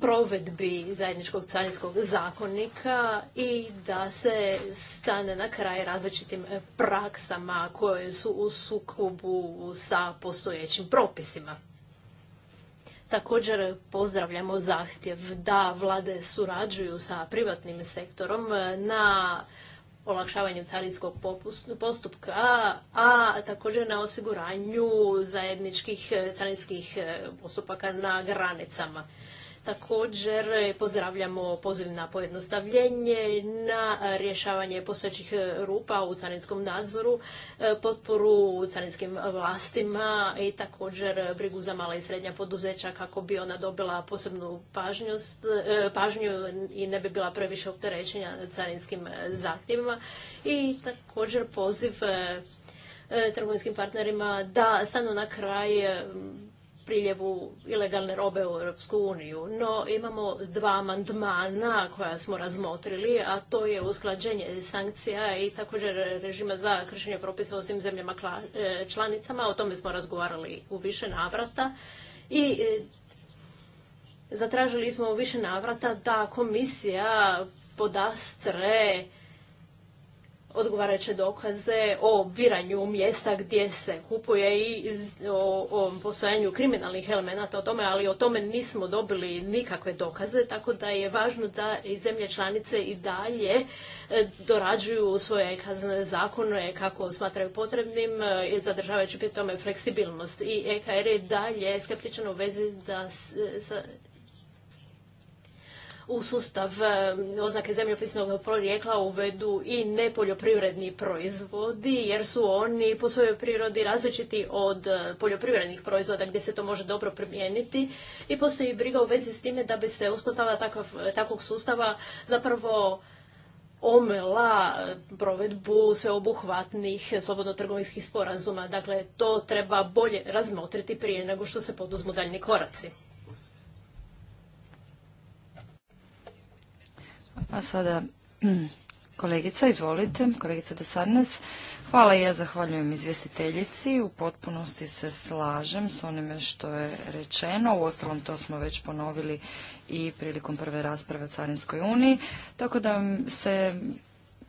provedbi zajedničkog carinskog zakonika i da se stane na kraj različitim praksama koje su u sukobu sa postojećim propisima. Također pozdravljamo zahtjev da vlade surađuju sa privatnim sektorom na olakšavanju carinskog postupka, a, također na osiguranju zajedničkih carinskih postupaka na granicama. Također e, pozdravljamo poziv na pojednostavljenje, na rješavanje postojećih rupa u carinskom nadzoru, e, potporu carinskim vlastima i također brigu za mala i srednja poduzeća kako bi ona dobila posebnu pažnju, e, pažnju i ne bi bila previše opterećenja carinskim zahtjevima. I također poziv trgovinskim partnerima da samo na kraj priljevu ilegalne robe u Europsku uniju. No imamo dva mandmana koja smo razmotrili, a to je usklađenje sankcija i također režima za kršenje propisa u svim zemljama e, članicama. O tome smo razgovarali u više navrata. I e, zatražili smo u više navrata da komisija podastre odgovarajuće dokaze o biranju mjesta gdje se kupuje i o, o kriminalnih elemenata o tome, ali o tome nismo dobili nikakve dokaze, tako da je važno da i zemlje članice i dalje e, dorađuju svoje kazne zakone kako smatraju potrebnim, e, zadržavajući pri tome fleksibilnost. I EKR je dalje skeptičan u vezi da, e, sa u sustav e, oznake zemljopisnog porijekla uvedu i nepoljoprivredni proizvodi, jer su oni po svojoj prirodi različiti od e, poljoprivrednih proizvoda gdje se to može dobro primijeniti i postoji briga u vezi s time da bi se uspostavila takvog sustava zapravo omela provedbu sveobuhvatnih slobodno-trgovinskih sporazuma. Dakle, to treba bolje razmotriti prije nego što se poduzmu daljni koraci. A sada *clears throat* kolegica, izvolite, kolegica Desarnes. Hvala i ja zahvaljujem izvjestiteljici. U potpunosti se slažem s onime što je rečeno. Uostalom to smo već ponovili i prilikom prve rasprave o Carinskoj uniji. Tako da se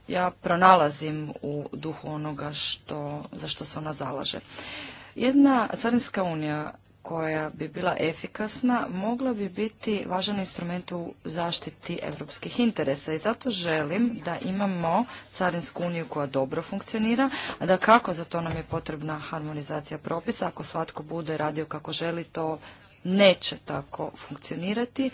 ja pronalazim u duhu onoga što, za što se ona zalaže. Jedna Carinska unija koja bi bila efikasna mogla bi biti važan instrument u zaštiti europskih interesa i zato želim da imamo carinsku uniju koja dobro funkcionira, a da kako za to nam je potrebna harmonizacija propisa, ako svatko bude radio kako želi to neće tako funkcionirati,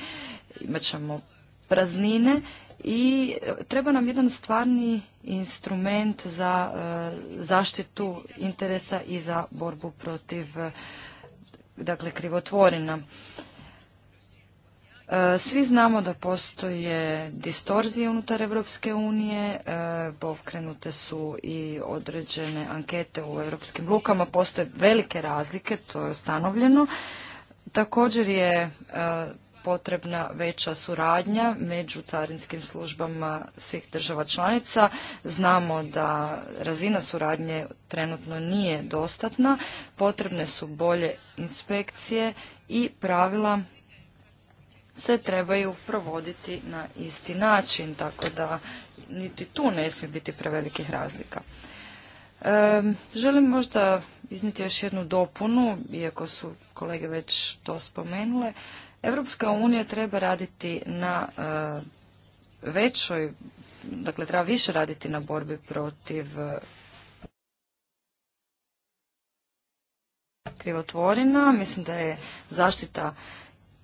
imat ćemo praznine i e, treba nam jedan stvarni instrument za e, zaštitu interesa i za borbu protiv e, dakle krivotvorina. E, svi znamo da postoje distorzije unutar Europske unije, e, pokrenute su i određene ankete u europskim lukama, postoje velike razlike, to je ustanovljeno. Također je e, potrebna veća suradnja među carinskim službama svih država članica. Znamo da razina suradnje trenutno nije dostatna, potrebne su bolje inspekcije i pravila se trebaju provoditi na isti način, tako da niti tu ne smije biti prevelikih razlika. želim možda izniti još jednu dopunu, iako su kolege već to spomenule. Europska unija treba raditi na eh, većoj, dakle treba više raditi na borbi protiv eh, krivotvorina. Mislim da je zaštita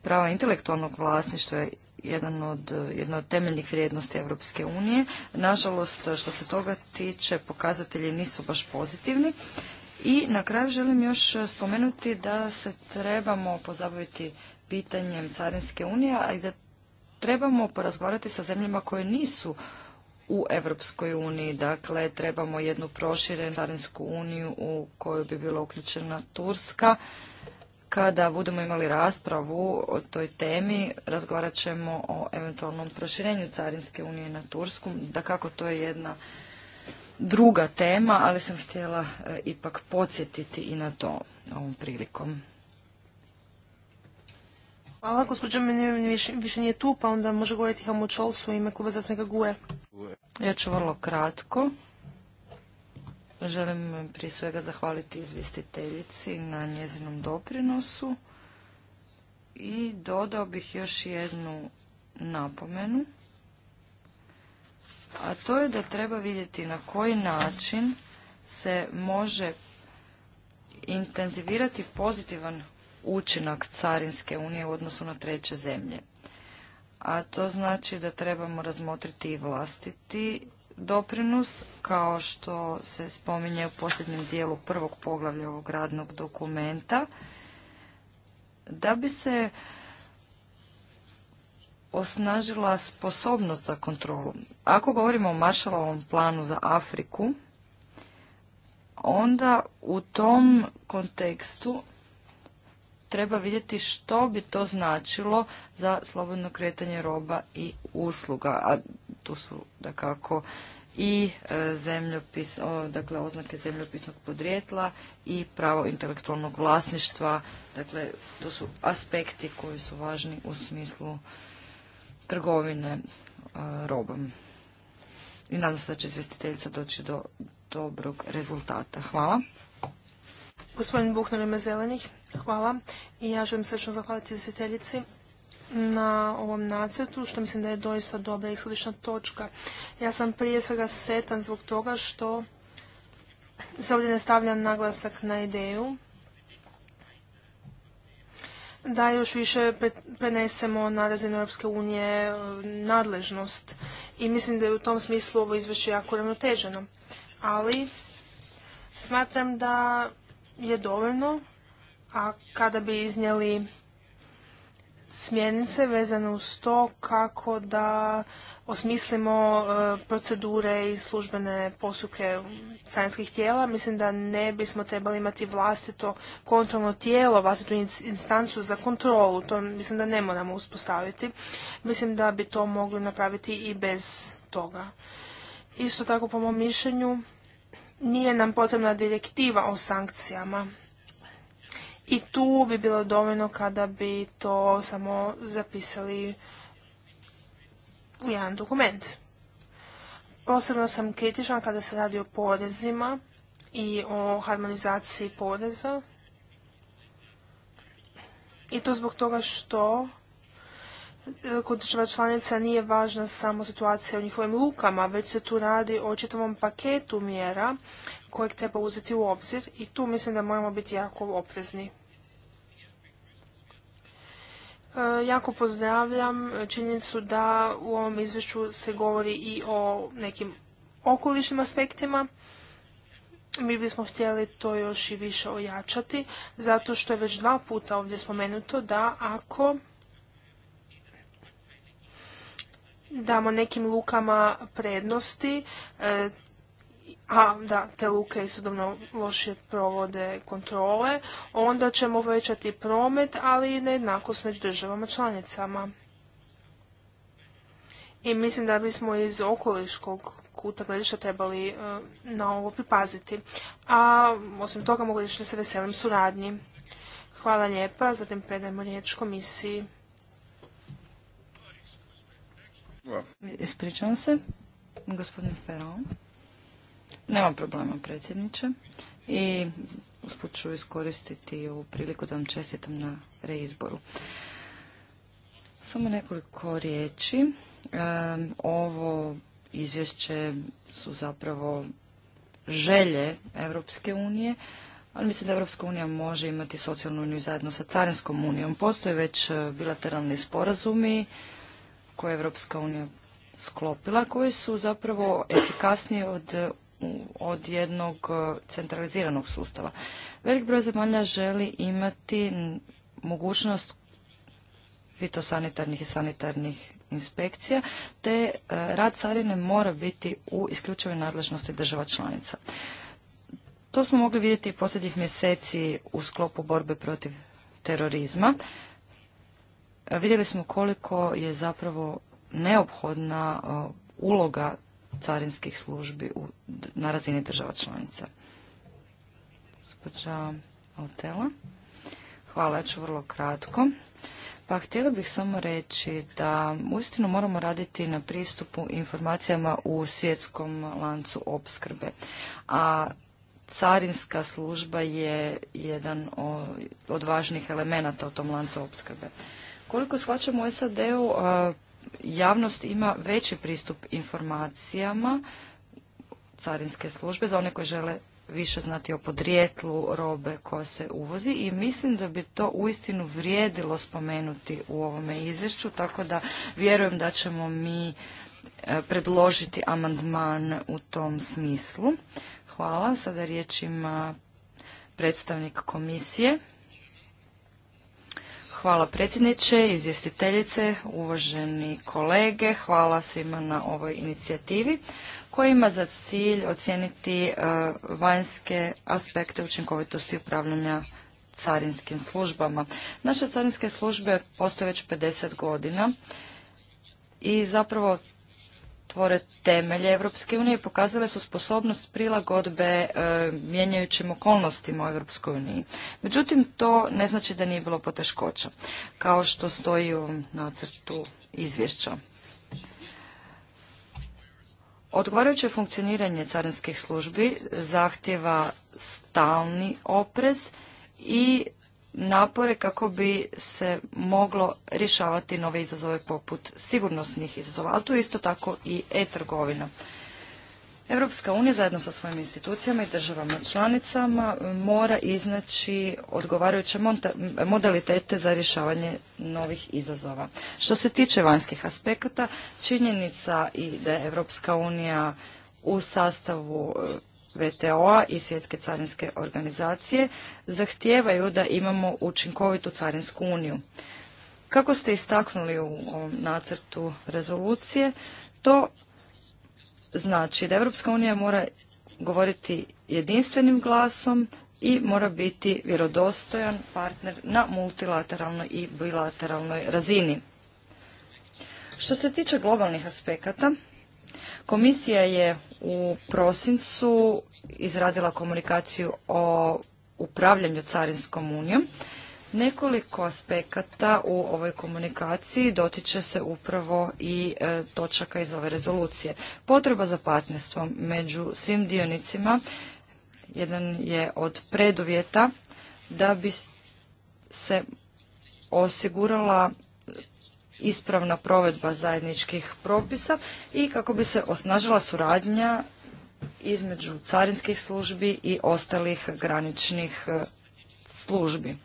prava intelektualnog vlasništva jedan od, jedna od temeljnih vrijednosti Europske unije. Nažalost, što se toga tiče, pokazatelji nisu baš pozitivni. I na kraju želim još spomenuti da se trebamo pozabaviti pitanjem Carinske unije, a i da trebamo porazgovarati sa zemljama koje nisu u Europskoj uniji. Dakle, trebamo jednu proširenu Carinsku uniju u kojoj bi bila uključena Turska. Kada budemo imali raspravu o toj temi, razgovarat ćemo o eventualnom proširenju Carinske unije na Tursku. Da kako to je jedna druga tema, ali sam htjela e, ipak podsjetiti i na to ovom prilikom. Hvala, gospođa meni više nije tu, pa onda može govoriti Helmut Scholz u ime kluba zastupnika GUE. Ja ću vrlo kratko. Želim prije svega zahvaliti izvjestiteljici na njezinom doprinosu i dodao bih još jednu napomenu, a to je da treba vidjeti na koji način se može intenzivirati pozitivan učinak carinske unije u odnosu na treće zemlje. A to znači da trebamo razmotriti i vlastiti doprinos, kao što se spominje u posljednjem dijelu prvog poglavlja ovog radnog dokumenta, da bi se osnažila sposobnost za kontrolu. Ako govorimo o Maršalovom planu za Afriku, onda u tom kontekstu treba vidjeti što bi to značilo za slobodno kretanje roba i usluga, a tu su dakako i e, zemljopis, dakle oznake zemljopisnog podrijetla i pravo intelektualnog vlasništva. Dakle, to su aspekti koji su važni u smislu trgovine e, robom. I nadam se da će izvjestiteljica doći do dobrog rezultata. Hvala. Gospodin Buhner ima zelenih. Hvala i ja želim srećno zahvaliti izvjestiteljici na ovom nacrtu, što mislim da je doista dobra ishodišna točka. Ja sam prije svega setan zbog toga što se ovdje ne stavlja naglasak na ideju da još više prenesemo na razinu Europske unije e, nadležnost i mislim da je u tom smislu ovo izvješće jako ravnoteženo. Ali smatram da je dovoljno a kada bi iznijeli smjernice vezane uz to kako da osmislimo e, procedure i službene postupke carinskih tijela. Mislim da ne bismo trebali imati vlastito kontrolno tijelo, vlastitu instancu za kontrolu. To mislim da ne moramo uspostaviti. Mislim da bi to mogli napraviti i bez toga. Isto tako po mom mišljenju nije nam potrebna direktiva o sankcijama i tu bi bilo dovoljno kada bi to samo zapisali u jedan dokument. Posebno sam kritičan kada se radi o porezima i o harmonizaciji poreza. I to zbog toga što e, kod država članica nije važna samo situacija u njihovim lukama, već se tu radi o čitavom paketu mjera kojeg treba uzeti u obzir i tu mislim da moramo biti jako oprezni. E, jako pozdravljam činjenicu da u ovom izvješću se govori i o nekim okolišnim aspektima. Mi bismo htjeli to još i više ojačati, zato što je već dva puta ovdje spomenuto da ako damo nekim lukama prednosti, e, a da te luke istodobno loše provode kontrole, onda ćemo povećati promet, ali i nejednakost među državama članicama. I mislim da bismo iz okoliškog kuta gledišta trebali e, na ovo pripaziti. A osim toga mogu reći da se veselim suradnji. Hvala lijepa, zatim predajmo riječ komisiji. Ispričavam se, gospodin Ferron. Nema problema, predsjedniče. I usput ću iskoristiti ovu priliku da vam čestitam na reizboru. Samo nekoliko riječi. Ovo izvješće su zapravo želje Europske unije, ali mislim da Evropska unija može imati socijalnu uniju zajedno sa Carinskom unijom. Postoje već bilateralni sporazumi koje je unija sklopila, koji su zapravo efikasniji od od jednog e, centraliziranog sustava. Velik broj zemalja želi imati mogućnost fitosanitarnih i sanitarnih inspekcija, te e, rad carine mora biti u isključivoj nadležnosti država članica. To smo mogli vidjeti i posljednjih mjeseci u sklopu borbe protiv terorizma. Vidjeli smo koliko je zapravo neophodna e, uloga carinskih službi u, na razini država članica. Gospođa Otela. Hvala, ja ću vrlo kratko. Pa htjela bih samo reći da uistinu moramo raditi na pristupu informacijama u svjetskom lancu opskrbe. A carinska služba je jedan od važnih elemenata u tom lancu opskrbe. Koliko shvaćamo u SAD-u javnost ima veći pristup informacijama carinske službe za one koji žele više znati o podrijetlu robe koja se uvozi i mislim da bi to uistinu vrijedilo spomenuti u ovome izvješću, tako da vjerujem da ćemo mi e, predložiti amandman u tom smislu. Hvala. Sada riječ ima predstavnik komisije. Hvala predsjedniče, izvjestiteljice, uvaženi kolege, hvala svima na ovoj inicijativi koja ima za cilj ocijeniti e, vanjske aspekte učinkovitosti upravljanja carinskim službama. Naše carinske službe postoje već 50 godina i zapravo tvore temelje Europske unije i pokazale su sposobnost prilagodbe e, mijenjajućim okolnostima u Europskoj uniji. Međutim, to ne znači da nije bilo poteškoća, kao što stoji u nacrtu izvješća. Odgovarajuće funkcioniranje carinskih službi zahtjeva stalni oprez i napore kako bi se moglo rješavati nove izazove poput sigurnosnih izazova, ali tu isto tako i e-trgovina. Europska unija zajedno sa svojim institucijama i državama članicama mora iznaći odgovarajuće modalitete za rješavanje novih izazova. Što se tiče vanjskih aspekata, činjenica i da je Europska unija u sastavu VTO-a i Svjetske carinske organizacije zahtijevaju da imamo učinkovitu carinsku uniju. Kako ste istaknuli u ovom nacrtu rezolucije, to znači da Europska unija mora govoriti jedinstvenim glasom i mora biti vjerodostojan partner na multilateralnoj i bilateralnoj razini. Što se tiče globalnih aspekata, komisija je u prosincu izradila komunikaciju o upravljanju Carinskom unijom. Nekoliko aspekata u ovoj komunikaciji dotiče se upravo i e, točaka iz ove rezolucije. Potreba za partnerstvom među svim dionicima jedan je od preduvjeta da bi se osigurala ispravna provedba zajedničkih propisa i kako bi se osnažila suradnja između carinskih službi i ostalih graničnih e, službi.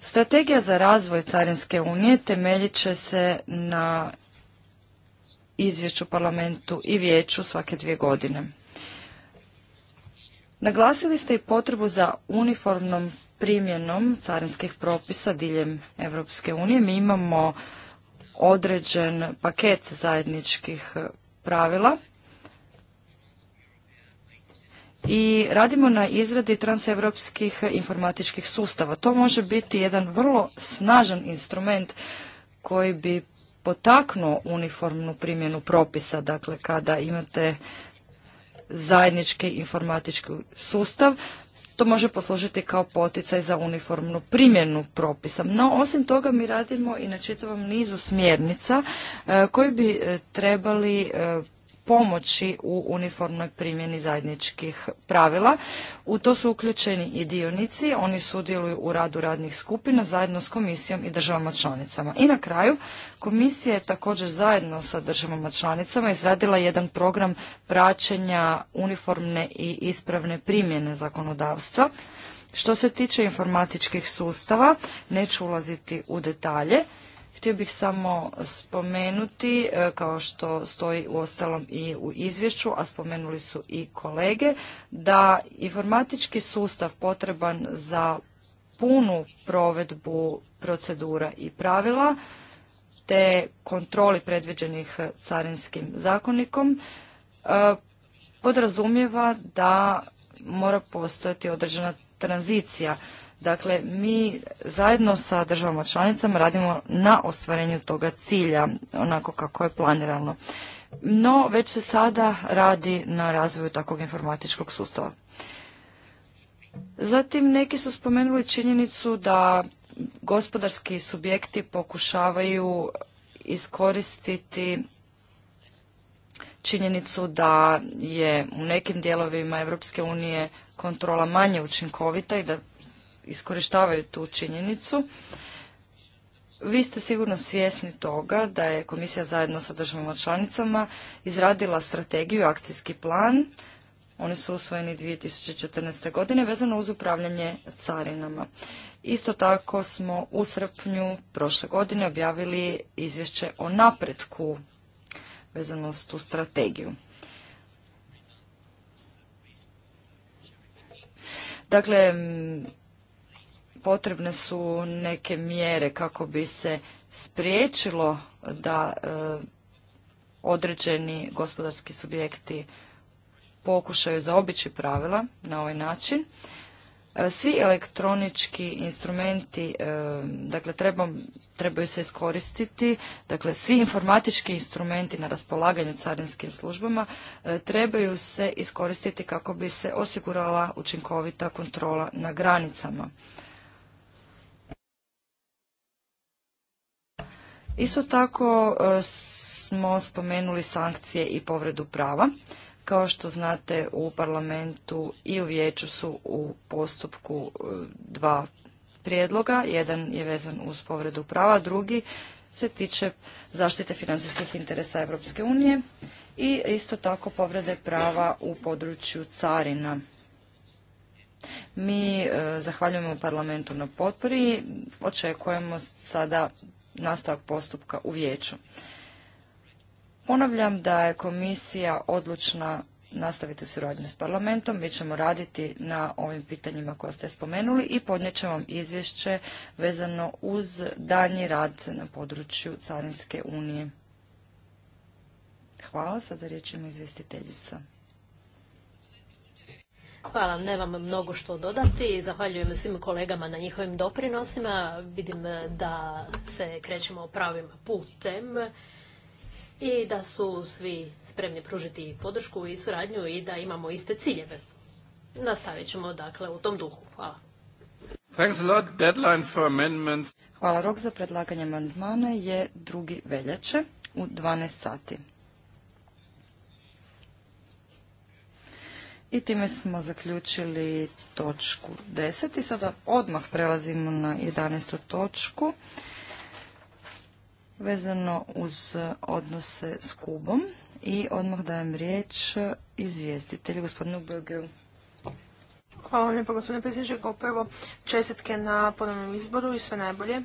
Strategija za razvoj Carinske unije temeljit će se na izvješću parlamentu i vijeću svake dvije godine. Naglasili ste i potrebu za uniformnom primjenom carinskih propisa diljem Europske unije mi imamo određen paket zajedničkih pravila i radimo na izradi transeuropskih informatičkih sustava. To može biti jedan vrlo snažan instrument koji bi potaknuo uniformnu primjenu propisa, dakle kada imate zajednički informatički sustav, to može poslužiti kao poticaj za uniformnu primjenu propisa. No, osim toga mi radimo i na čitavom nizu smjernica e, koji bi e, trebali e, pomoći u uniformnoj primjeni zajedničkih pravila. U to su uključeni i dionici, oni sudjeluju u radu radnih skupina zajedno s komisijom i državama članicama. I na kraju, komisija je također zajedno sa državama članicama izradila jedan program praćenja uniformne i ispravne primjene zakonodavstva. Što se tiče informatičkih sustava, neću ulaziti u detalje, Htio bih samo spomenuti, e, kao što stoji u ostalom i u izvješću, a spomenuli su i kolege, da informatički sustav potreban za punu provedbu procedura i pravila, te kontroli predviđenih carinskim zakonikom, e, podrazumijeva da mora postojati određena tranzicija Dakle, mi zajedno sa državama članicama radimo na ostvarenju toga cilja, onako kako je planirano. No, već se sada radi na razvoju takvog informatičkog sustava. Zatim, neki su spomenuli činjenicu da gospodarski subjekti pokušavaju iskoristiti činjenicu da je u nekim dijelovima Europske unije kontrola manje učinkovita i da iskorištavaju tu činjenicu. Vi ste sigurno svjesni toga da je komisija zajedno sa državama članicama izradila strategiju i akcijski plan. Oni su usvojeni 2014. godine vezano uz upravljanje carinama. Isto tako smo u srpnju prošle godine objavili izvješće o napretku vezano uz tu strategiju. Dakle, potrebne su neke mjere kako bi se spriječilo da e, određeni gospodarski subjekti pokušaju zaobići pravila na ovaj način. E, svi elektronički instrumenti, e, dakle, trebaju se iskoristiti, dakle, svi informatički instrumenti na raspolaganju carinskim službama trebaju se iskoristiti kako bi se osigurala učinkovita kontrola na granicama. Isto tako e, smo spomenuli sankcije i povredu prava. Kao što znate u parlamentu i u vijeću su u postupku e, dva prijedloga. Jedan je vezan uz povredu prava, drugi se tiče zaštite financijskih interesa Europske unije i isto tako povrede prava u području carina. Mi e, zahvaljujemo parlamentu na potpori, očekujemo sada nastavak postupka u vijeću. Ponavljam da je komisija odlučna nastaviti suradnju s parlamentom. Mi ćemo raditi na ovim pitanjima koje ste spomenuli i podnijet ćemo vam izvješće vezano uz daljnji rad na području Carinske unije. Hvala. Sada riječ ima izvjestiteljica. Hvala, nemam mnogo što dodati. Zahvaljujem svim kolegama na njihovim doprinosima. Vidim eh, da se krećemo pravim putem i da su svi spremni pružiti podršku i suradnju i da imamo iste ciljeve. Nastavit ćemo dakle u tom duhu. Hvala. Hvala. Rok za predlaganje amandmana je drugi veljače u 12 sati. I time smo zaključili točku 10. I sada odmah prelazimo na 11. točku vezano uz odnose s Kubom. I odmah dajem riječ izvjestitelju gospodinu Bögel. Hvala vam lijepo gospodine predsjedniče. Kao prvo čestitke na ponovnom izboru i sve najbolje.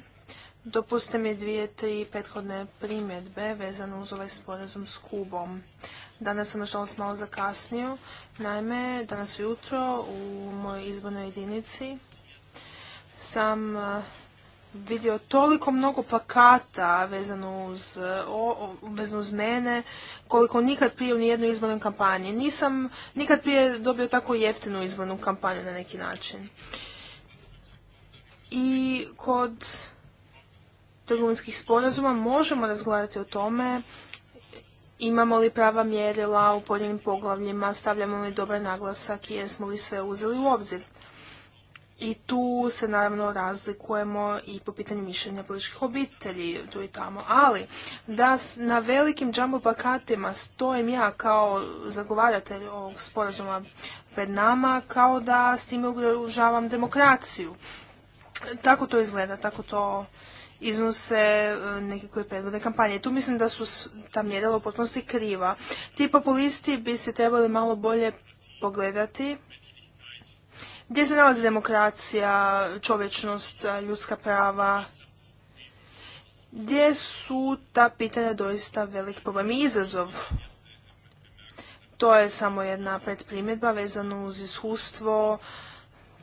Dopustite mi dvije, tri prethodne primjedbe vezano uz ovaj sporazum s Kubom. Danas sam nažalost malo zakasnio. Naime, danas ujutro u mojoj izbornoj jedinici sam e, vidio toliko mnogo plakata e, vezano uz, mene, koliko nikad prije u nijednoj izbornoj kampanji. Nisam nikad prije dobio tako jeftinu izbornu kampanju na neki način. I kod trgovinskih sporazuma možemo razgovarati o tome imamo li prava mjerila u pojedinim poglavljima, stavljamo li dobar naglasak i jesmo li sve uzeli u obzir. I tu se naravno razlikujemo i po pitanju mišljenja političkih obitelji tu i tamo. Ali da na velikim jumbo plakatima stojim ja kao zagovaratelj ovog sporazuma pred nama kao da s time ugrožavam demokraciju. Tako to izgleda, tako to iznose e, neke koje predvode kampanje. Tu mislim da su ta mjerila u potpunosti kriva. Ti populisti bi se trebali malo bolje pogledati gdje se nalazi demokracija, čovječnost, e, ljudska prava, gdje su ta pitanja doista velik problem izazov. To je samo jedna predprimjedba vezana uz iskustvo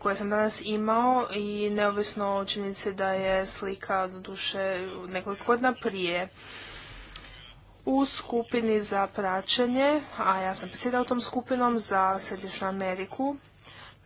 koje sam danas imao i neovisno o činjenici da je slika doduše nekoliko godina prije. U skupini za praćenje, a ja sam u tom skupinom za Središnju Ameriku,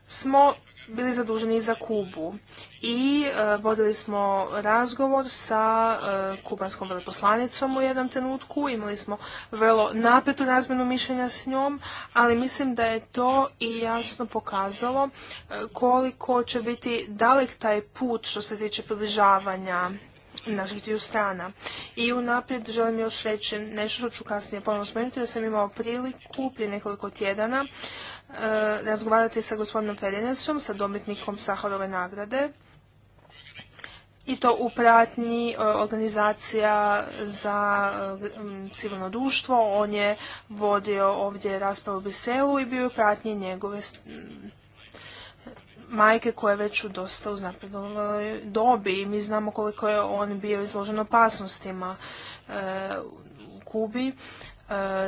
smo bili zaduženi za Kubu i e, vodili smo razgovor sa e, kubanskom veleposlanicom u jednom trenutku, imali smo vrlo napetu razmjenu mišljenja s njom, ali mislim da je to i jasno pokazalo e, koliko će biti dalek taj put što se tiče približavanja naših dviju strana. I unaprijed želim još reći nešto što ću kasnije ponovno spomenuti, da sam imao priliku prije nekoliko tjedana E, razgovarati sa gospodinom Ferenacom, sa dobitnikom Saharove nagrade i to u pratnji e, organizacija za e, civilno društvo. On je vodio ovdje raspravu u Briselu i bio u pratnji njegove majke koja je već u dosta uznapredovaloj dobi i mi znamo koliko je on bio izložen opasnostima u Kubi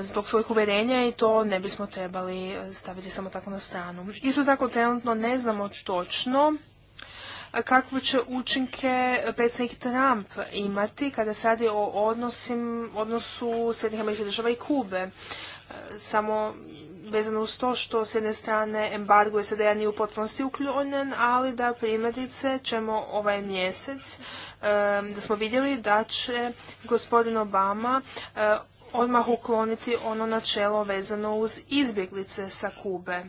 zbog svojih uvjerenja i to ne bismo trebali e, staviti samo tako na stranu. Isto tako trenutno ne znamo točno e, kakve će učinke predsjednik Trump imati kada se radi o odnosim, odnosu Srednjih američkih država i Kube. E, samo vezano uz to što s jedne strane embargo SAD-a nije u potpunosti uklonjen, ali da primjerice ćemo ovaj mjesec, da smo vidjeli da će gospodin Obama odmah ukloniti ono načelo vezano uz izbjeglice sa Kube.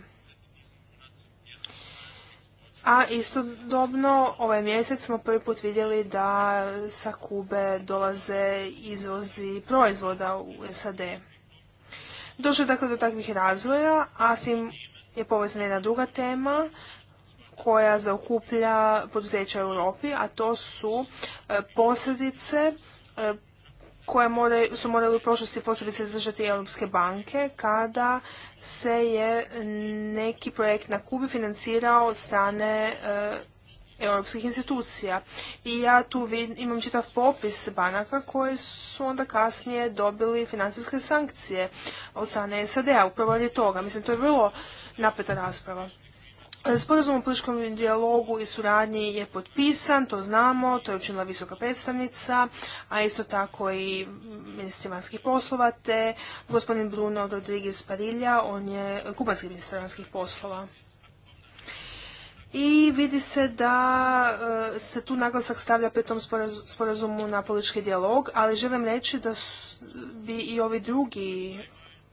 A istodobno ovaj mjesec smo prvi put vidjeli da sa Kube dolaze izvozi proizvoda u SAD. Došlo je dakle do takvih razvoja, a s tim je povezana jedna druga tema koja zaokuplja poduzeća u Europi, a to su e, posljedice e, koje su morali u prošlosti posebice izdržati europske banke kada se je neki projekt na Kubi financirao od strane eh, europskih institucija. I ja tu imam čitav popis banaka koje su onda kasnije dobili financijske sankcije od strane SAD-a, upravo radi toga. Mislim, to je vrlo napeta rasprava. Sporazum o političkom dijalogu i suradnji je potpisan, to znamo, to je učinila visoka predstavnica, a isto tako i ministri vanjskih poslova, te gospodin Bruno Rodriguez Parilja, on je kubanski ministar vanjskih poslova. I vidi se da e, se tu naglasak stavlja pri tom sporazumu na politički dijalog, ali želim reći da bi i ovi drugi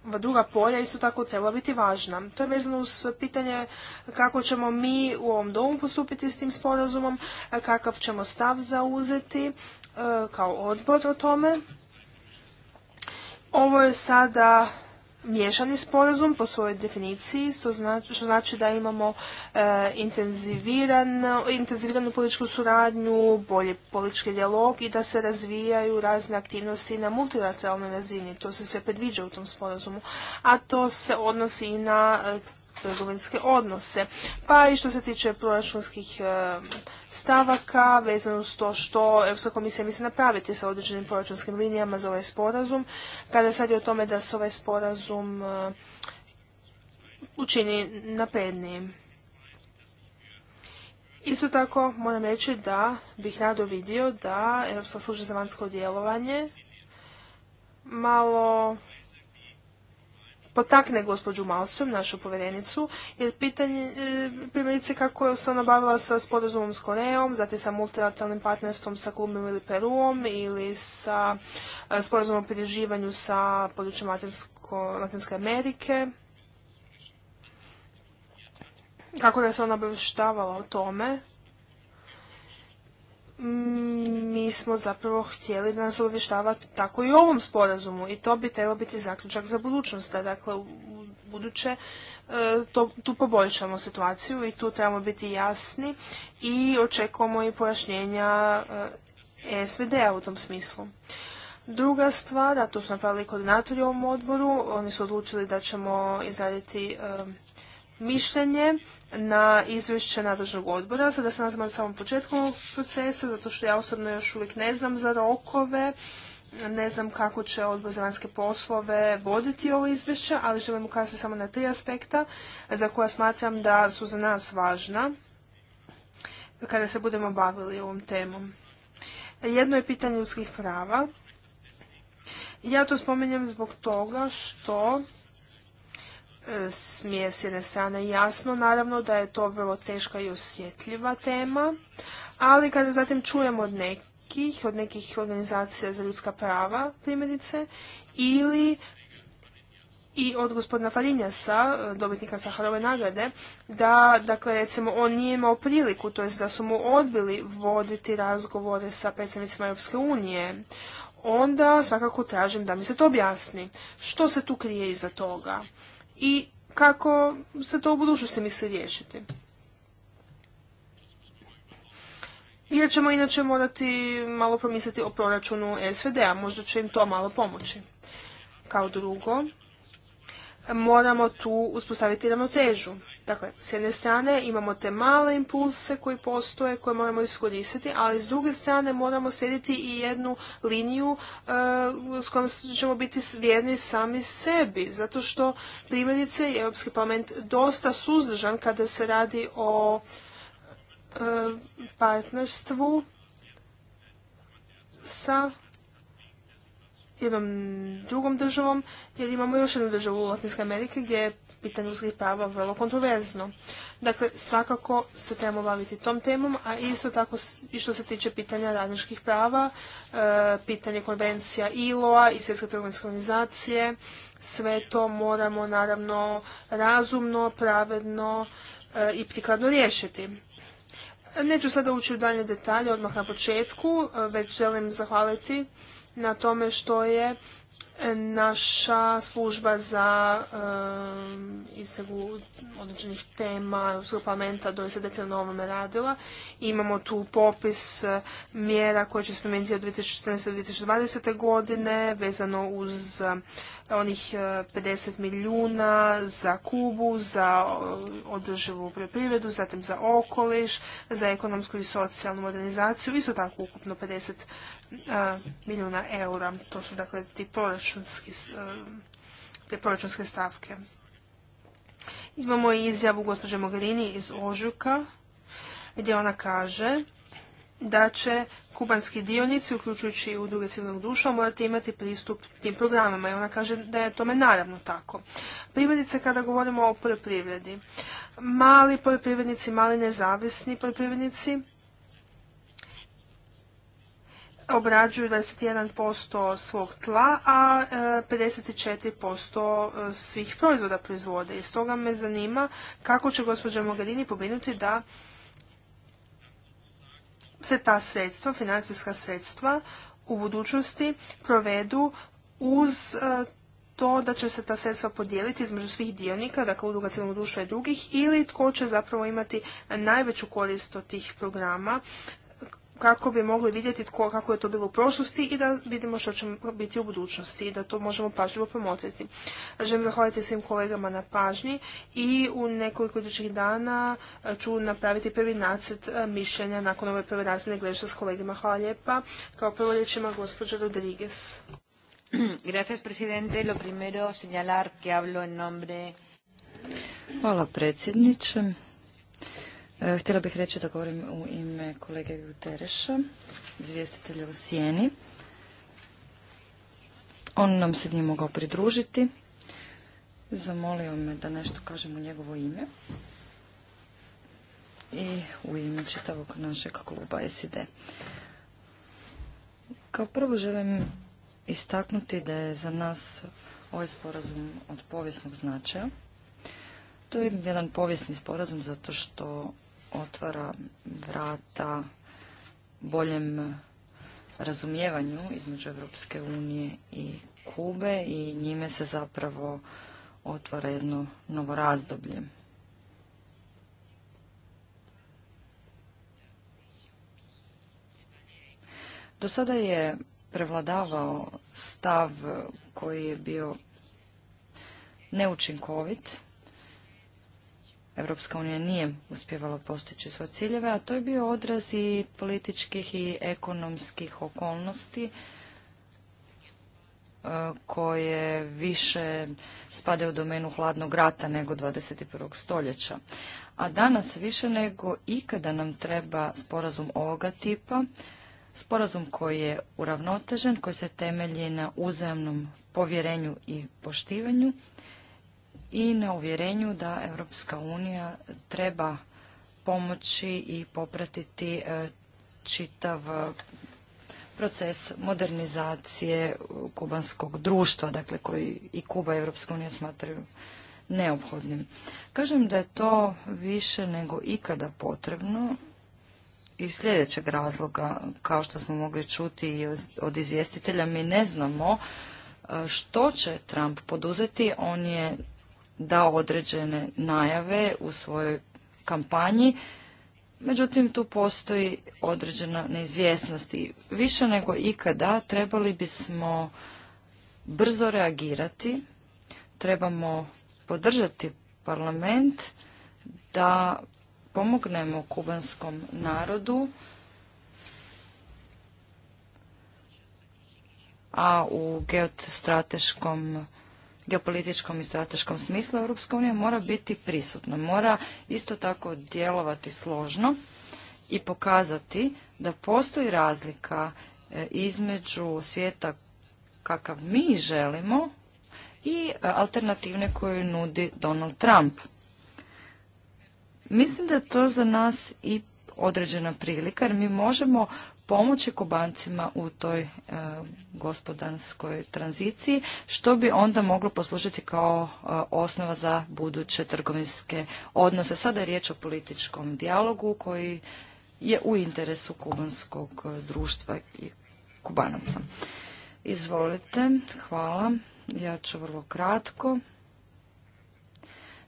druga polja isto tako trebala biti važna. To je vezano uz pitanje kako ćemo mi u ovom domu postupiti s tim sporazumom, kakav ćemo stav zauzeti e, kao odbor o tome. Ovo je sada miješani sporazum po svojoj definiciji, što znači, da imamo e, intenziviranu, političku suradnju, bolji politički dijalog i da se razvijaju razne aktivnosti na multilateralnoj razini. To se sve predviđa u tom sporazumu, a to se odnosi i na e, trgovinske odnose. Pa i što se tiče proračunskih e, stavaka vezano s to što Europska komisija misli napraviti sa određenim proračunskim linijama za ovaj sporazum. Kada sad je o tome da se ovaj sporazum e, učini naprednijim. Isto tako moram reći da bih rado vidio da Europska služba za vanjsko djelovanje malo potakne gospođu Malsom, našu povjerenicu, jer pitanje, e, primjerice kako je se ona bavila sa sporazumom s Koreom, zatim sa multilateralnim partnerstvom sa Kolumbijom ili Peruom ili sa e, sporazumom o pridruživanju sa područjem Latinske Amerike. Kako da se ona obavještavala o tome Mm, mi smo zapravo htjeli da nas obavještava tako i u ovom sporazumu i to bi trebao biti zaključak za budućnost, da dakle u buduće e, tu poboljšamo situaciju i tu trebamo biti jasni i očekujemo i pojašnjenja e, SVD-a u tom smislu. Druga stvar, a to su napravili koordinatori u ovom odboru, oni su odlučili da ćemo izraditi e, mišljenje na izvješće nadležnog odbora. Sada se nazivam na samom početku ovog procesa, zato što ja osobno još uvijek ne znam za rokove, ne znam kako će odbor za vanjske poslove voditi ovo izvješće, ali želim ukazati samo na tri aspekta za koja smatram da su za nas važna kada se budemo bavili ovom temom. Jedno je pitanje ljudskih prava. Ja to spominjem zbog toga što smije s jedne strane jasno, naravno da je to vrlo teška i osjetljiva tema, ali kada zatim čujemo od nekih, od nekih organizacija za ljudska prava, primjerice, ili i od gospodina Farinjasa, dobitnika Saharove nagrade, da, dakle, recimo, on nije imao priliku, to jest da su mu odbili voditi razgovore sa predstavnicima Europske unije, onda svakako tražim da mi se to objasni. Što se tu krije iza toga? i kako se to u budućnosti misli riješiti. Jer ćemo inače morati malo promisliti o proračunu SVD-a, možda će im to malo pomoći. Kao drugo, moramo tu uspostaviti ravnotežu. Dakle, s jedne strane imamo te male impulse koji postoje, koje moramo iskoristiti, ali s druge strane moramo slijediti i jednu liniju e, s kojom ćemo biti vjerni sami sebi, zato što primjerice je Europski parlament dosta suzdržan kada se radi o e, partnerstvu sa jednom drugom državom, jer imamo još jednu državu u Latinske Amerike gdje je pitanje ljudskih prava vrlo kontroverzno. Dakle, svakako se trebamo baviti tom temom, a isto tako i što se tiče pitanja radničkih prava, e, pitanje konvencija ILO-a i Svjetske trgovinske organizacije, sve to moramo naravno razumno, pravedno e, i prikladno riješiti. Neću sada ući u dalje detalje odmah na početku, e, već želim zahvaliti na tome što je naša služba za um, određenih tema Europskog parlamenta doista detaljno ovome radila. Imamo tu popis uh, mjera koje će se od 2014. do 2020. godine vezano uz uh, onih 50 uh, milijuna za Kubu, za održivu poljoprivredu, zatim za okoliš, za ekonomsku i socijalnu modernizaciju, isto tako ukupno 50 milijuna eura. To su dakle ti proračunski, e, te proračunske stavke. Imamo i izjavu gospođe Mogherini iz Ožuka gdje ona kaže da će kubanski dionici, uključujući i udruge civilnog društva, morati imati pristup tim programama. i ona kaže da je tome naravno tako. Primjerice kada govorimo o poljoprivredi. Mali poljoprivrednici, mali nezavisni poljoprivrednici obrađuju 21% svog tla, a 54% e, e, svih proizvoda proizvode. I stoga me zanima kako će gospođa Mogadini pobrinuti da se ta sredstva, financijska sredstva u budućnosti provedu uz e, to da će se ta sredstva podijeliti između svih dionika, dakle udruga civilnog društva i drugih, ili tko će zapravo imati najveću korist od tih programa kako bi mogli vidjeti tko, kako je to bilo u prošlosti i da vidimo što će biti u budućnosti i da to možemo pažljivo promotriti. Želim zahvaliti svim kolegama na pažnji i u nekoliko idućih dana e, ću napraviti prvi nacrt e, mišljenja nakon ove prve razmjene greša s kolegama. Hvala lijepa. Kao prvo riječ gospođa Rodriguez. *clears throat* Gracias, presidente. Lo primero, señalar que hablo en nombre... Hvala predsjedniče. E, htjela bih reći da govorim u ime kolege Jutereša, izvjestitelja u Sijeni. On nam se nije mogao pridružiti. Zamolio me da nešto kažem u njegovo ime i u ime čitavog našeg kluba SID. Kao prvo želim istaknuti da je za nas ovaj sporazum od povijesnog značaja. To je jedan povijesni sporazum zato što otvara vrata boljem razumijevanju između Europske unije i Kube i njime se zapravo otvara jedno novo razdoblje. Do sada je prevladavao stav koji je bio neučinkovit Europska unija nije uspjevala postići svoje ciljeve, a to je bio odraz i političkih i ekonomskih okolnosti e, koje više spade u domenu hladnog rata nego 21. stoljeća. A danas više nego ikada nam treba sporazum ovoga tipa, sporazum koji je uravnotežen, koji se temelji na uzajamnom povjerenju i poštivanju, i na uvjerenju da Europska unija treba pomoći i popratiti e, čitav e, proces modernizacije kubanskog društva, dakle koji i Kuba i Europska unija smatraju neophodnim. Kažem da je to više nego ikada potrebno i sljedećeg razloga, kao što smo mogli čuti od izvjestitelja, mi ne znamo e, što će Trump poduzeti. On je dao određene najave u svojoj kampanji. Međutim, tu postoji određena neizvjesnost i više nego ikada trebali bismo brzo reagirati, trebamo podržati parlament da pomognemo kubanskom narodu, a u geostrateškom geopolitičkom i strateškom smislu, Europska unija mora biti prisutna, mora isto tako djelovati složno i pokazati da postoji razlika e, između svijeta kakav mi želimo i e, alternativne koju nudi Donald Trump. Mislim da je to za nas i određena prilika jer mi možemo pomoći kubancima u toj e, gospodarskoj tranziciji, što bi onda moglo poslužiti kao e, osnova za buduće trgovinske odnose. Sada je riječ o političkom dijalogu koji je u interesu kubanskog društva i kubanaca. Izvolite, hvala. Ja ću vrlo kratko.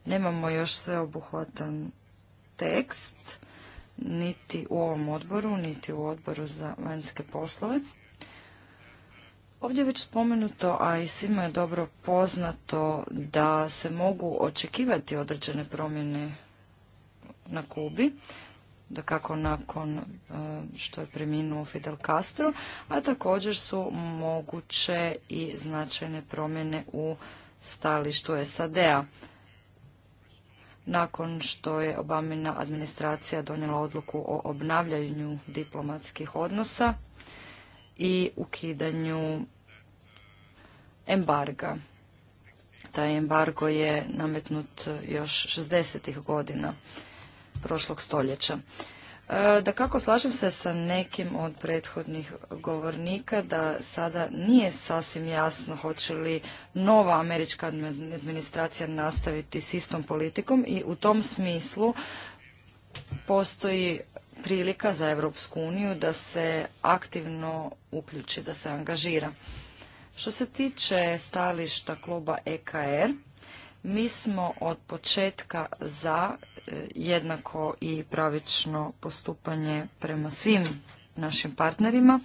Nemamo još sveobuhvatan tekst niti u ovom odboru, niti u odboru za vanjske poslove. Ovdje je već spomenuto, a i svima je dobro poznato da se mogu očekivati određene promjene na Kubi, da kako nakon e, što je preminuo Fidel Castro, a također su moguće i značajne promjene u stalištu SAD-a nakon što je Obamina administracija donijela odluku o obnavljanju diplomatskih odnosa i ukidanju embarga. Taj embargo je nametnut još 60. godina prošlog stoljeća. E, da kako slažem se sa nekim od prethodnih govornika da sada nije sasvim jasno hoće li nova američka administracija nastaviti s istom politikom i u tom smislu postoji prilika za Europsku uniju da se aktivno uključi, da se angažira. Što se tiče stališta kluba EKR, er, mi smo od početka za jednako i pravično postupanje prema svim našim partnerima.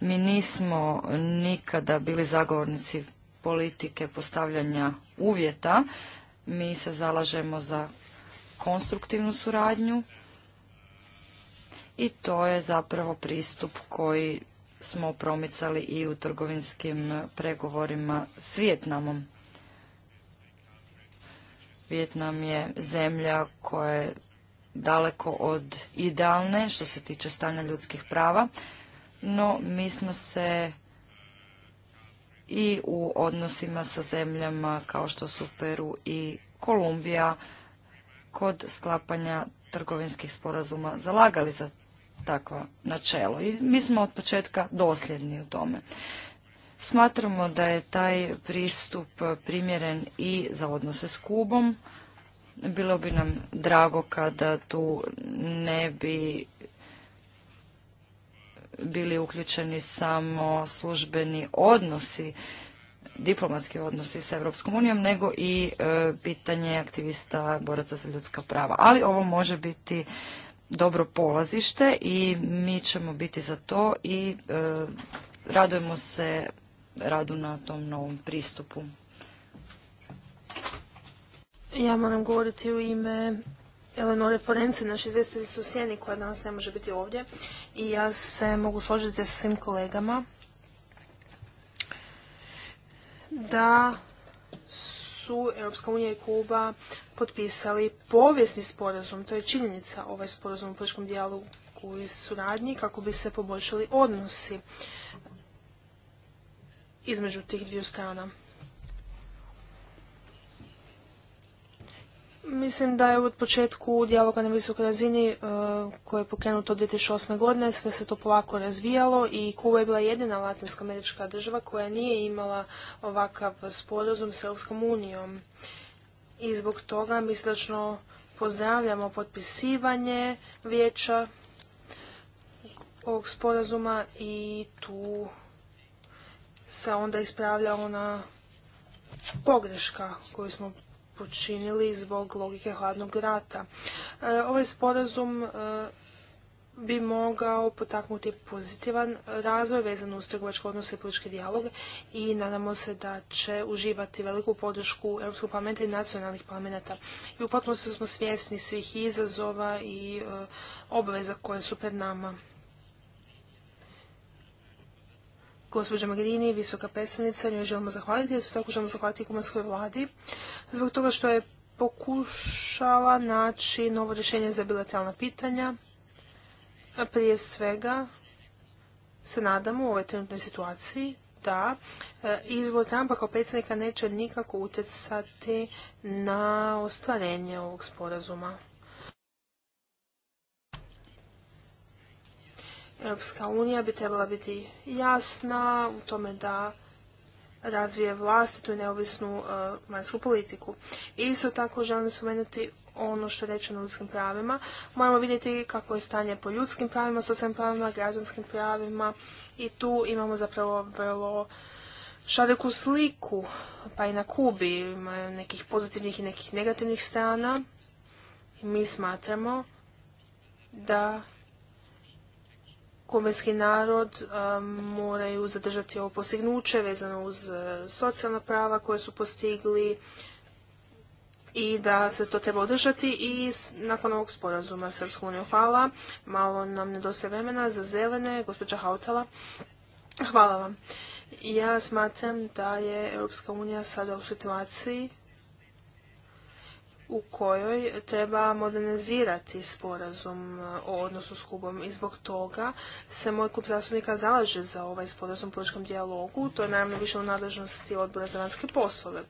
Mi nismo nikada bili zagovornici politike postavljanja uvjeta. Mi se zalažemo za konstruktivnu suradnju i to je zapravo pristup koji smo promicali i u trgovinskim pregovorima s Vijetnamom. Vjetnam je zemlja koja je daleko od idealne što se tiče stanja ljudskih prava, no mi smo se i u odnosima sa zemljama kao što su Peru i Kolumbija kod sklapanja trgovinskih sporazuma zalagali za takva načelo. I mi smo od početka dosljedni u tome. Smatramo da je taj pristup primjeren i za odnose s Kubom. Bilo bi nam drago kada tu ne bi bili uključeni samo službeni odnosi, diplomatski odnosi sa Europskom unijom, nego i e, pitanje aktivista boraca za ljudska prava. Ali ovo može biti dobro polazište i mi ćemo biti za to i e, radujemo se radu na tom novom pristupu. Ja moram govoriti u ime Eleonore Forence, naši izvjestiteljica su Sjeni koja danas ne može biti ovdje i ja se mogu složiti sa svim kolegama da su Europska unija i Kuba potpisali povijesni sporazum, to je činjenica ovaj sporazum u političkom dijalogu i suradnji kako bi se poboljšali odnosi između tih dviju strana. Mislim da je od početku dijaloga na visokoj razini e, koje je pokrenuto od 2008. godine sve se to polako razvijalo i Kuba je bila jedina latinsko-američka država koja nije imala ovakav sporazum s Europskom unijom. I zbog toga mi slično pozdravljamo potpisivanje vijeća ovog sporazuma i tu se onda ispravlja ona pogreška koju smo počinili zbog logike hladnog rata. E, ovaj sporazum e, bi mogao potaknuti pozitivan razvoj vezan uz trgovačke odnose i politički dijalog i nadamo se da će uživati veliku podršku Europskog parlamenta i nacionalnih parlamenta. I u potpunosti smo svjesni svih izazova i e, obveza koje su pred nama. gospođa Magrini, visoka predstavnica, njoj želimo zahvaliti, jer su tako želimo zahvaliti kumanskoj vladi, zbog toga što je pokušala naći novo rješenje za bilateralna pitanja, a prije svega se nadamo u ovoj trenutnoj situaciji da e, izbor Trumpa kao predsjednika neće nikako utjecati na ostvarenje ovog sporazuma. Europska unija bi trebala biti jasna u tome da razvije vlastitu i neovisnu e, vanjsku politiku. I isto tako želim spomenuti ono što je rečeno o ljudskim pravima. Moramo vidjeti kako je stanje po ljudskim pravima, socijalnim pravima, građanskim pravima i tu imamo zapravo vrlo šareku sliku, pa i na Kubi imaju nekih pozitivnih i nekih negativnih strana. I mi smatramo da kubanski narod moraju zadržati ovo postignuće vezano uz e, socijalna prava koje su postigli i da se to treba održati i nakon ovog sporazuma s Europskom unijom. Hvala. Malo nam nedostaje vremena za zelene. Gospođa Hautala. Hvala vam. Ja smatram da je Europska unija sada u situaciji u kojoj treba modernizirati sporazum e, o odnosu s Kubom i zbog toga se moj klub zastupnika zalaže za ovaj sporazum u političkom dijalogu. To je naravno više u nadležnosti odbora za vanjske poslove.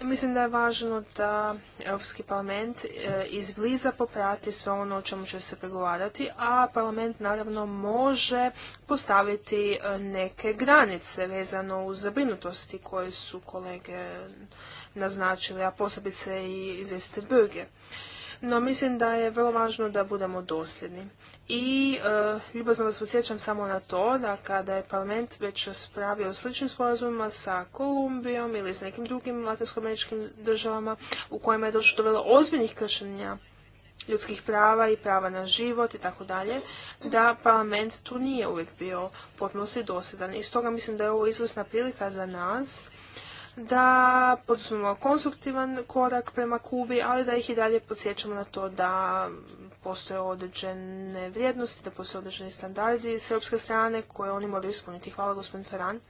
Mislim da je važno da Europski parlament e, izbliza poprati sve ono o čemu će se pregovarati, a parlament naravno može postaviti e, neke granice vezano uz zabrinutosti koje su kolege naznačili, a posebice i izvjestitelj Böge. No mislim da je vrlo važno da budemo dosljedni. I e, ljubazno vas podsjećam samo na to da kada je parlament već spravio o sličnim sporazumima sa Kolumbijom ili s nekim drugim latinsko-američkim državama u kojima je došlo do vrlo ozbiljnih kršenja ljudskih prava i prava na život i tako dalje, da parlament tu nije uvijek bio potpuno dosljedan. I stoga mislim da je ovo izvrsna prilika za nas da poduzmemo konstruktivan korak prema Kubi, ali da ih i dalje podsjećamo na to da postoje određene vrijednosti, da postoje određeni standardi s europske strane koje oni moraju ispuniti. Hvala gospodin Ferran.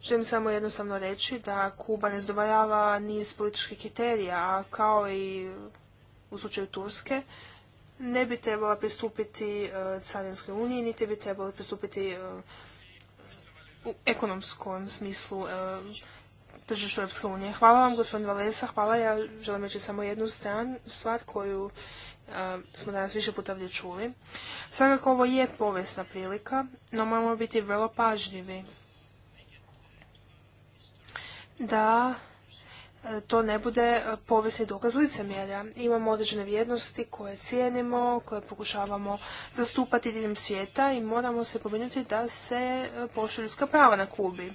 Želim samo jednostavno reći da Kuba ne zadovoljava niz političkih kriterija, a kao i u slučaju Turske, ne bi trebala pristupiti e, Carinskoj uniji, niti bi trebala pristupiti e, u ekonomskom smislu e, tržištu Europske unije. Hvala vam, gospodin Valesa, hvala. Ja želim reći samo jednu stranu stvar koju e, smo danas više puta ovdje čuli. Svakako ovo je povijesna prilika, no moramo biti vrlo pažljivi da E, to ne bude e, povijesni dokaz licemjera. Imamo određene vrijednosti koje cijenimo, koje pokušavamo zastupati diljem svijeta i moramo se pobrinuti da se e, poštuju ljudska prava na Kubi.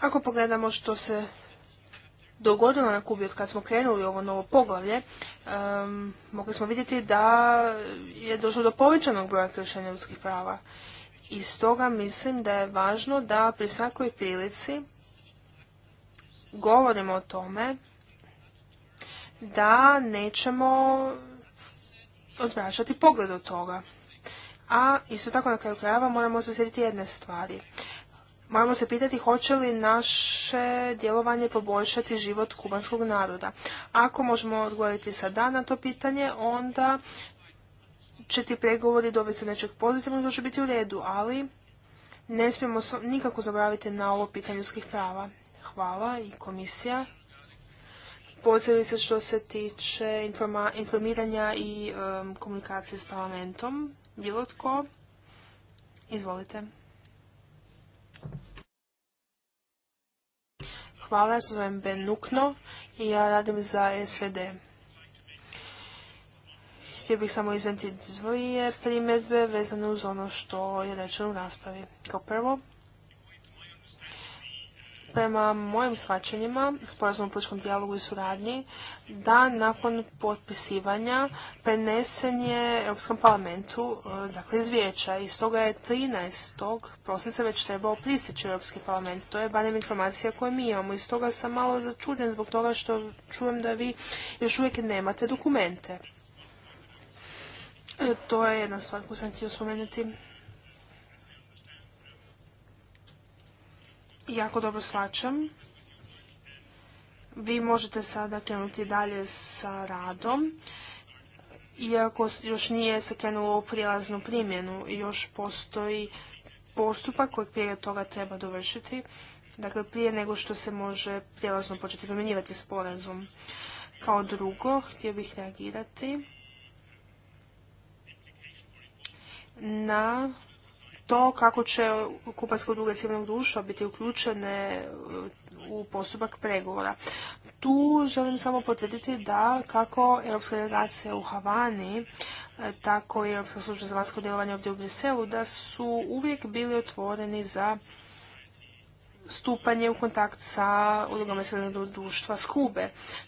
Ako pogledamo što se dogodilo na Kubi od kad smo krenuli ovo novo poglavlje, mogli smo vidjeti da je došlo do povećanog broja kršenja ljudskih prava. I stoga mislim da je važno da pri svakoj prilici govorimo o tome da nećemo odvraćati pogled od toga. A isto tako na kraju krajeva moramo se sjetiti jedne stvari. Moramo se pitati hoće li naše djelovanje poboljšati život kubanskog naroda. Ako možemo odgovoriti sa da na to pitanje, onda će ti pregovori dovesti do nečeg pozitivnog, to će biti u redu, ali ne smijemo nikako zaboraviti na ovo pitanje ljudskih prava hvala i komisija. posebice se što se tiče informiranja i komunikacije s parlamentom. Bilo tko? Izvolite. Hvala, zovem Ben Nukno i ja radim za SVD. Htio bih samo izventi dvije primjedbe vezane uz ono što je rečeno u raspravi. Kao prvo, prema mojim shvaćanjima, sporazum o političkom dijalogu i suradnji, da nakon potpisivanja prenesen je Europskom parlamentu, e, dakle iz I stoga je 13. prosinca već trebao pristići Europski parlament. To je barem informacija koju mi imamo. I stoga sam malo začuđen zbog toga što čujem da vi još uvijek nemate dokumente. E, to je jedna stvar koju sam htio spomenuti. jako dobro shvaćam. Vi možete sada krenuti dalje sa radom, iako još nije se krenulo u prijelaznu primjenu, još postoji postupak koji prije toga treba dovršiti, dakle prije nego što se može prijelazno početi primjenjivati sporazum. Kao drugo, htio bih reagirati na to kako će kupanske udruge civilnog društva biti uključene e, u postupak pregovora. Tu želim samo potvrditi da kako Europska delegacija u Havani, e, tako i Europska služba za vanjsko djelovanje ovdje u Briselu, da su uvijek bili otvoreni za stupanje u kontakt sa udrugama civilnog društva s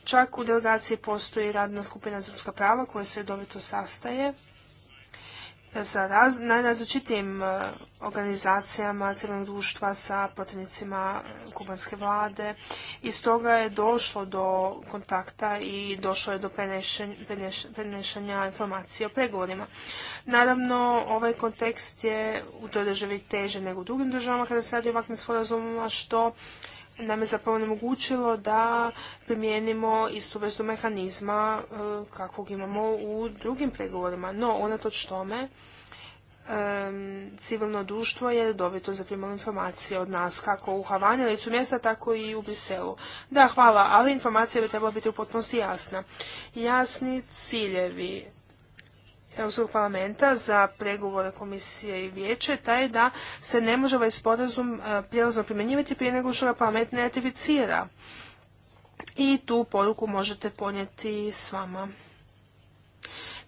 Čak u delegaciji postoji radna skupina za ljudska prava koja se redovito sastaje sa raz, e, organizacijama civilnog društva sa protivnicima e, kubanske vlade i stoga je došlo do kontakta i došlo je do prenešanja informacije o pregovorima. Naravno, ovaj kontekst je u toj državi teže nego u drugim državama kada se radi o ovakvim sporazumima što nam je zapravo onemogućilo da primijenimo istu vrstu mehanizma e, kakvog imamo u drugim pregovorima. No, unatoč tome, civilno društvo je dobito zaprimalo informacije od nas, kako u Havani, licu mjesta, tako i u Briselu. Da, hvala, ali informacija bi trebala biti u potpunosti jasna. Jasni ciljevi Europskog parlamenta za pregovore komisije i vijeće taj da se ne može ovaj sporazum e, prijelazno primjenjivati prije nego što ga parlament ne ratificira. I tu poruku možete ponijeti s vama.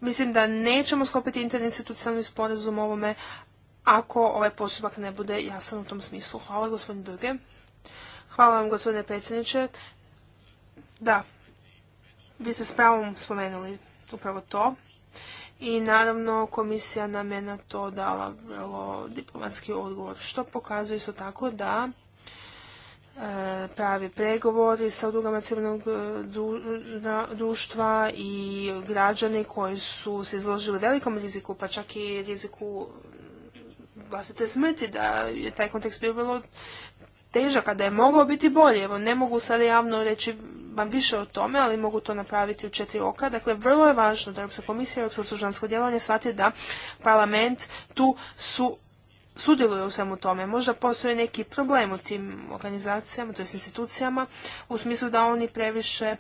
Mislim da nećemo sklopiti interinstitucionalni sporazum ovome ako ovaj postupak ne bude jasan u tom smislu. Hvala gospodine Brge. Hvala vam gospodine predsjedniče. Da, vi ste s pravom spomenuli upravo to i naravno komisija nam je na to dala vrlo diplomatski odgovor, što pokazuje isto tako da e, pravi pregovori sa udrugama civilnog e, društva i građani koji su se izložili velikom riziku, pa čak i riziku vlastite smrti, da je taj kontekst bio vrlo težak, a da je mogao biti bolje. Evo, ne mogu sad javno reći više o tome, ali mogu to napraviti u četiri oka. Dakle, vrlo je važno da Europska komisija i Europsko služansko djelovanje shvati da parlament tu su sudjeluje u svemu tome. Možda postoje neki problem u tim organizacijama, to institucijama, u smislu da oni previše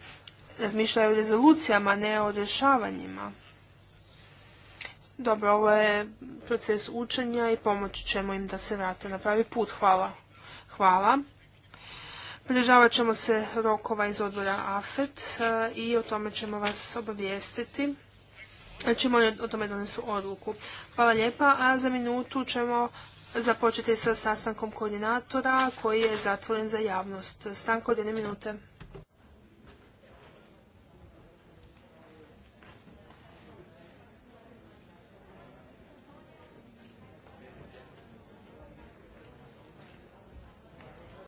razmišljaju o rezolucijama, ne o rješavanjima. Dobro, ovo je proces učenja i pomoći ćemo im da se vrate na pravi put. Hvala. Hvala. Pridržavat ćemo se rokova iz odbora AFET e, i o tome ćemo vas obavijestiti. Znači, o tome donesu odluku. Hvala lijepa, a za minutu ćemo započeti sa sastankom koordinatora koji je zatvoren za javnost. Stanko od jedne minute.